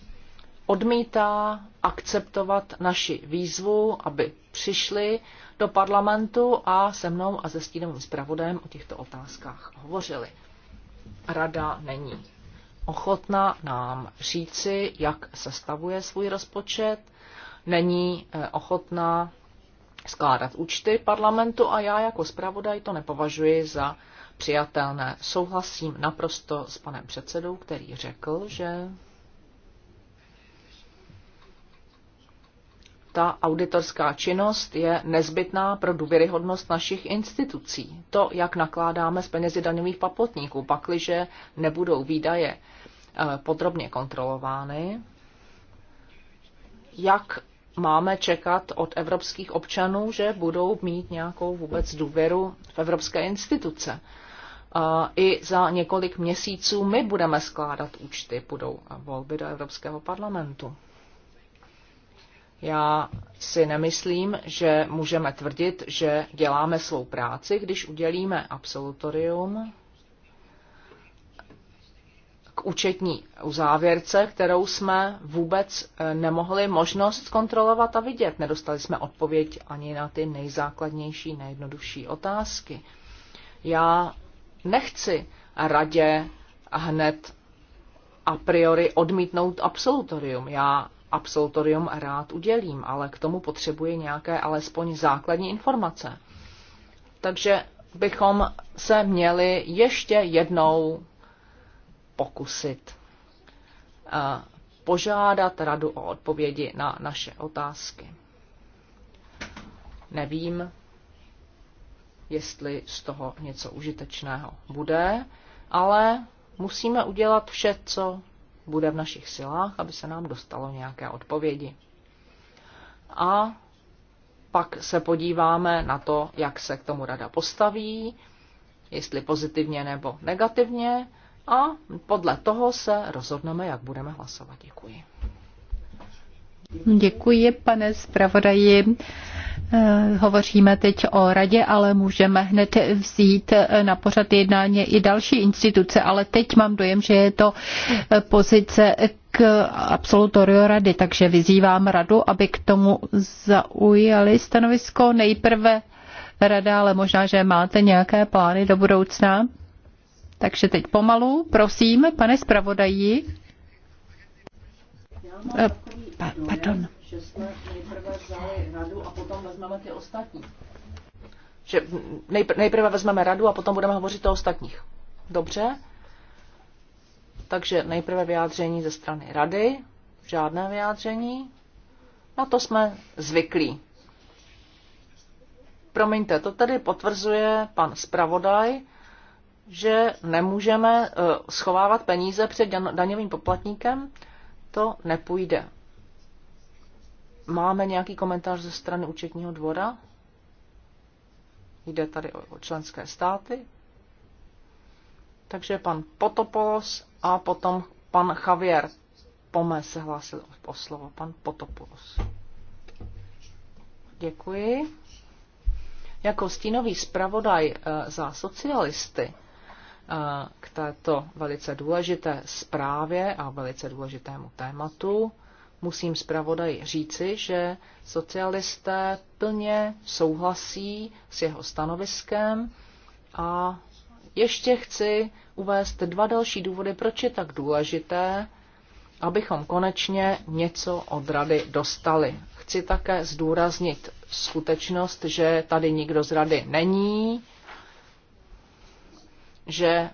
odmítá akceptovat naši výzvu, aby přišli do parlamentu a se mnou a se stínovým zpravodajem o těchto otázkách hovořili. Rada není ochotná nám říci, jak sestavuje svůj rozpočet, není eh, ochotná skládat účty parlamentu a já jako zpravodaj to nepovažuji za přijatelné. Souhlasím naprosto s panem předsedou, který řekl, že ta auditorská činnost je nezbytná pro důvěryhodnost našich institucí. To, jak nakládáme s penězi daňových papotníků, pakliže nebudou výdaje eh, podrobně kontrolovány, jak máme čekat od evropských občanů, že budou mít nějakou vůbec důvěru v evropské instituce. Eh, I za několik měsíců my budeme skládat účty, budou volby do Evropského parlamentu. Já si nemyslím, že můžeme tvrdit, že děláme svou práci, když udělíme absolutorium k účetní uzávěrce, kterou jsme vůbec eh, nemohli možnost zkontrolovat a vidět. Nedostali jsme odpověď ani na ty nejzákladnější, nejjednodušší otázky. Já nechci radě hned a priori odmítnout absolutorium. Já absolutorium rád udělím, ale k tomu potřebuji nějaké alespoň základní informace. Takže bychom se měli ještě jednou pokusit eh, požádat radu o odpovědi na naše otázky. Nevím, jestli z toho něco užitečného bude, ale musíme udělat vše, co bude v našich silách, aby se nám dostalo nějaké odpovědi. A pak se podíváme na to, jak se k tomu rada postaví, jestli pozitivně nebo negativně, a podle toho se rozhodneme, jak budeme hlasovat. Děkuji. Děkuji, pane zpravodaji. Eh, hovoříme teď o radě, ale můžeme hned vzít eh, na pořad jednání i další instituce, ale teď mám dojem, že je to eh, pozice k absolutoriu rady, takže vyzývám radu, aby k tomu zaujali stanovisko nejprve rada, ale možná, že máte nějaké plány do budoucna. Takže teď pomalu, prosím, pane zpravodaji. Pa, pardon. Že nejprve radu a potom vezmeme ty ostatní. Že nejprve vezmeme radu a potom budeme hovořit o ostatních. Dobře. Takže nejprve vyjádření ze strany rady, žádné vyjádření. Na to jsme zvyklí. Promiňte, to tedy potvrzuje pan zpravodaj, že nemůžeme eh, schovávat peníze před daňovým poplatníkem, to nepůjde. Máme nějaký komentář ze strany účetního dvora? Jde tady o členské státy. Takže pan Potopolos a potom pan Javier Pome se hlásil o slovo. Pan Potopolos. Děkuji. Jako stínový zpravodaj eh, za socialisty eh, k této velice důležité zprávě a velice důležitému tématu musím zpravodaj říci, že socialisté plně souhlasí s jeho stanoviskem a ještě chci uvést dva další důvody, proč je tak důležité, abychom konečně něco od rady dostali. Chci také zdůraznit skutečnost, že tady nikdo z rady není, že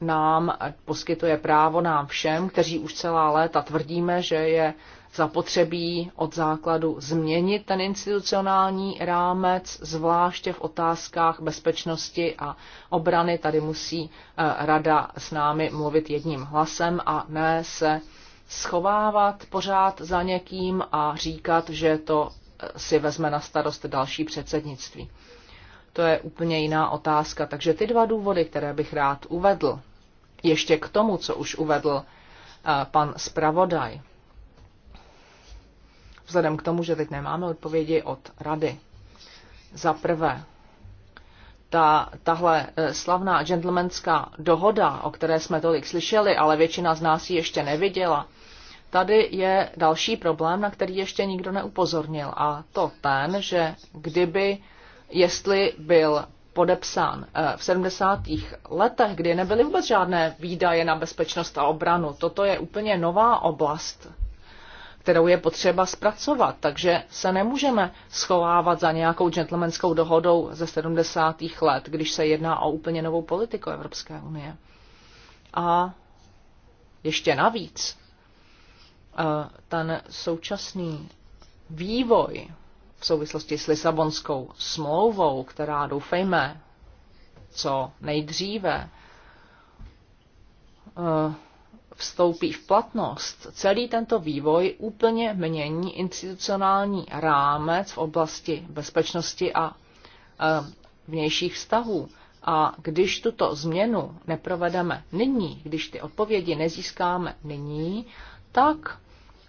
nám poskytuje právo nám všem, kteří už celá léta tvrdíme, že je zapotřebí od základu změnit ten institucionální rámec, zvláště v otázkách bezpečnosti a obrany. Tady musí eh, rada s námi mluvit jedním hlasem a ne se schovávat pořád za někým a říkat, že to eh, si vezme na starost další předsednictví. To je úplně jiná otázka. Takže ty dva důvody, které bych rád uvedl, ještě k tomu, co už uvedl eh, pan zpravodaj. Vzhledem k tomu, že teď nemáme odpovědi od rady. Za prvé, ta, tahle eh, slavná gentlemanská dohoda, o které jsme tolik slyšeli, ale většina z nás ji ještě neviděla, tady je další problém, na který ještě nikdo neupozornil. A to ten, že kdyby, jestli byl podepsán eh, v 70. letech, kdy nebyly vůbec žádné výdaje na bezpečnost a obranu. Toto je úplně nová oblast, kterou je potřeba zpracovat, takže se nemůžeme schovávat za nějakou gentlemanskou dohodou ze 70. let, když se jedná o úplně novou politiku Evropské unie. A ještě navíc, eh, ten současný vývoj v souvislosti s Lisabonskou smlouvou, která doufejme co nejdříve eh, vstoupí v platnost, celý tento vývoj úplně mění institucionální rámec v oblasti bezpečnosti a eh, vnějších vztahů. A když tuto změnu neprovedeme nyní, když ty odpovědi nezískáme nyní, tak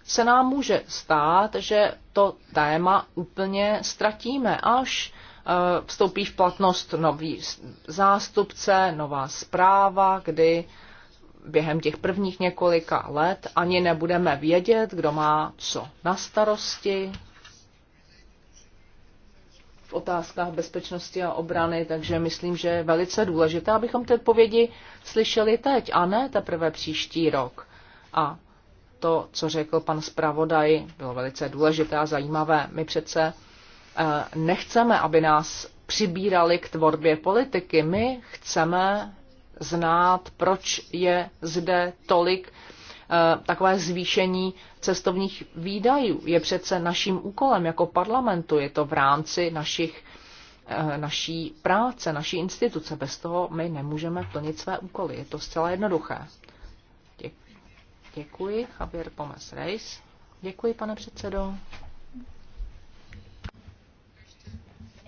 se nám může stát, že to téma úplně ztratíme, až eh, vstoupí v platnost nový zástupce, nová zpráva, kdy během těch prvních několika let ani nebudeme vědět, kdo má co na starosti v otázkách bezpečnosti a obrany, takže myslím, že je velice důležité, abychom ty odpovědi slyšeli teď a ne teprve příští rok. A to, co řekl pan zpravodaj, bylo velice důležité a zajímavé. My přece eh, nechceme, aby nás přibírali k tvorbě politiky. My chceme znát, proč je zde tolik eh, takové zvýšení cestovních výdajů. Je přece naším úkolem jako parlamentu, je to v rámci našich, eh, naší práce, naší instituce. Bez toho my nemůžeme plnit své úkoly. Je to zcela jednoduché. Děkuji, Javier Pomas Reis. Děkuji, pane předsedo.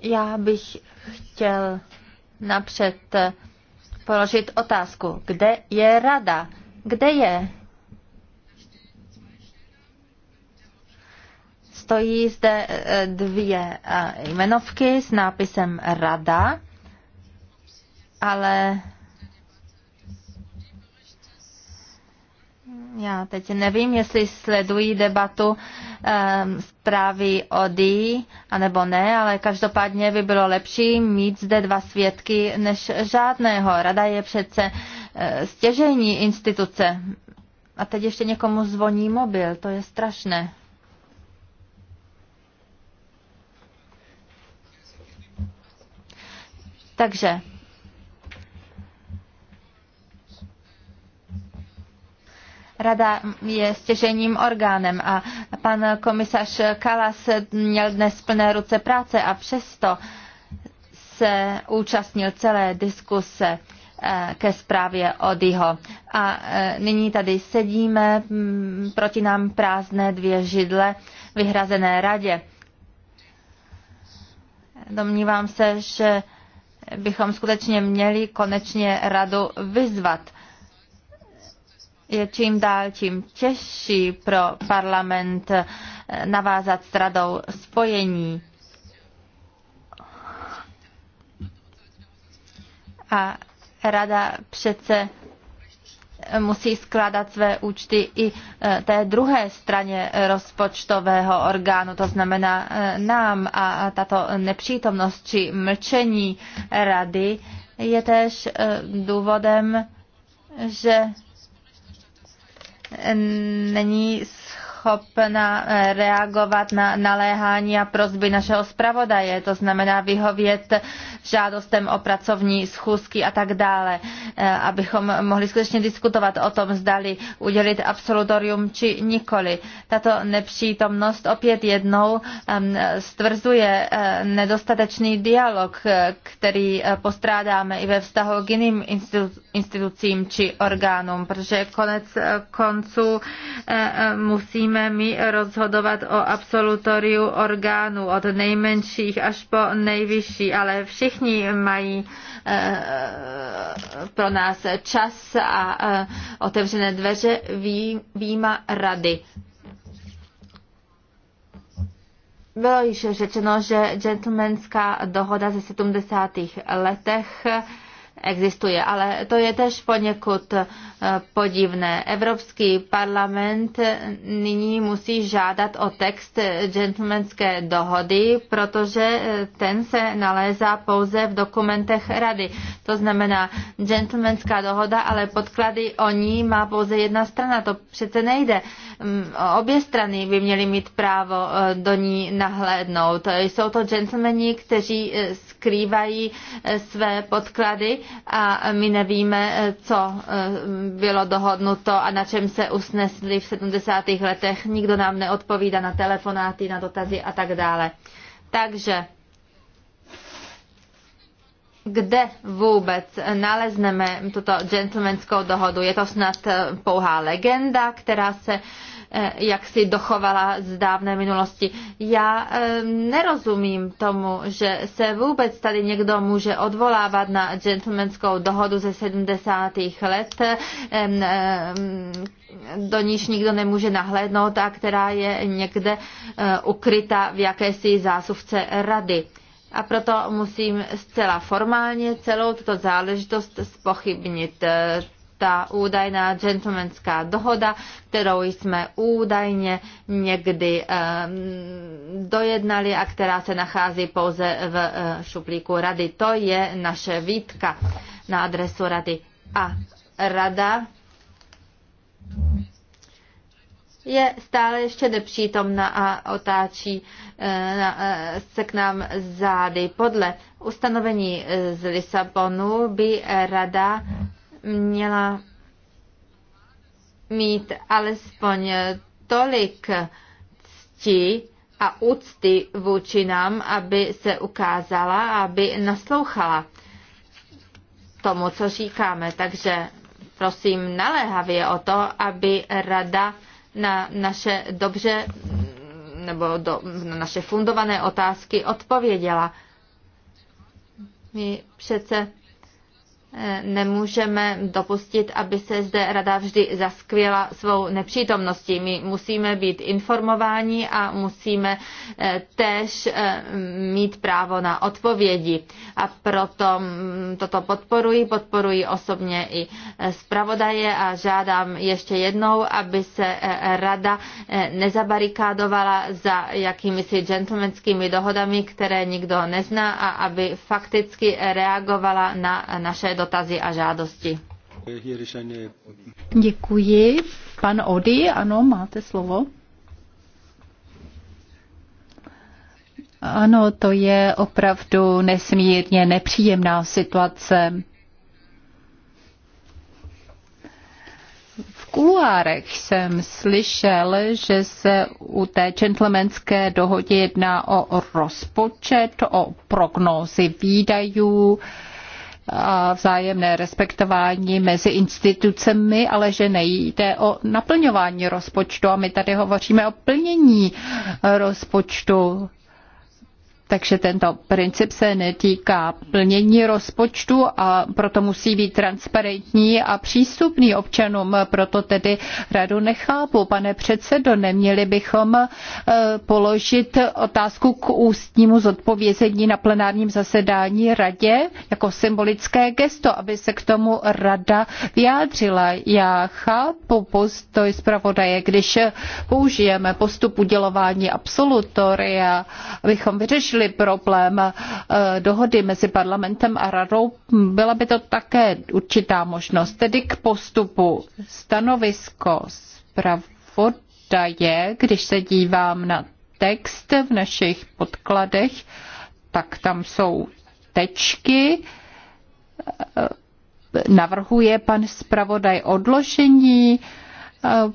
Já bych chtěl napřed položit otázku, kde je rada? Kde je? Stojí zde eh, dvě eh, jmenovky s nápisem rada, ale Já teď nevím, jestli sledují debatu um, zprávy o DI, anebo ne, ale každopádně by bylo lepší mít zde dva svědky než žádného. Rada je přece uh, stěžejní instituce. A teď ještě někomu zvoní mobil, to je strašné. Takže Rada je stěžením orgánem a pan komisař Kalas měl dnes plné ruce práce a přesto se účastnil celé diskuse eh, ke zprávě jeho. A eh, nyní tady sedíme, mm, proti nám prázdné dvě židle vyhrazené radě. Domnívám se, že bychom skutečně měli konečně radu vyzvat je čím dál tím těžší pro parlament eh, navázat s radou spojení. A rada přece musí skládat své účty i eh, té druhé straně rozpočtového orgánu, to znamená eh, nám. A tato nepřítomnost či mlčení rady je též důvodem, že není schopna eh, reagovat na naléhání a prozby našeho zpravodaje, to znamená vyhovět žádostem o pracovní schůzky a tak dále, eh, abychom mohli skutečně diskutovat o tom, zdali udělit absolutorium či nikoli. Tato nepřítomnost opět jednou stvrzuje eh, nedostatečný dialog, který postrádáme i ve vztahu k jiným institucím či orgánům, protože konec konců musíme budeme my rozhodovat o absolutoriu orgánů od nejmenších až po nejvyšší, ale všichni mají eh, pro nás čas a eh, otevřené dveře výjima rady. Bylo již řečeno, že gentlemanská dohoda ze 70. letech existuje, ale to je tež poněkud eh, podivné. Evropský parlament nyní musí žádat o text gentlemanské dohody, protože eh, ten se nalézá pouze v dokumentech rady. To znamená gentlemanská dohoda, ale podklady o ní má pouze jedna strana. To přece nejde. Mm, obě strany by měly mít právo eh, do ní nahlédnout. Jsou to gentlemani, kteří skrývají své podklady a my nevíme, co eh, bylo dohodnuto a na čem se usnesli v 70. letech. Nikdo nám neodpovídá na telefonáty, na dotazy a tak dále. Takže kde vůbec nalezneme tuto gentlemanskou dohodu? Je to snad eh, pouhá legenda, která se uh, Eh, jak si dochovala z dávné minulosti. Já eh, nerozumím tomu, že se vůbec tady někdo může odvolávat na gentlemanskou dohodu ze 70. let, eh, do níž nikdo nemůže nahlédnout a která je někde ukryta v jakési zásuvce rady a proto musím zcela formálně celou tuto záležitost spochybnit ta údajná gentlemanská dohoda, kterou jsme údajně někdy ehm, dojednali a která se nachází pouze v eh, šuplíku rady. To je naše výtka na adresu rady. A rada je stále ještě nepřítomná a otáčí eh, eh, se k nám zády. Podle ustanovení z Lisabonu by rada měla mít alespoň tolik cti a úcty vůči nám, aby se ukázala, aby naslouchala tomu, co říkáme. Takže prosím naléhavě o to, aby rada na naše dobře nebo do, na naše fundované otázky odpověděla. My přece nemůžeme dopustit, aby se zde rada vždy zaskvěla svou nepřítomností. My musíme být informováni a musíme eh, též eh, mít právo na odpovědi. A proto mm, toto podporuji, podporuji osobně i eh, zpravodaje a žádám ještě jednou, aby se rada nezabarikádovala za jakými si gentlemanskými dohodami, které nikdo nezná a aby fakticky reagovala na naše dotazy dotazy a žádosti. Děkuji. Pan Odi, ano, máte slovo. Ano, to je opravdu nesmírně nepříjemná situace. V kuluárech jsem slyšel, že se u té gentlemanské dohodě jedná o rozpočet, o prognózy výdajů, a vzájemné respektování mezi institucemi, ale že nejde o naplňování rozpočtu a my tady hovoříme o plnění rozpočtu takže tento princip se netýká plnění rozpočtu a proto musí být transparentní a přístupný občanům. Proto tedy radu nechápu. Pane předsedo, neměli bychom e, položit otázku k ústnímu zodpovězení na plenárním zasedání radě jako symbolické gesto, aby se k tomu rada vyjádřila. Já chápu postoj zpravodaje, když použijeme postup udělování absolutoria, abychom vyřešili řešili problém eh, dohody mezi parlamentem a radou, byla by to také určitá možnost. Tedy k postupu stanovisko zpravodaje, když se dívám na text v našich podkladech, tak tam jsou tečky. Eh, navrhuje pan zpravodaj odložení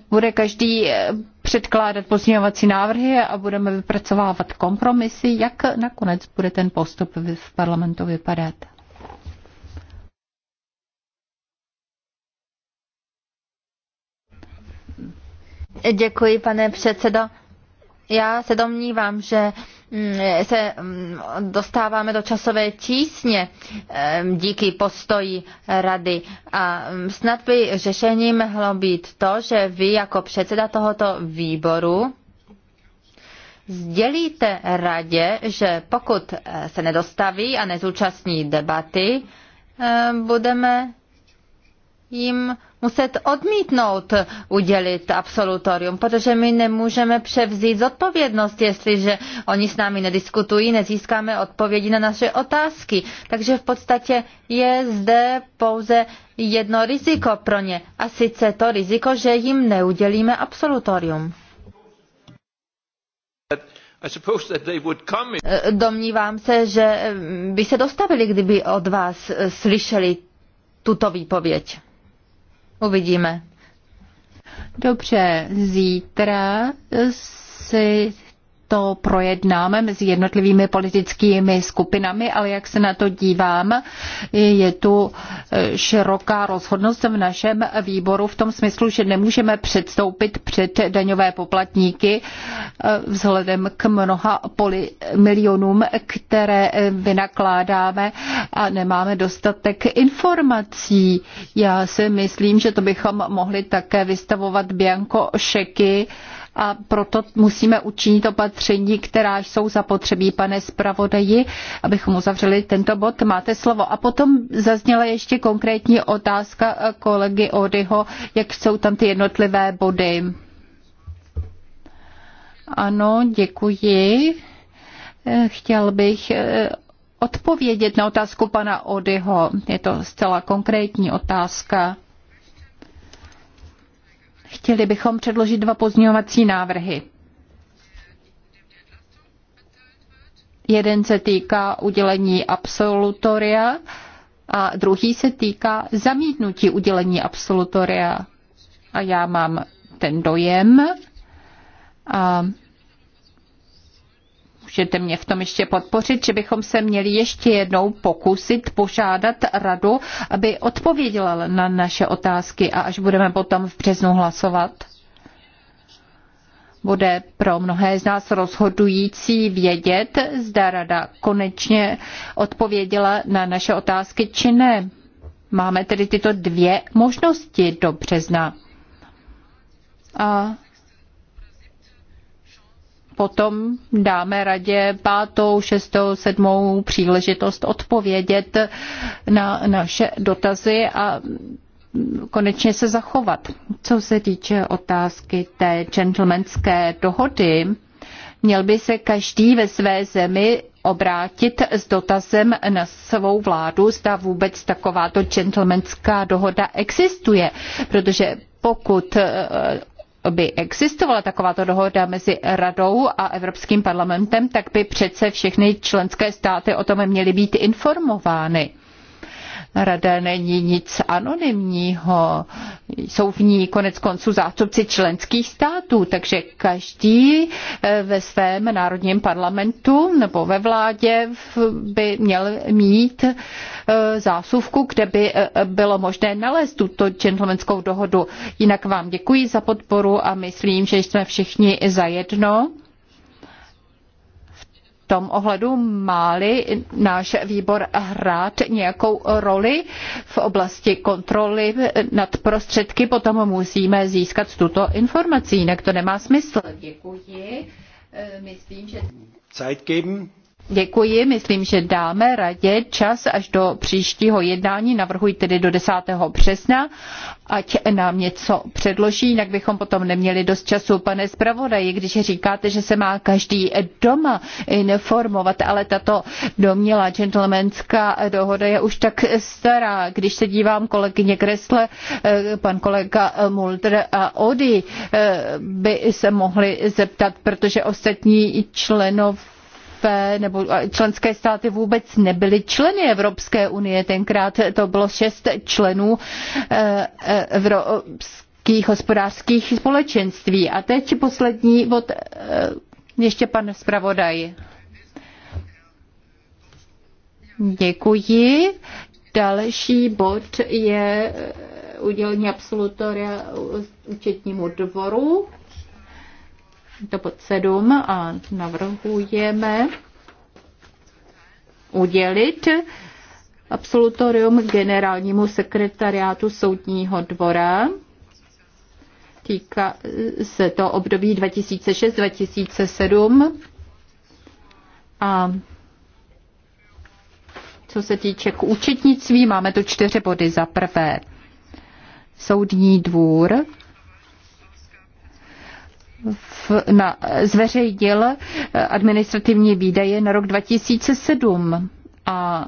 bude každý eh, předkládat pozměňovací návrhy a budeme vypracovávat kompromisy. Jak nakonec bude ten postup v parlamentu vypadat? Děkuji, pane předsedo. Já se domnívám, že Mm, se mm, dostáváme do časové tísně díky postoji rady. A mm, snad by řešením mohlo být to, že vy jako předseda tohoto výboru sdělíte radě, že pokud eh, se nedostaví a nezúčastní debaty, budeme jim muset odmítnout udělit absolutorium, protože my nemůžeme převzít zodpovědnost, jestliže oni s námi nediskutují, nezískáme odpovědi na naše otázky. Takže v podstatě je zde pouze jedno riziko pro ně, a sice to riziko, že jim neudělíme absolutorium. Eh, domnívám se, že mm, by se dostavili, kdyby od vás eh, slyšeli tuto výpověď. Uvidíme. Dobře, zítra si to projednáme mezi jednotlivými politickými skupinami, ale jak se na to dívám, je tu eh, široká rozhodnost v našem výboru v tom smyslu, že nemůžeme předstoupit před daňové poplatníky eh, vzhledem k mnoha poli- milionům, které eh, vynakládáme a nemáme dostatek informací. Já si myslím, že to bychom mohli také vystavovat bianko šeky, a proto musíme učinit opatření, která jsou zapotřebí, pane zpravodaji, abychom uzavřeli tento bod. Máte slovo. A potom zazněla ještě konkrétní otázka eh, kolegy Odyho, jak jsou tam ty jednotlivé body. Ano, děkuji. Eh, chtěl bych eh, odpovědět na otázku pana Odyho. Je to zcela konkrétní otázka. Chtěli bychom předložit dva pozměňovací návrhy. Jeden se týká udělení absolutoria a druhý se týká zamítnutí udělení absolutoria. A já mám ten dojem, a můžete mě v tom ještě podpořit, že bychom se měli ještě jednou pokusit požádat radu, aby odpověděla na naše otázky a až budeme potom v březnu hlasovat? Bude pro mnohé z nás rozhodující vědět, zda rada konečně odpověděla na naše otázky či ne. Máme tedy tyto dvě možnosti do března. A potom dáme radě pátou, šestou, sedmou příležitost odpovědět na naše dotazy a konečně se zachovat. Co se týče otázky té gentlemanské dohody, měl by se každý ve své zemi obrátit s dotazem na svou vládu, zda vůbec takováto gentlemanská dohoda existuje, protože pokud by existovala takováto dohoda mezi Radou a Evropským parlamentem, tak by přece všechny členské státy o tom měly být informovány. Rada není nic anonymního. Jsou v ní konec konců zástupci členských států, takže každý eh, ve svém národním parlamentu nebo ve vládě by měl mít eh, zásuvku, kde by eh, bylo možné nalézt tuto gentlemanskou dohodu. Jinak vám děkuji za podporu a myslím, že jsme všichni zajedno tom ohledu máli náš výbor hrát nějakou roli v oblasti kontroly nad prostředky, potom musíme získat tuto informaci, jinak to nemá smysl. Děkuji. E, myslím, že... Zeit geben. Děkuji, myslím, že dáme radě čas až do příštího jednání, navrhuji tedy do 10. března, ať nám něco předloží, jinak bychom potom neměli dost času. Pane zpravodaji, když říkáte, že se má každý doma informovat, ale tato domělá gentlemanská dohoda je už tak stará. Když se dívám kolegyně Kresle, eh, pan kolega Mulder a Ody eh, by se mohli zeptat, protože ostatní členové FE nebo členské státy vůbec nebyly členy Evropské unie. Tenkrát to bylo šest členů eh, eh, evropských hospodářských společenství. A teď poslední od eh, ještě pan zpravodaj. Děkuji. Další bod je udělení absolutoria účetnímu dvoru to bod 7 a navrhujeme udělit absolutorium generálnímu sekretariátu Soudního dvora. Týká se to období 2006-2007 a co se týče k účetnictví, máme tu čtyři body. Za prvé, soudní dvůr v, na, zveřejnil eh, administrativní výdaje na rok 2007 a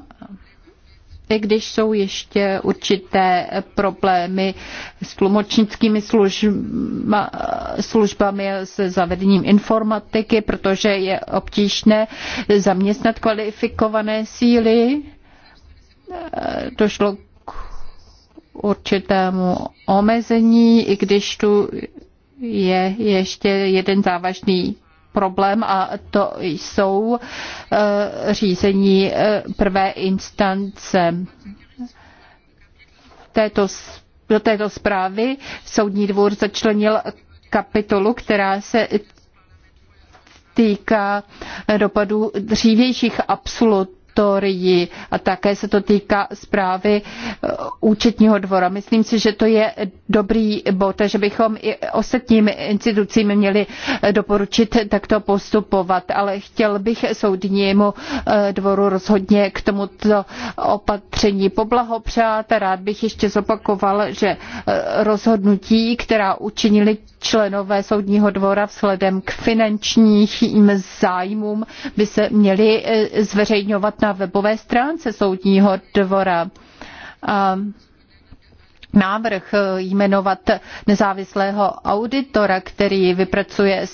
i když jsou ještě určité problémy s tlumočnickými služba, službami, s zavedením informatiky, protože je obtížné zaměstnat kvalifikované síly. Eh, došlo k určitému omezení, i když tu je ještě jeden závažný problém a to jsou eh, řízení eh, prvé instance. Této, do této zprávy Soudní dvůr začlenil kapitolu, která se týká dopadů dřívějších absolut absolutorii a také se to týká zprávy eh, účetního dvora. Myslím si, že to je dobrý bod že bychom i ostatním institucím měli eh, doporučit takto postupovat, ale chtěl bych soudnímu eh, dvoru rozhodně k tomuto opatření poblahopřát. Rád bych ještě zopakoval, že rozhodnutí, která učinili členové soudního dvora vzhledem k finančním zájmům, by se měly zveřejňovat na webové stránce soudního dvora. A návrh eh, jmenovat nezávislého auditora, který vypracuje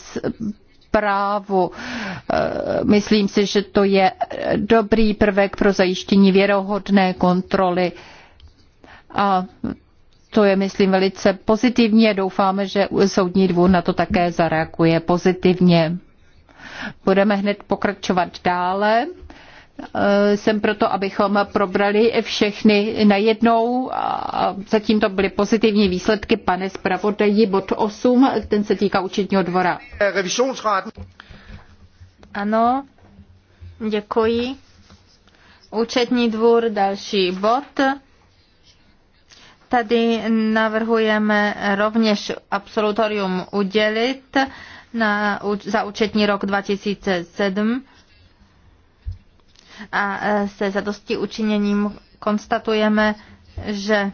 právu. Eh, myslím si, že to je dobrý prvek pro zajištění věrohodné kontroly. A to je, myslím, velice pozitivní a doufáme, že Soudní dvůr na to také zareaguje pozitivně. Budeme hned pokračovat dále. Eh, jsem proto, abychom probrali všechny najednou. A zatím to byly pozitivní výsledky, pane zpravodaji, bod 8, ten se týká účetního dvora. Ano, děkuji. Účetní dvůr, další bod. Tady navrhujeme rovněž absolutorium udělit na, za účetní rok 2007 a e, se zadosti učiněním konstatujeme, že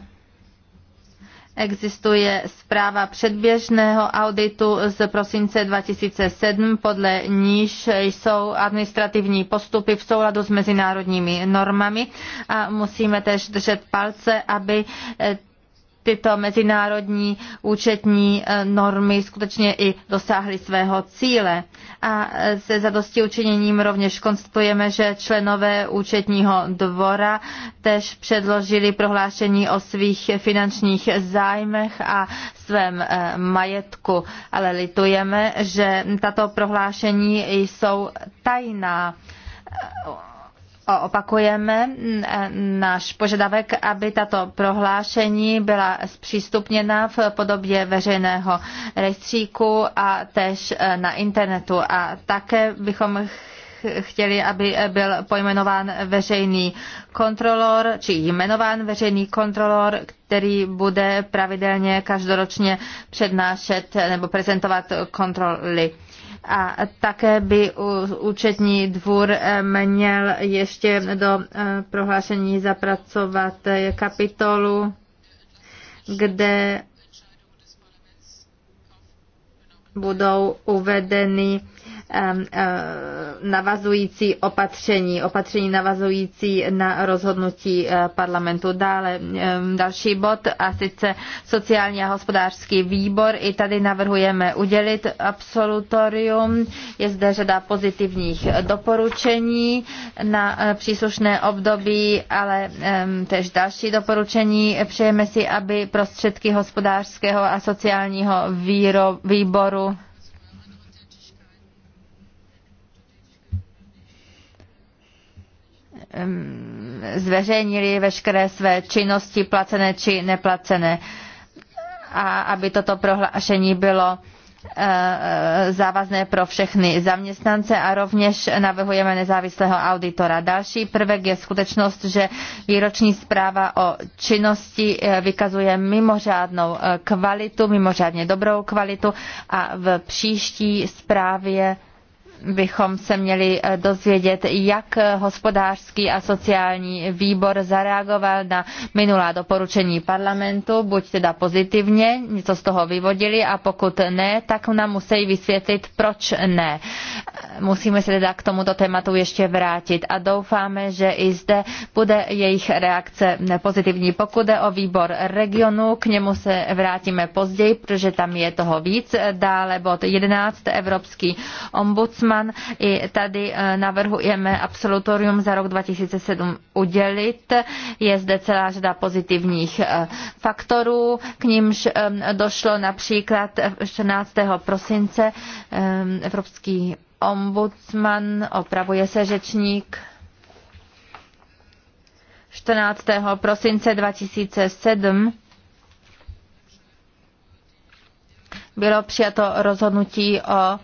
Existuje zpráva předběžného auditu z prosince 2007, podle níž jsou administrativní postupy v souladu s mezinárodními normami a musíme tež držet palce, aby e, tyto mezinárodní účetní eh, normy skutečně i dosáhly svého cíle. A eh, se zadosti učiněním rovněž konstatujeme, že členové účetního dvora tež předložili prohlášení o svých finančních zájmech a svém eh, majetku, ale litujeme, že tato prohlášení jsou tajná opakujeme mm, e, náš požadavek, aby tato prohlášení byla zpřístupněna v podobě veřejného rejstříku a tež e, na internetu. A také bychom chtěli, aby e, byl pojmenován veřejný kontrolor, či jmenován veřejný kontrolor, který bude pravidelně každoročně přednášet nebo prezentovat kontroly a také by účetní dvůr eh, měl ještě do eh, prohlášení zapracovat eh, kapitolu, kde budou uvedeny Um, uh, navazující opatření, opatření navazující na rozhodnutí uh, parlamentu. Dále um, další bod a sice sociální a hospodářský výbor. I tady navrhujeme udělit absolutorium. Je zde řada pozitivních doporučení na uh, příslušné období, ale um, tež další doporučení. Přejeme si, aby prostředky hospodářského a sociálního výboru zveřejnili veškeré své činnosti, placené či neplacené. A aby toto prohlášení bylo eh, závazné pro všechny zaměstnance a rovněž navrhujeme nezávislého auditora. Další prvek je skutečnost, že výroční zpráva o činnosti eh, vykazuje mimořádnou eh, kvalitu, mimořádně dobrou kvalitu a v příští zprávě bychom se měli eh, dozvědět, jak eh, hospodářský a sociální výbor zareagoval na minulá doporučení parlamentu, buď teda pozitivně, něco z toho vyvodili a pokud ne, tak nám musí vysvětlit, proč ne. Musíme se teda k tomuto tématu ještě vrátit a doufáme, že i zde bude jejich reakce pozitivní. Pokud je o výbor regionu, k němu se vrátíme později, protože tam je toho víc. Dále bod 11, Evropský ombudsman Kreutzmann. I tady eh, navrhujeme absolutorium za rok 2007 udělit. Je zde celá řada pozitivních eh, faktorů, k nímž eh, došlo například 14. prosince Evropský ombudsman, opravuje se řečník, 14. prosince 2007 bylo přijato rozhodnutí o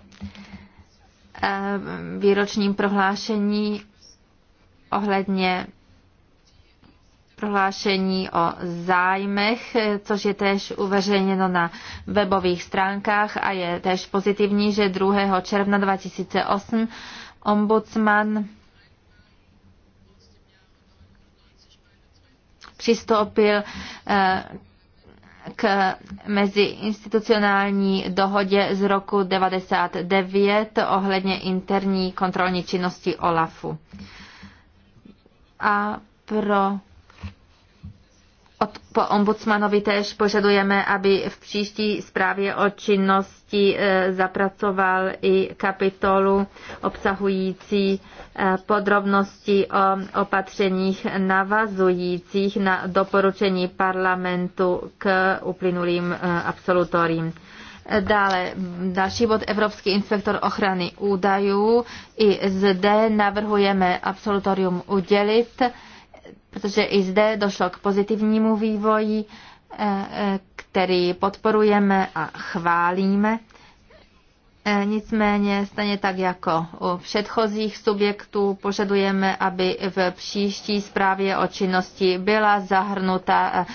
výročním prohlášení ohledně prohlášení o zájmech, což je též uveřejněno na webových stránkách a je též pozitivní, že 2. června 2008 ombudsman přistoupil eh, k meziinstitucionální dohodě z roku 99 ohledně interní kontrolní činnosti OLAFu. A pro od, po ombudsmanovi též požadujeme, aby v příští zprávě o činnosti e, zapracoval i kapitolu obsahující e, podrobnosti o opatřeních navazujících na doporučení parlamentu k uplynulým e, absolutorím. Dále další bod Evropský inspektor ochrany údajů. I zde navrhujeme absolutorium udělit protože i zde došlo k pozitivnímu vývoji, eh, eh, který podporujeme a chválíme. Eh, nicméně stejně tak jako u předchozích subjektů požadujeme, aby v příští zprávě o činnosti byla zahrnuta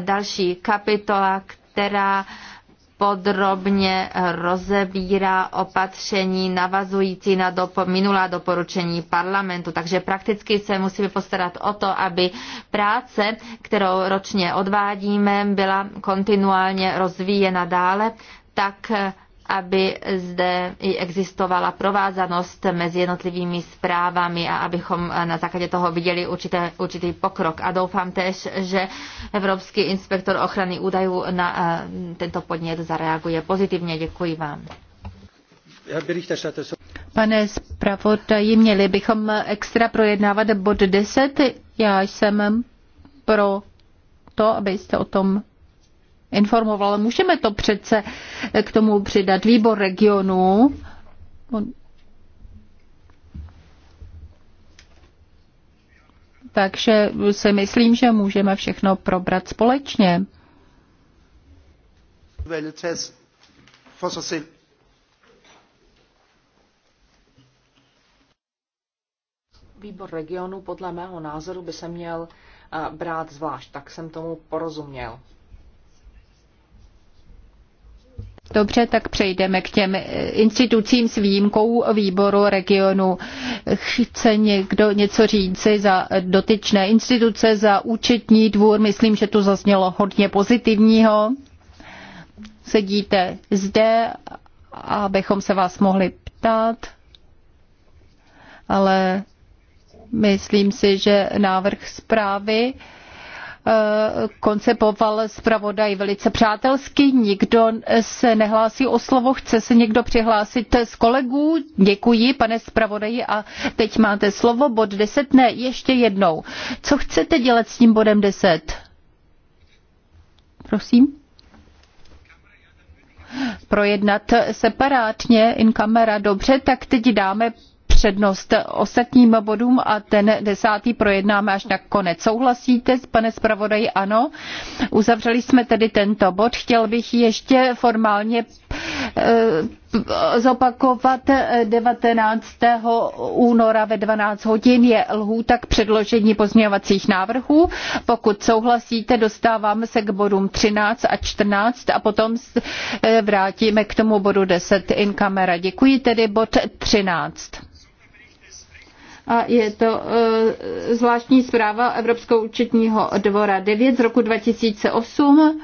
další kapitola, která podrobně rozebírá opatření navazující na dopo, minulá doporučení parlamentu. Takže prakticky se musíme postarat o to, aby práce, kterou ročně odvádíme, byla kontinuálně rozvíjena dále, tak aby zde i existovala provázanost mezi jednotlivými zprávami a abychom na základě toho viděli určité, určitý pokrok. A doufám tež, že Evropský inspektor ochrany údajů na eh, tento podnět zareaguje pozitivně. Děkuji vám. Pane zpravodaji, měli bychom extra projednávat bod 10. Já jsem pro to, abyste o tom informoval. Můžeme to přece k tomu přidat výbor On... Takže si myslím, že můžeme všechno probrat společně. Výbor regionu podle mého názoru by se měl eh, brát zvlášť, tak jsem tomu porozuměl. Dobře, tak přejdeme k těm eh, institucím s výjimkou výboru regionu. Chce někdo něco říci za dotyčné instituce, za účetní dvůr? Myslím, že tu zaznělo hodně pozitivního. Sedíte zde, abychom se vás mohli ptát, ale myslím si, že návrh zprávy koncepoval zpravodaj velice přátelsky. Nikdo se nehlásí o slovo. Chce se někdo přihlásit z kolegů? Děkuji, pane zpravodaji. A teď máte slovo. Bod 10. Ne, ještě jednou. Co chcete dělat s tím bodem 10? Prosím. Projednat separátně in camera. Dobře, tak teď dáme přednost ostatním bodům a ten desátý projednáme až na konec. Souhlasíte, pane zpravodaji? Ano. Uzavřeli jsme tedy tento bod. Chtěl bych ještě formálně eh, zopakovat 19. Eh, února ve 12 hodin je lhůta k předložení pozměňovacích návrhů. Pokud souhlasíte, dostáváme se k bodům 13 a 14 a potom eh, vrátíme k tomu bodu 10 in camera. Děkuji tedy bod 13 a je to e, zvláštní zpráva Evropského účetního dvora 9 z roku 2008.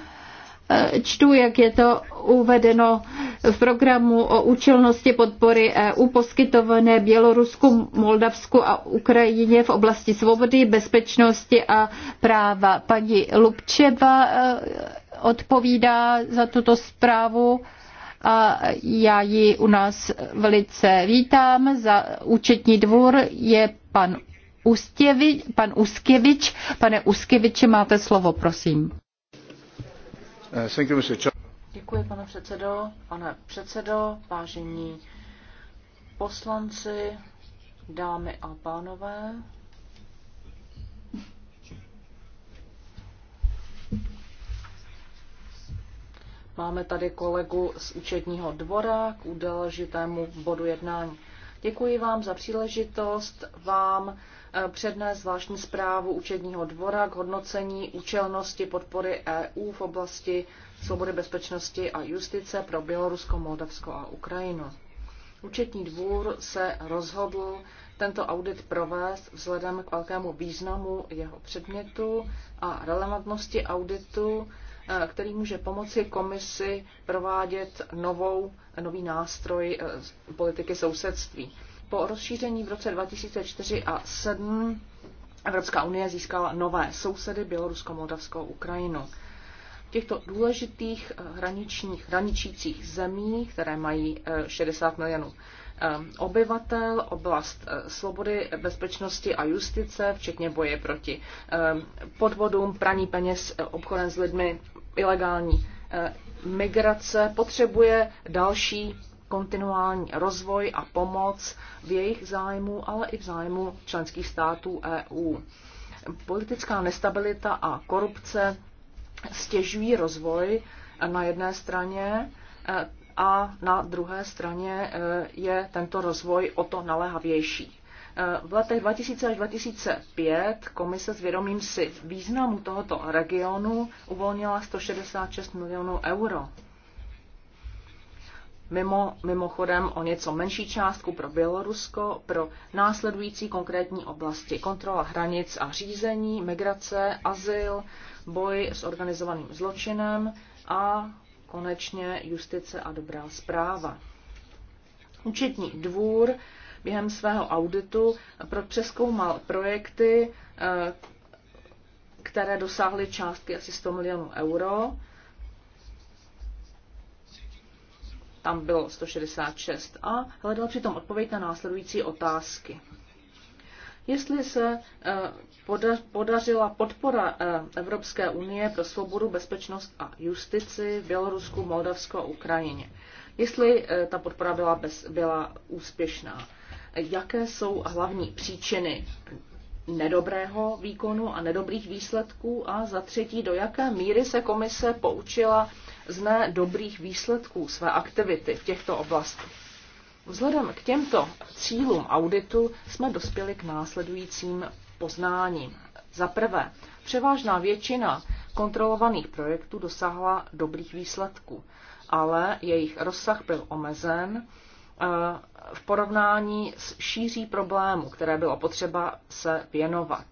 E, čtu, jak je to uvedeno v programu o účelnosti podpory EU poskytované Bělorusku, Moldavsku a Ukrajině v oblasti svobody, bezpečnosti a práva. Paní Lubčeva e, odpovídá za tuto zprávu. E, a já ji u nás velice vítám. Za účetní dvůr je pan Ustěvi, pan Uskěvič. Pane Uskěviči, máte slovo, prosím. Děkuji, pane předsedo. Pane předsedo, vážení poslanci, dámy a pánové, Máme tady kolegu z účetního dvora k důležitému bodu jednání. Děkuji vám za příležitost vám eh, přednést zvláštní zprávu účetního dvora k hodnocení účelnosti podpory EU v oblasti svobody, bezpečnosti a justice pro Bělorusko, Moldavsko a Ukrajinu. Účetní dvůr se rozhodl tento audit provést vzhledem k velkému významu jeho předmětu a relevantnosti auditu Eh, který může pomoci komisi provádět novou, nový nástroj eh, politiky sousedství. Po rozšíření v roce 2004 a 2007 Evropská unie získala nové sousedy Bělorusko, Moldavsko, Ukrajinu. V těchto důležitých eh, hraničních, hraničících zemí, které mají 60 milionů obyvatel, oblast svobody, bezpečnosti a justice, včetně boje proti podvodům, praní peněz, obchodem s lidmi, ilegální eh, migrace potřebuje další kontinuální rozvoj a pomoc v jejich zájmu, ale i v zájmu členských států EU. Politická nestabilita a korupce stěžují rozvoj na jedné straně eh, a na druhé straně eh, je tento rozvoj o to naléhavější. V letech 2000 až 2005 komise s vědomím si významu tohoto regionu uvolnila 166 milionů euro. Mimo, mimochodem o něco menší částku pro Bělorusko, pro následující konkrétní oblasti kontrola hranic a řízení, migrace, azyl, boj s organizovaným zločinem a konečně justice a dobrá zpráva. Účetní dvůr během svého auditu přeskoumal projekty, eh, které dosáhly částky asi 100 milionů euro. Tam bylo 166 a hledal přitom odpověď na následující otázky. Jestli se eh, podařila podpora eh, Evropské unie pro svobodu, bezpečnost a justici v Bělorusku, Moldavsku a Ukrajině. Jestli ta podpora byla, bez, byla úspěšná jaké jsou hlavní příčiny nedobrého výkonu a nedobrých výsledků a za třetí, do jaké míry se komise poučila z nedobrých výsledků své aktivity v těchto oblastech. Vzhledem k těmto cílům auditu jsme dospěli k následujícím poznáním. Za prvé, převážná většina kontrolovaných projektů dosáhla dobrých výsledků, ale jejich rozsah byl omezen v porovnání s šíří problému, které bylo potřeba se věnovat.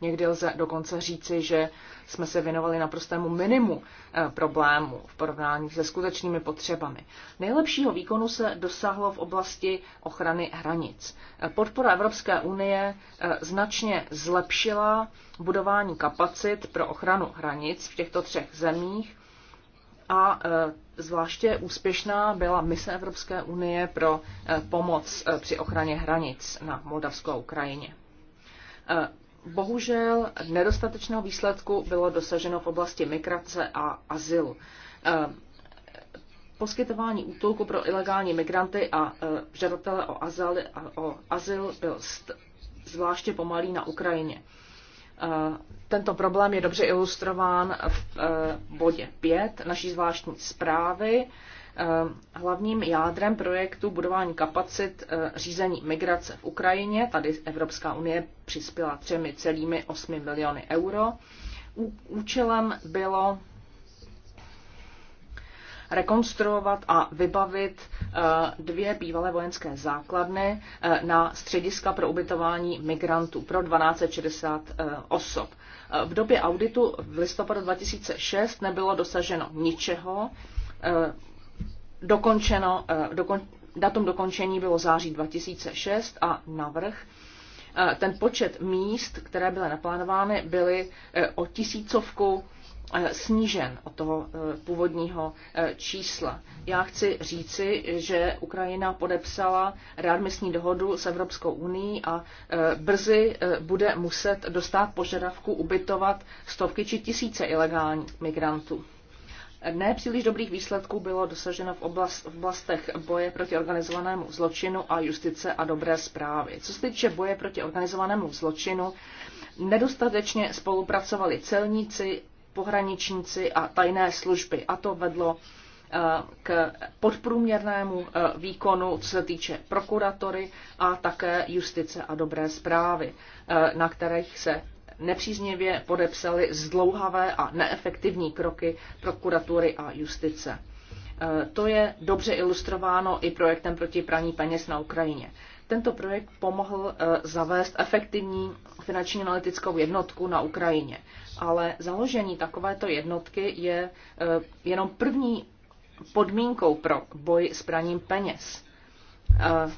Někdy lze dokonce říci, že jsme se věnovali naprostému minimu eh, problému v porovnání se skutečnými potřebami. Nejlepšího výkonu se dosáhlo v oblasti ochrany hranic. Eh, podpora Evropské unie eh, značně zlepšila budování kapacit pro ochranu hranic v těchto třech zemích a e, zvláště úspěšná byla mise Evropské unie pro e, pomoc e, při ochraně hranic na moldavskou Ukrajině. Bohužel nedostatečného výsledku bylo dosaženo v oblasti migrace a azylu. Poskytování útulku pro ilegální migranty a žadatele o azyl, o azyl byl zvláště pomalý na Ukrajině tento problém je dobře ilustrován v eh, bodě 5 naší zvláštní zprávy. Eh, hlavním jádrem projektu budování kapacit eh, řízení migrace v Ukrajině, tady Evropská unie přispěla 3,8 miliony euro. Účelem bylo rekonstruovat a vybavit dvě bývalé vojenské základny na střediska pro ubytování migrantů pro 1260 osob. V době auditu v listopadu 2006 nebylo dosaženo ničeho. Eh, dokončeno, eh, dokon, datum dokončení bylo září 2006 a navrh eh, ten počet míst, které byly naplánovány, byly o tisícovku Eh, snížen od toho eh, původního eh, čísla. Já chci říci, že Ukrajina podepsala readmisní dohodu s Evropskou uní a brzy bude muset dostat požadavku ubytovat stovky či tisíce ilegálních migrantů. Ne příliš dobrých výsledků bylo dosaženo v, oblast, v oblastech boje proti organizovanému zločinu a justice a dobré zprávy. Co se týče boje proti organizovanému zločinu, nedostatečně spolupracovali celníci, pohraničníci a tajné služby. A to vedlo eh, k podprůměrnému eh, výkonu, co se týče prokuratory a také justice a dobré zprávy, eh, na kterých se nepříznivě podepsaly zdlouhavé a neefektivní kroky prokuratury a justice. To je dobře ilustrováno i projektem proti praní peněz na Ukrajině. Tento projekt pomohl zavést efektivní finanční analytickou jednotku na Ukrajině ale založení takovéto jednotky je eh, jenom první podmínkou pro boj s praním peněz. Eh,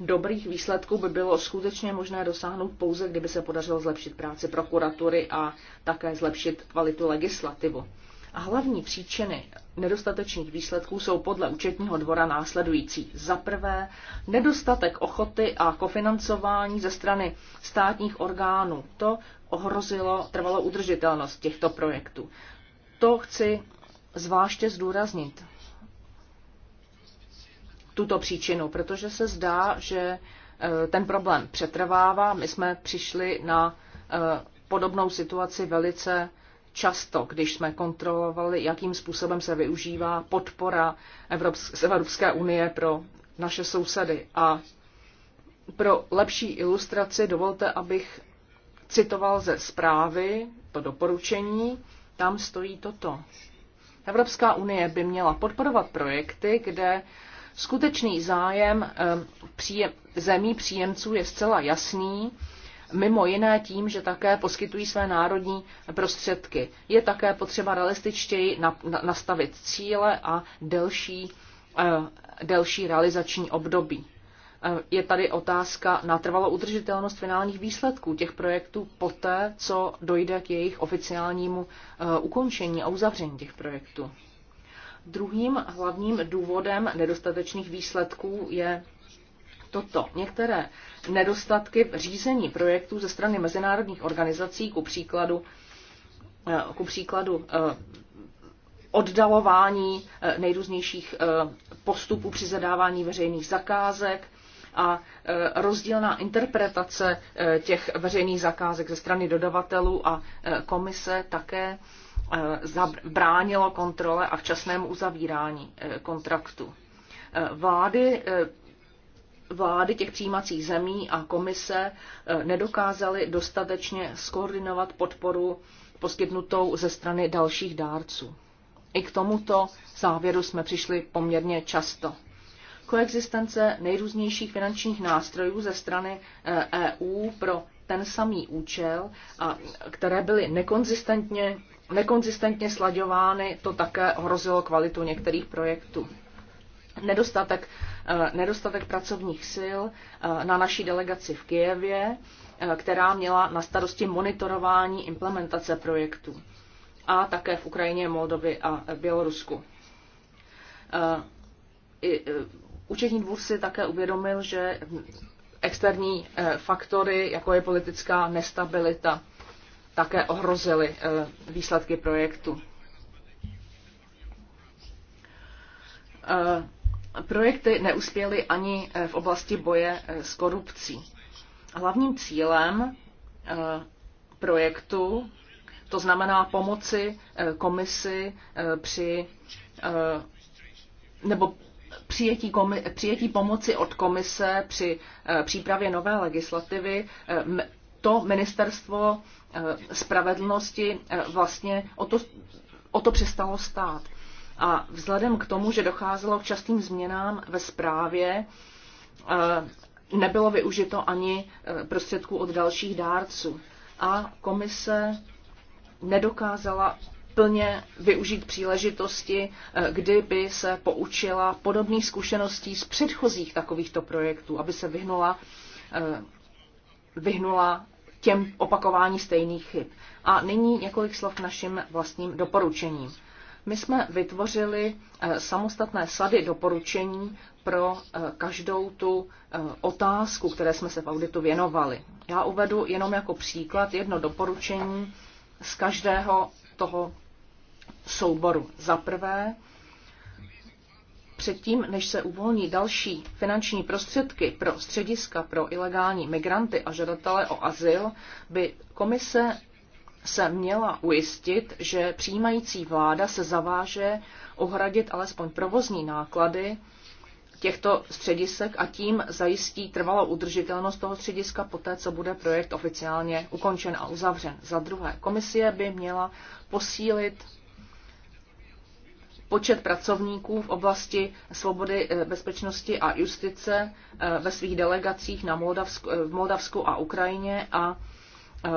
dobrých výsledků by bylo skutečně možné dosáhnout pouze, kdyby se podařilo zlepšit práci prokuratury a také zlepšit kvalitu legislativu. A hlavní příčiny nedostatečných výsledků jsou podle účetního dvora následující. Za prvé, nedostatek ochoty a kofinancování ze strany státních orgánů. To ohrozilo trvalou udržitelnost těchto projektů. To chci zvláště zdůraznit, tuto příčinu, protože se zdá, že e, ten problém přetrvává. My jsme přišli na e, podobnou situaci velice často, když jsme kontrolovali, jakým způsobem se využívá podpora z Evropské unie pro naše sousedy. A pro lepší ilustraci dovolte, abych citoval ze zprávy, to doporučení, tam stojí toto. Evropská unie by měla podporovat projekty, kde skutečný zájem příjem, zemí příjemců je zcela jasný, mimo jiné tím, že také poskytují své národní prostředky. Je také potřeba realističtěji nastavit cíle a delší, eh, delší realizační období. Eh, je tady otázka na trvalou udržitelnost finálních výsledků těch projektů poté, co dojde k jejich oficiálnímu eh, ukončení a uzavření těch projektů. Druhým hlavním důvodem nedostatečných výsledků je toto. Některé nedostatky v řízení projektů ze strany mezinárodních organizací, ku příkladu, eh, ku příkladu oddalování nejrůznějších postupů při zadávání veřejných zakázek, a e, rozdílná interpretace e, těch veřejných zakázek ze strany dodavatelů a e, komise také bránilo kontrole a včasnému uzavírání kontraktu. Vlády vlády těch přijímacích zemí a komise nedokázaly dostatečně skoordinovat podporu poskytnutou ze strany dalších dárců. I k tomuto závěru jsme přišli poměrně často koexistence nejrůznějších finančních nástrojů ze strany EU eh, e pro ten samý účel, a které byly nekonzistentně, nekonzistentně slaďovány, to také ohrozilo kvalitu některých projektů. Nedostatek, eh, nedostatek pracovních sil eh, na naší delegaci v Kijevě, která měla na starosti monitorování implementace projektů a také v Ukrajině, Moldovi a Bělorusku Účetní dvůr si také uvědomil, že externí eh, faktory, jako je politická nestabilita, také ohrozily eh, výsledky projektu. Eh, projekty neuspěly ani v oblasti boje s korupcí. Hlavním cílem projektu, to znamená pomoci komisi při nebo přijetí, pomoci od komise při eh, přípravě nové legislativy eh, to ministerstvo eh, spravedlnosti vlastně o to, o to přestalo stát. A vzhledem k tomu, že docházelo k častým změnám ve správě, nebylo využito ani prostředků od dalších dárců. A komise nedokázala plně využít příležitosti, eh, kdyby se poučila podobných zkušeností z předchozích takovýchto projektů, aby se vyhnula, eh, vyhnula těm opakování stejných chyb. A nyní několik slov k našim vlastním doporučením. My jsme vytvořili eh, samostatné sady doporučení pro každou tu otázku, které jsme se v auditu věnovali. Já uvedu jenom jako příklad jedno doporučení z každého toho souboru. Za prvé, předtím, než se uvolní další finanční prostředky pro střediska pro ilegální migranty a žadatele o azyl, by komise se měla ujistit, že přijímající vláda se zaváže ohradit alespoň provozní náklady těchto středisek a tím zajistí trvalou udržitelnost toho střediska poté, co bude projekt oficiálně ukončen a uzavřen. Za druhé, komisie by měla posílit počet pracovníků v oblasti svobody, eh, bezpečnosti a justice eh, ve svých delegacích na Moldavsku, eh, v Moldavsku a Ukrajině a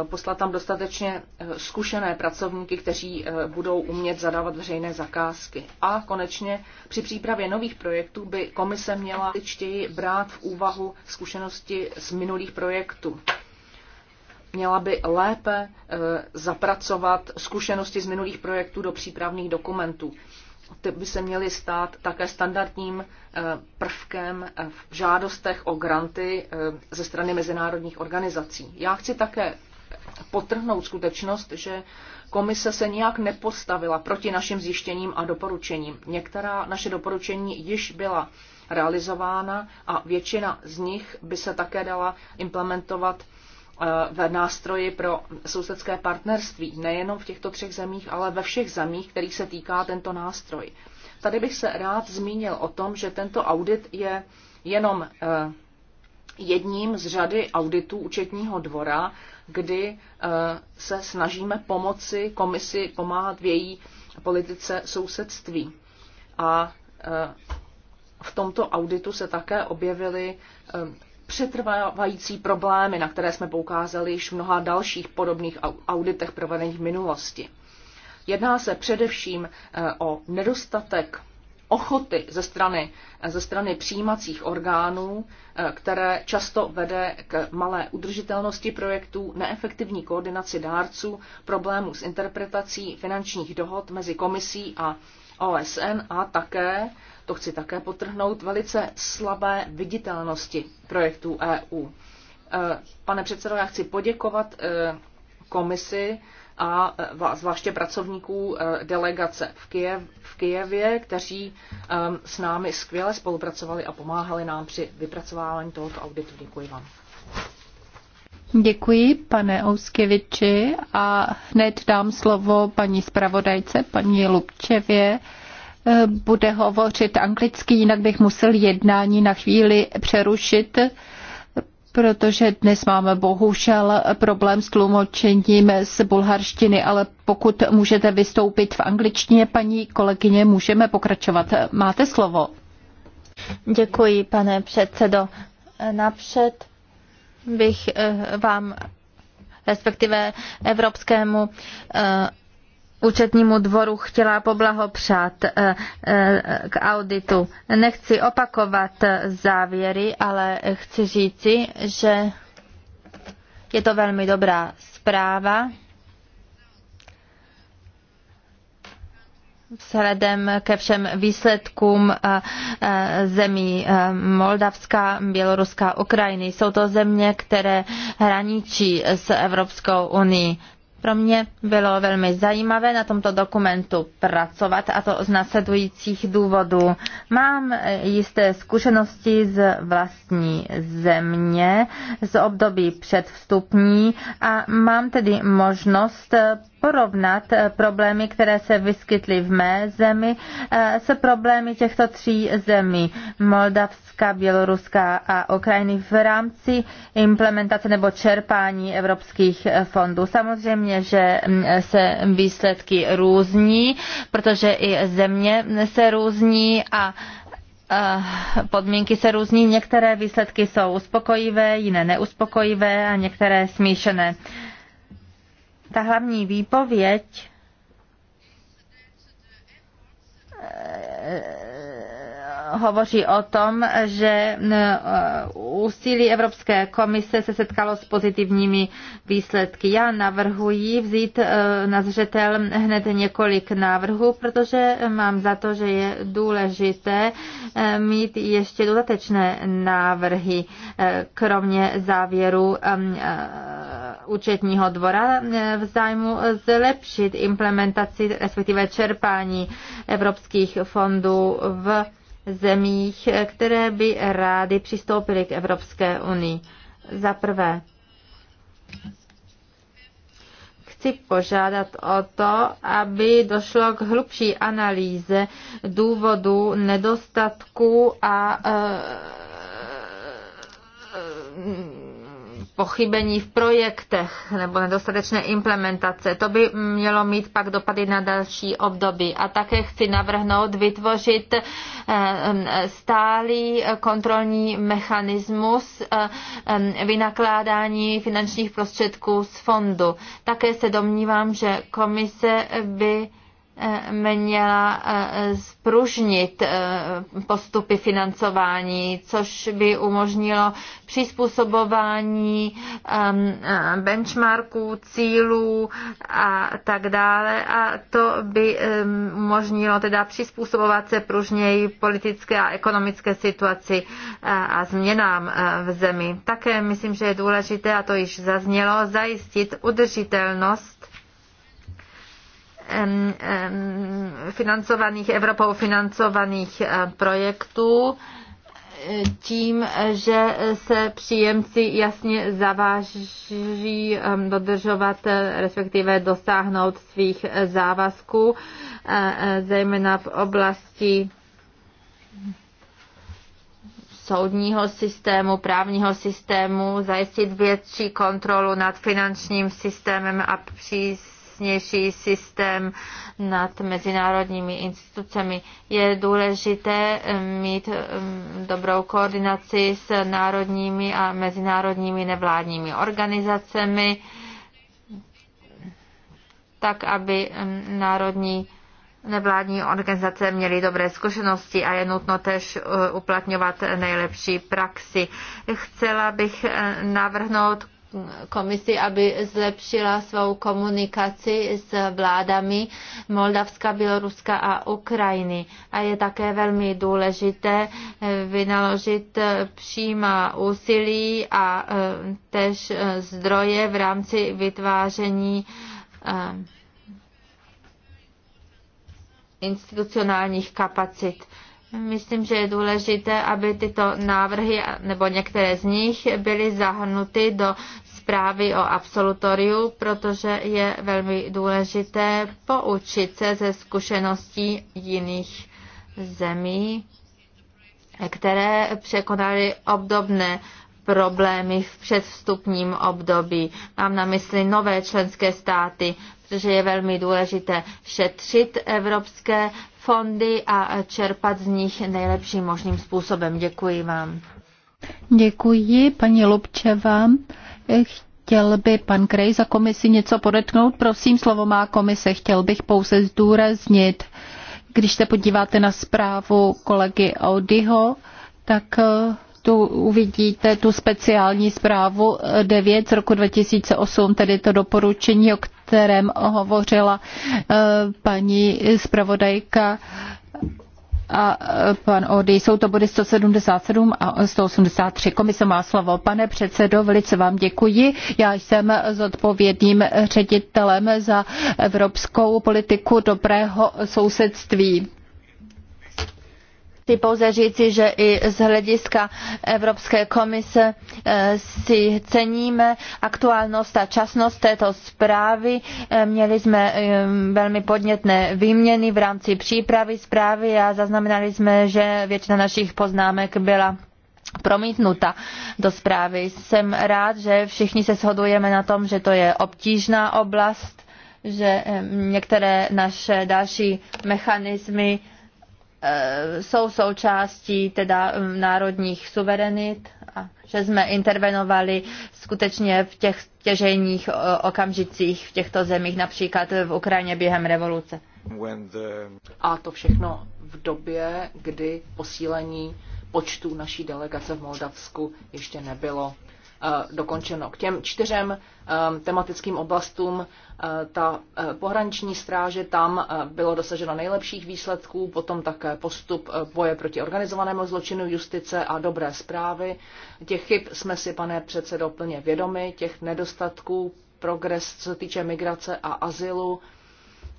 poslat tam dostatečně zkušené pracovníky, kteří budou umět zadávat veřejné zakázky. A konečně při přípravě nových projektů by komise měla čtěji brát v úvahu zkušenosti z minulých projektů. Měla by lépe zapracovat zkušenosti z minulých projektů do přípravných dokumentů ty by se měly stát také standardním eh, prvkem eh, v žádostech o granty eh, ze strany mezinárodních organizací. Já chci také potrhnout skutečnost, že komise se nijak nepostavila proti našim zjištěním a doporučením. Některá naše doporučení již byla realizována a většina z nich by se také dala implementovat v nástroji pro sousedské partnerství, nejenom v těchto třech zemích, ale ve všech zemích, kterých se týká tento nástroj. Tady bych se rád zmínil o tom, že tento audit je jenom eh, jedním z řady auditů účetního dvora, kdy eh, se snažíme pomoci komisi pomáhat v její politice sousedství. A eh, v tomto auditu se také objevily přetrvávající problémy, na které jsme poukázali již v mnoha dalších podobných auditech provedených v minulosti. Jedná se především eh, o nedostatek ochoty ze strany, eh, ze strany přijímacích orgánů, eh, které často vede k malé udržitelnosti projektů, neefektivní koordinaci dárců, problémů s interpretací finančních dohod mezi komisí a OSN a také to chci také potrhnout, velice slabé viditelnosti projektů EU. E, pane předsedo, já chci poděkovat e, komisi a e, zvláště pracovníků delegace v, Kijev, v Kijevě, kteří s námi skvěle spolupracovali a pomáhali nám při vypracovávání tohoto auditu. Děkuji vám. Děkuji, pane Ouskeviči, a hned dám slovo paní zpravodajce, paní Lubčevě, bude hovořit anglicky, jinak bych musel jednání na chvíli přerušit, protože dnes máme bohužel problém s tlumočením z bulharštiny, ale pokud můžete vystoupit v angličtině, paní kolegyně, můžeme pokračovat. Máte slovo. Děkuji, pane předsedo. Napřed bych eh, vám, respektive Evropskému eh, účetnímu dvoru chtěla poblahopřát eh, eh, k auditu. Nechci opakovat eh, závěry, ale chci říci, že je to velmi dobrá zpráva. vzhledem ke všem výsledkům zemí Moldavska, Běloruska, Ukrajiny. Jsou to země, které hraničí s Evropskou unii. Pro mě bylo velmi zajímavé na tomto dokumentu pracovat a to z následujících důvodů. Mám eh, jisté zkušenosti z vlastní země, z období předvstupní a mám tedy možnost eh, porovnat eh, problémy, které se vyskytly v mé zemi, eh, s problémy těchto tří zemí Moldavska, Běloruska a Ukrajiny v rámci implementace nebo čerpání evropských eh, fondů. Samozřejmě, že mm, se výsledky různí, protože i země se různí a podmínky se různí. Některé výsledky jsou uspokojivé, jiné neuspokojivé a některé smíšené. Ta hlavní výpověď hovoří o tom, že eh, úsilí Evropské komise se setkalo s pozitivními výsledky. Já navrhuji vzít eh, na zřetel hned několik návrhů, protože mám za to, že je důležité eh, mít ještě dodatečné návrhy, kromě závěru účetního dvora v zájmu zlepšit implementaci, respektive čerpání evropských fondů v zemích, které by rády přistoupily k Evropské unii. Za prvé, chci požádat o to, aby došlo k hlubší analýze důvodu nedostatku a e, pochybení v projektech nebo nedostatečné implementace. To by mělo mít pak dopady na další období. A také chci navrhnout vytvořit eh, eh, stálý kontrolní mechanismus eh, vynakládání finančních prostředků z fondu. Také se domnívám, že komise by měla eh, zpružnit eh, postupy financování, což by umožnilo přizpůsobování ehm, eh, benchmarků, cílů a tak dále. A to by ehm, umožnilo teda přizpůsobovat se pružněji politické a ekonomické situaci a změnám v zemi. Také myslím, že je důležité, a to již zaznělo, zajistit udržitelnost financovaných Evropou financovaných eh, projektů eh, tím, že se příjemci jasně zaváží dodržovat, eh, respektive dosáhnout svých závazků, zejména v oblasti soudního systému, právního systému, zajistit větší kontrolu nad finančním systémem a přís jasnější systém nad mezinárodními institucemi. Je důležité um, mít um, dobrou koordinaci s národními a mezinárodními nevládními organizacemi, tak aby um, národní nevládní organizace měly dobré zkušenosti a je nutno tež uh, uplatňovat nejlepší praxi. Chcela bych uh, navrhnout komisi, aby zlepšila svou komunikaci s vládami Moldavska, Běloruska a Ukrajiny. A je také velmi důležité eh, vynaložit eh, přímá úsilí a eh, tež zdroje v rámci vytváření institucionálních kapacit. Myslím, že je důležité, aby tyto návrhy nebo některé z nich byly zahrnuty do zprávy o absolutoriu, protože je velmi důležité poučit se ze zkušeností jiných zemí, které překonaly obdobné problémy v předvstupním období. Mám na mysli nové členské státy, protože je velmi důležité šetřit evropské fondy a čerpat z nich nejlepším možným způsobem. Děkuji vám. Děkuji, paní Lobčeva. Chtěl by pan Krej za komisi něco podetknout? Prosím, slovo má komise. Chtěl bych pouze zdůraznit, když se podíváte na zprávu kolegy Audiho, tak eh, tu uvidíte tu speciální zprávu 9 eh, z roku 2008, tedy to doporučení, o kterém hovořila eh, paní zpravodajka a e, pan Ody. Jsou to body 177 a 183. Komise má slovo. Pane předsedo, velice vám děkuji. Já jsem zodpovědným ředitelem za evropskou politiku dobrého sousedství chci pouze říci, že i z hlediska Evropské komise eh, si ceníme aktuálnost a časnost této zprávy. Eh, měli jsme eh, velmi podnětné výměny v rámci přípravy zprávy a zaznamenali jsme, že většina našich poznámek byla promítnuta do zprávy. Jsem rád, že všichni se shodujeme na tom, že to je obtížná oblast, že některé naše další mechanismy Eh, jsou součástí teda mm, národních suverenit a že jsme intervenovali skutečně v těch těžejních eh, okamžicích v těchto zemích, například v Ukrajině během revoluce. A to všechno v době, kdy posílení počtu naší delegace v Moldavsku ještě nebylo Eh, dokončeno. K těm čtyřem eh, tematickým oblastům eh, ta pohraniční stráže, tam bylo dosaženo nejlepších výsledků, potom také postup boje proti organizovanému zločinu, justice a dobré zprávy. Těch chyb jsme si, pane předsedo, plně vědomi, těch nedostatků, progres, co se týče migrace a azylu,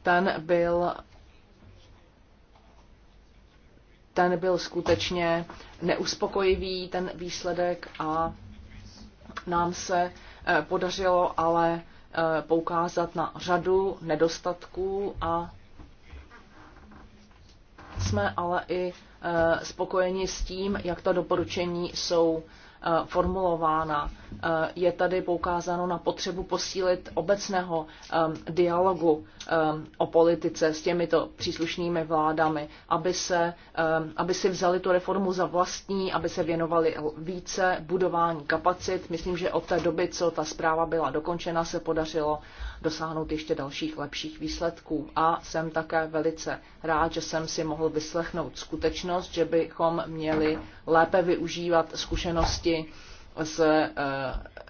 ten byl ten byl skutečně neuspokojivý, ten výsledek a nám se eh, podařilo ale eh, poukázat na řadu nedostatků a jsme ale i eh, spokojeni s tím, jak ta doporučení jsou Eh, formulována. Eh, je tady poukázáno na potřebu posílit obecného eh, dialogu o politice s těmito příslušnými vládami, aby, se, aby si vzali tu reformu za vlastní, aby se věnovali více budování kapacit. Myslím, že od té doby, co ta zpráva byla dokončena, se podařilo dosáhnout ještě dalších lepších výsledků. A jsem také velice rád, že jsem si mohl vyslechnout skutečnost, že bychom měli lépe využívat zkušenosti z, eh,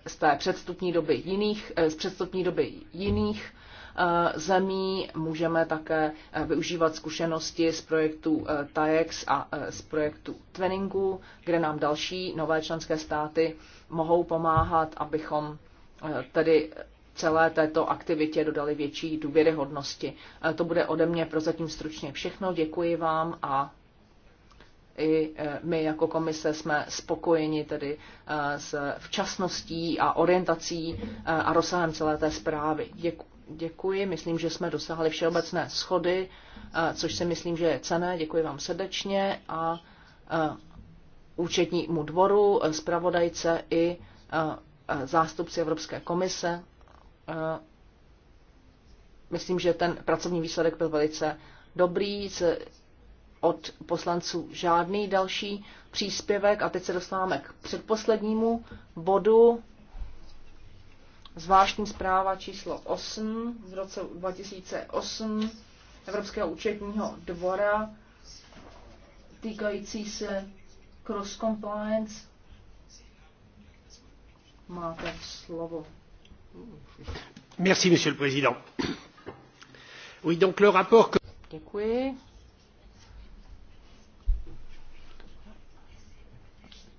z té předstupní doby jiných, eh, z předstupní doby jiných eh, zemí. Můžeme také využívat zkušenosti z projektu TAEX a z projektu Twinningu, kde nám další nové členské státy mohou pomáhat, abychom tedy celé této aktivitě dodali větší důvěryhodnosti. Eh, to bude ode mě prozatím stručně všechno. Děkuji vám a i eh, my jako komise jsme spokojeni tedy eh, s včasností a orientací a rozsahem celé té zprávy. Děkuji, myslím, že jsme dosáhli všeobecné schody, což si myslím, že je cené. Děkuji vám srdečně a účetnímu dvoru, zpravodajce i zástupci Evropské komise. Eh, myslím, že ten pracovní výsledek byl velice dobrý. Z, od poslanců žádný další příspěvek. A teď se dostáváme k předposlednímu bodu. Zvláštní zpráva číslo 8 z roce 2008 Evropského účetního dvora týkající se cross compliance. Máte slovo. Merci, monsieur le président. le rapport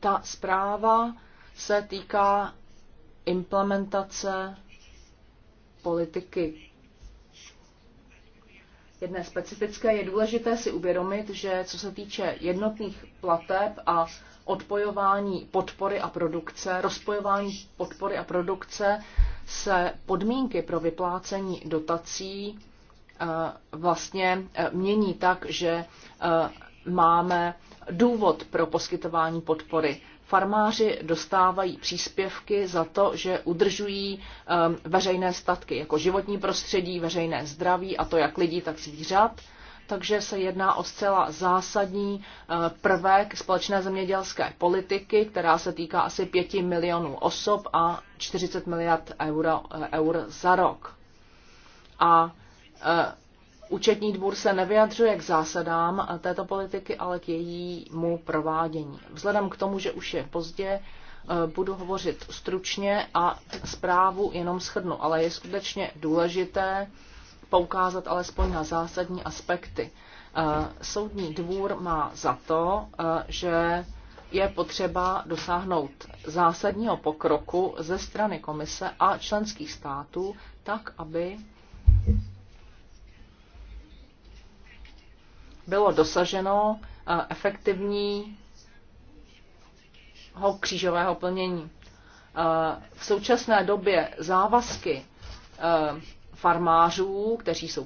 Ta zpráva se týká implementace politiky. Jedné specifické je důležité si uvědomit, že co se týče jednotných plateb a odpojování podpory a produkce, rozpojování podpory a produkce, se podmínky pro vyplácení dotací eh, vlastně eh, mění tak, že eh, máme důvod pro poskytování podpory. Farmáři dostávají příspěvky za to, že udržují veřejné statky, jako životní prostředí, veřejné zdraví, a to jak lidí, tak zvířat takže se jedná o zcela zásadní eh, prvek společné zemědělské politiky, která se týká asi 5 milionů osob a 40 miliard euro, eh, eur za rok. A eh, Účetní dvůr se nevyjadřuje k zásadám této politiky, ale k jejímu provádění. Vzhledem k tomu, že už je pozdě, budu hovořit stručně a zprávu jenom shrnu, ale je skutečně důležité, poukázat alespoň na zásadní aspekty. Eh, soudní dvůr má za to, eh, že je potřeba dosáhnout zásadního pokroku ze strany komise a členských států, tak aby bylo dosaženo eh, efektivního křížového plnění. V současné době závazky farmářů, kteří jsou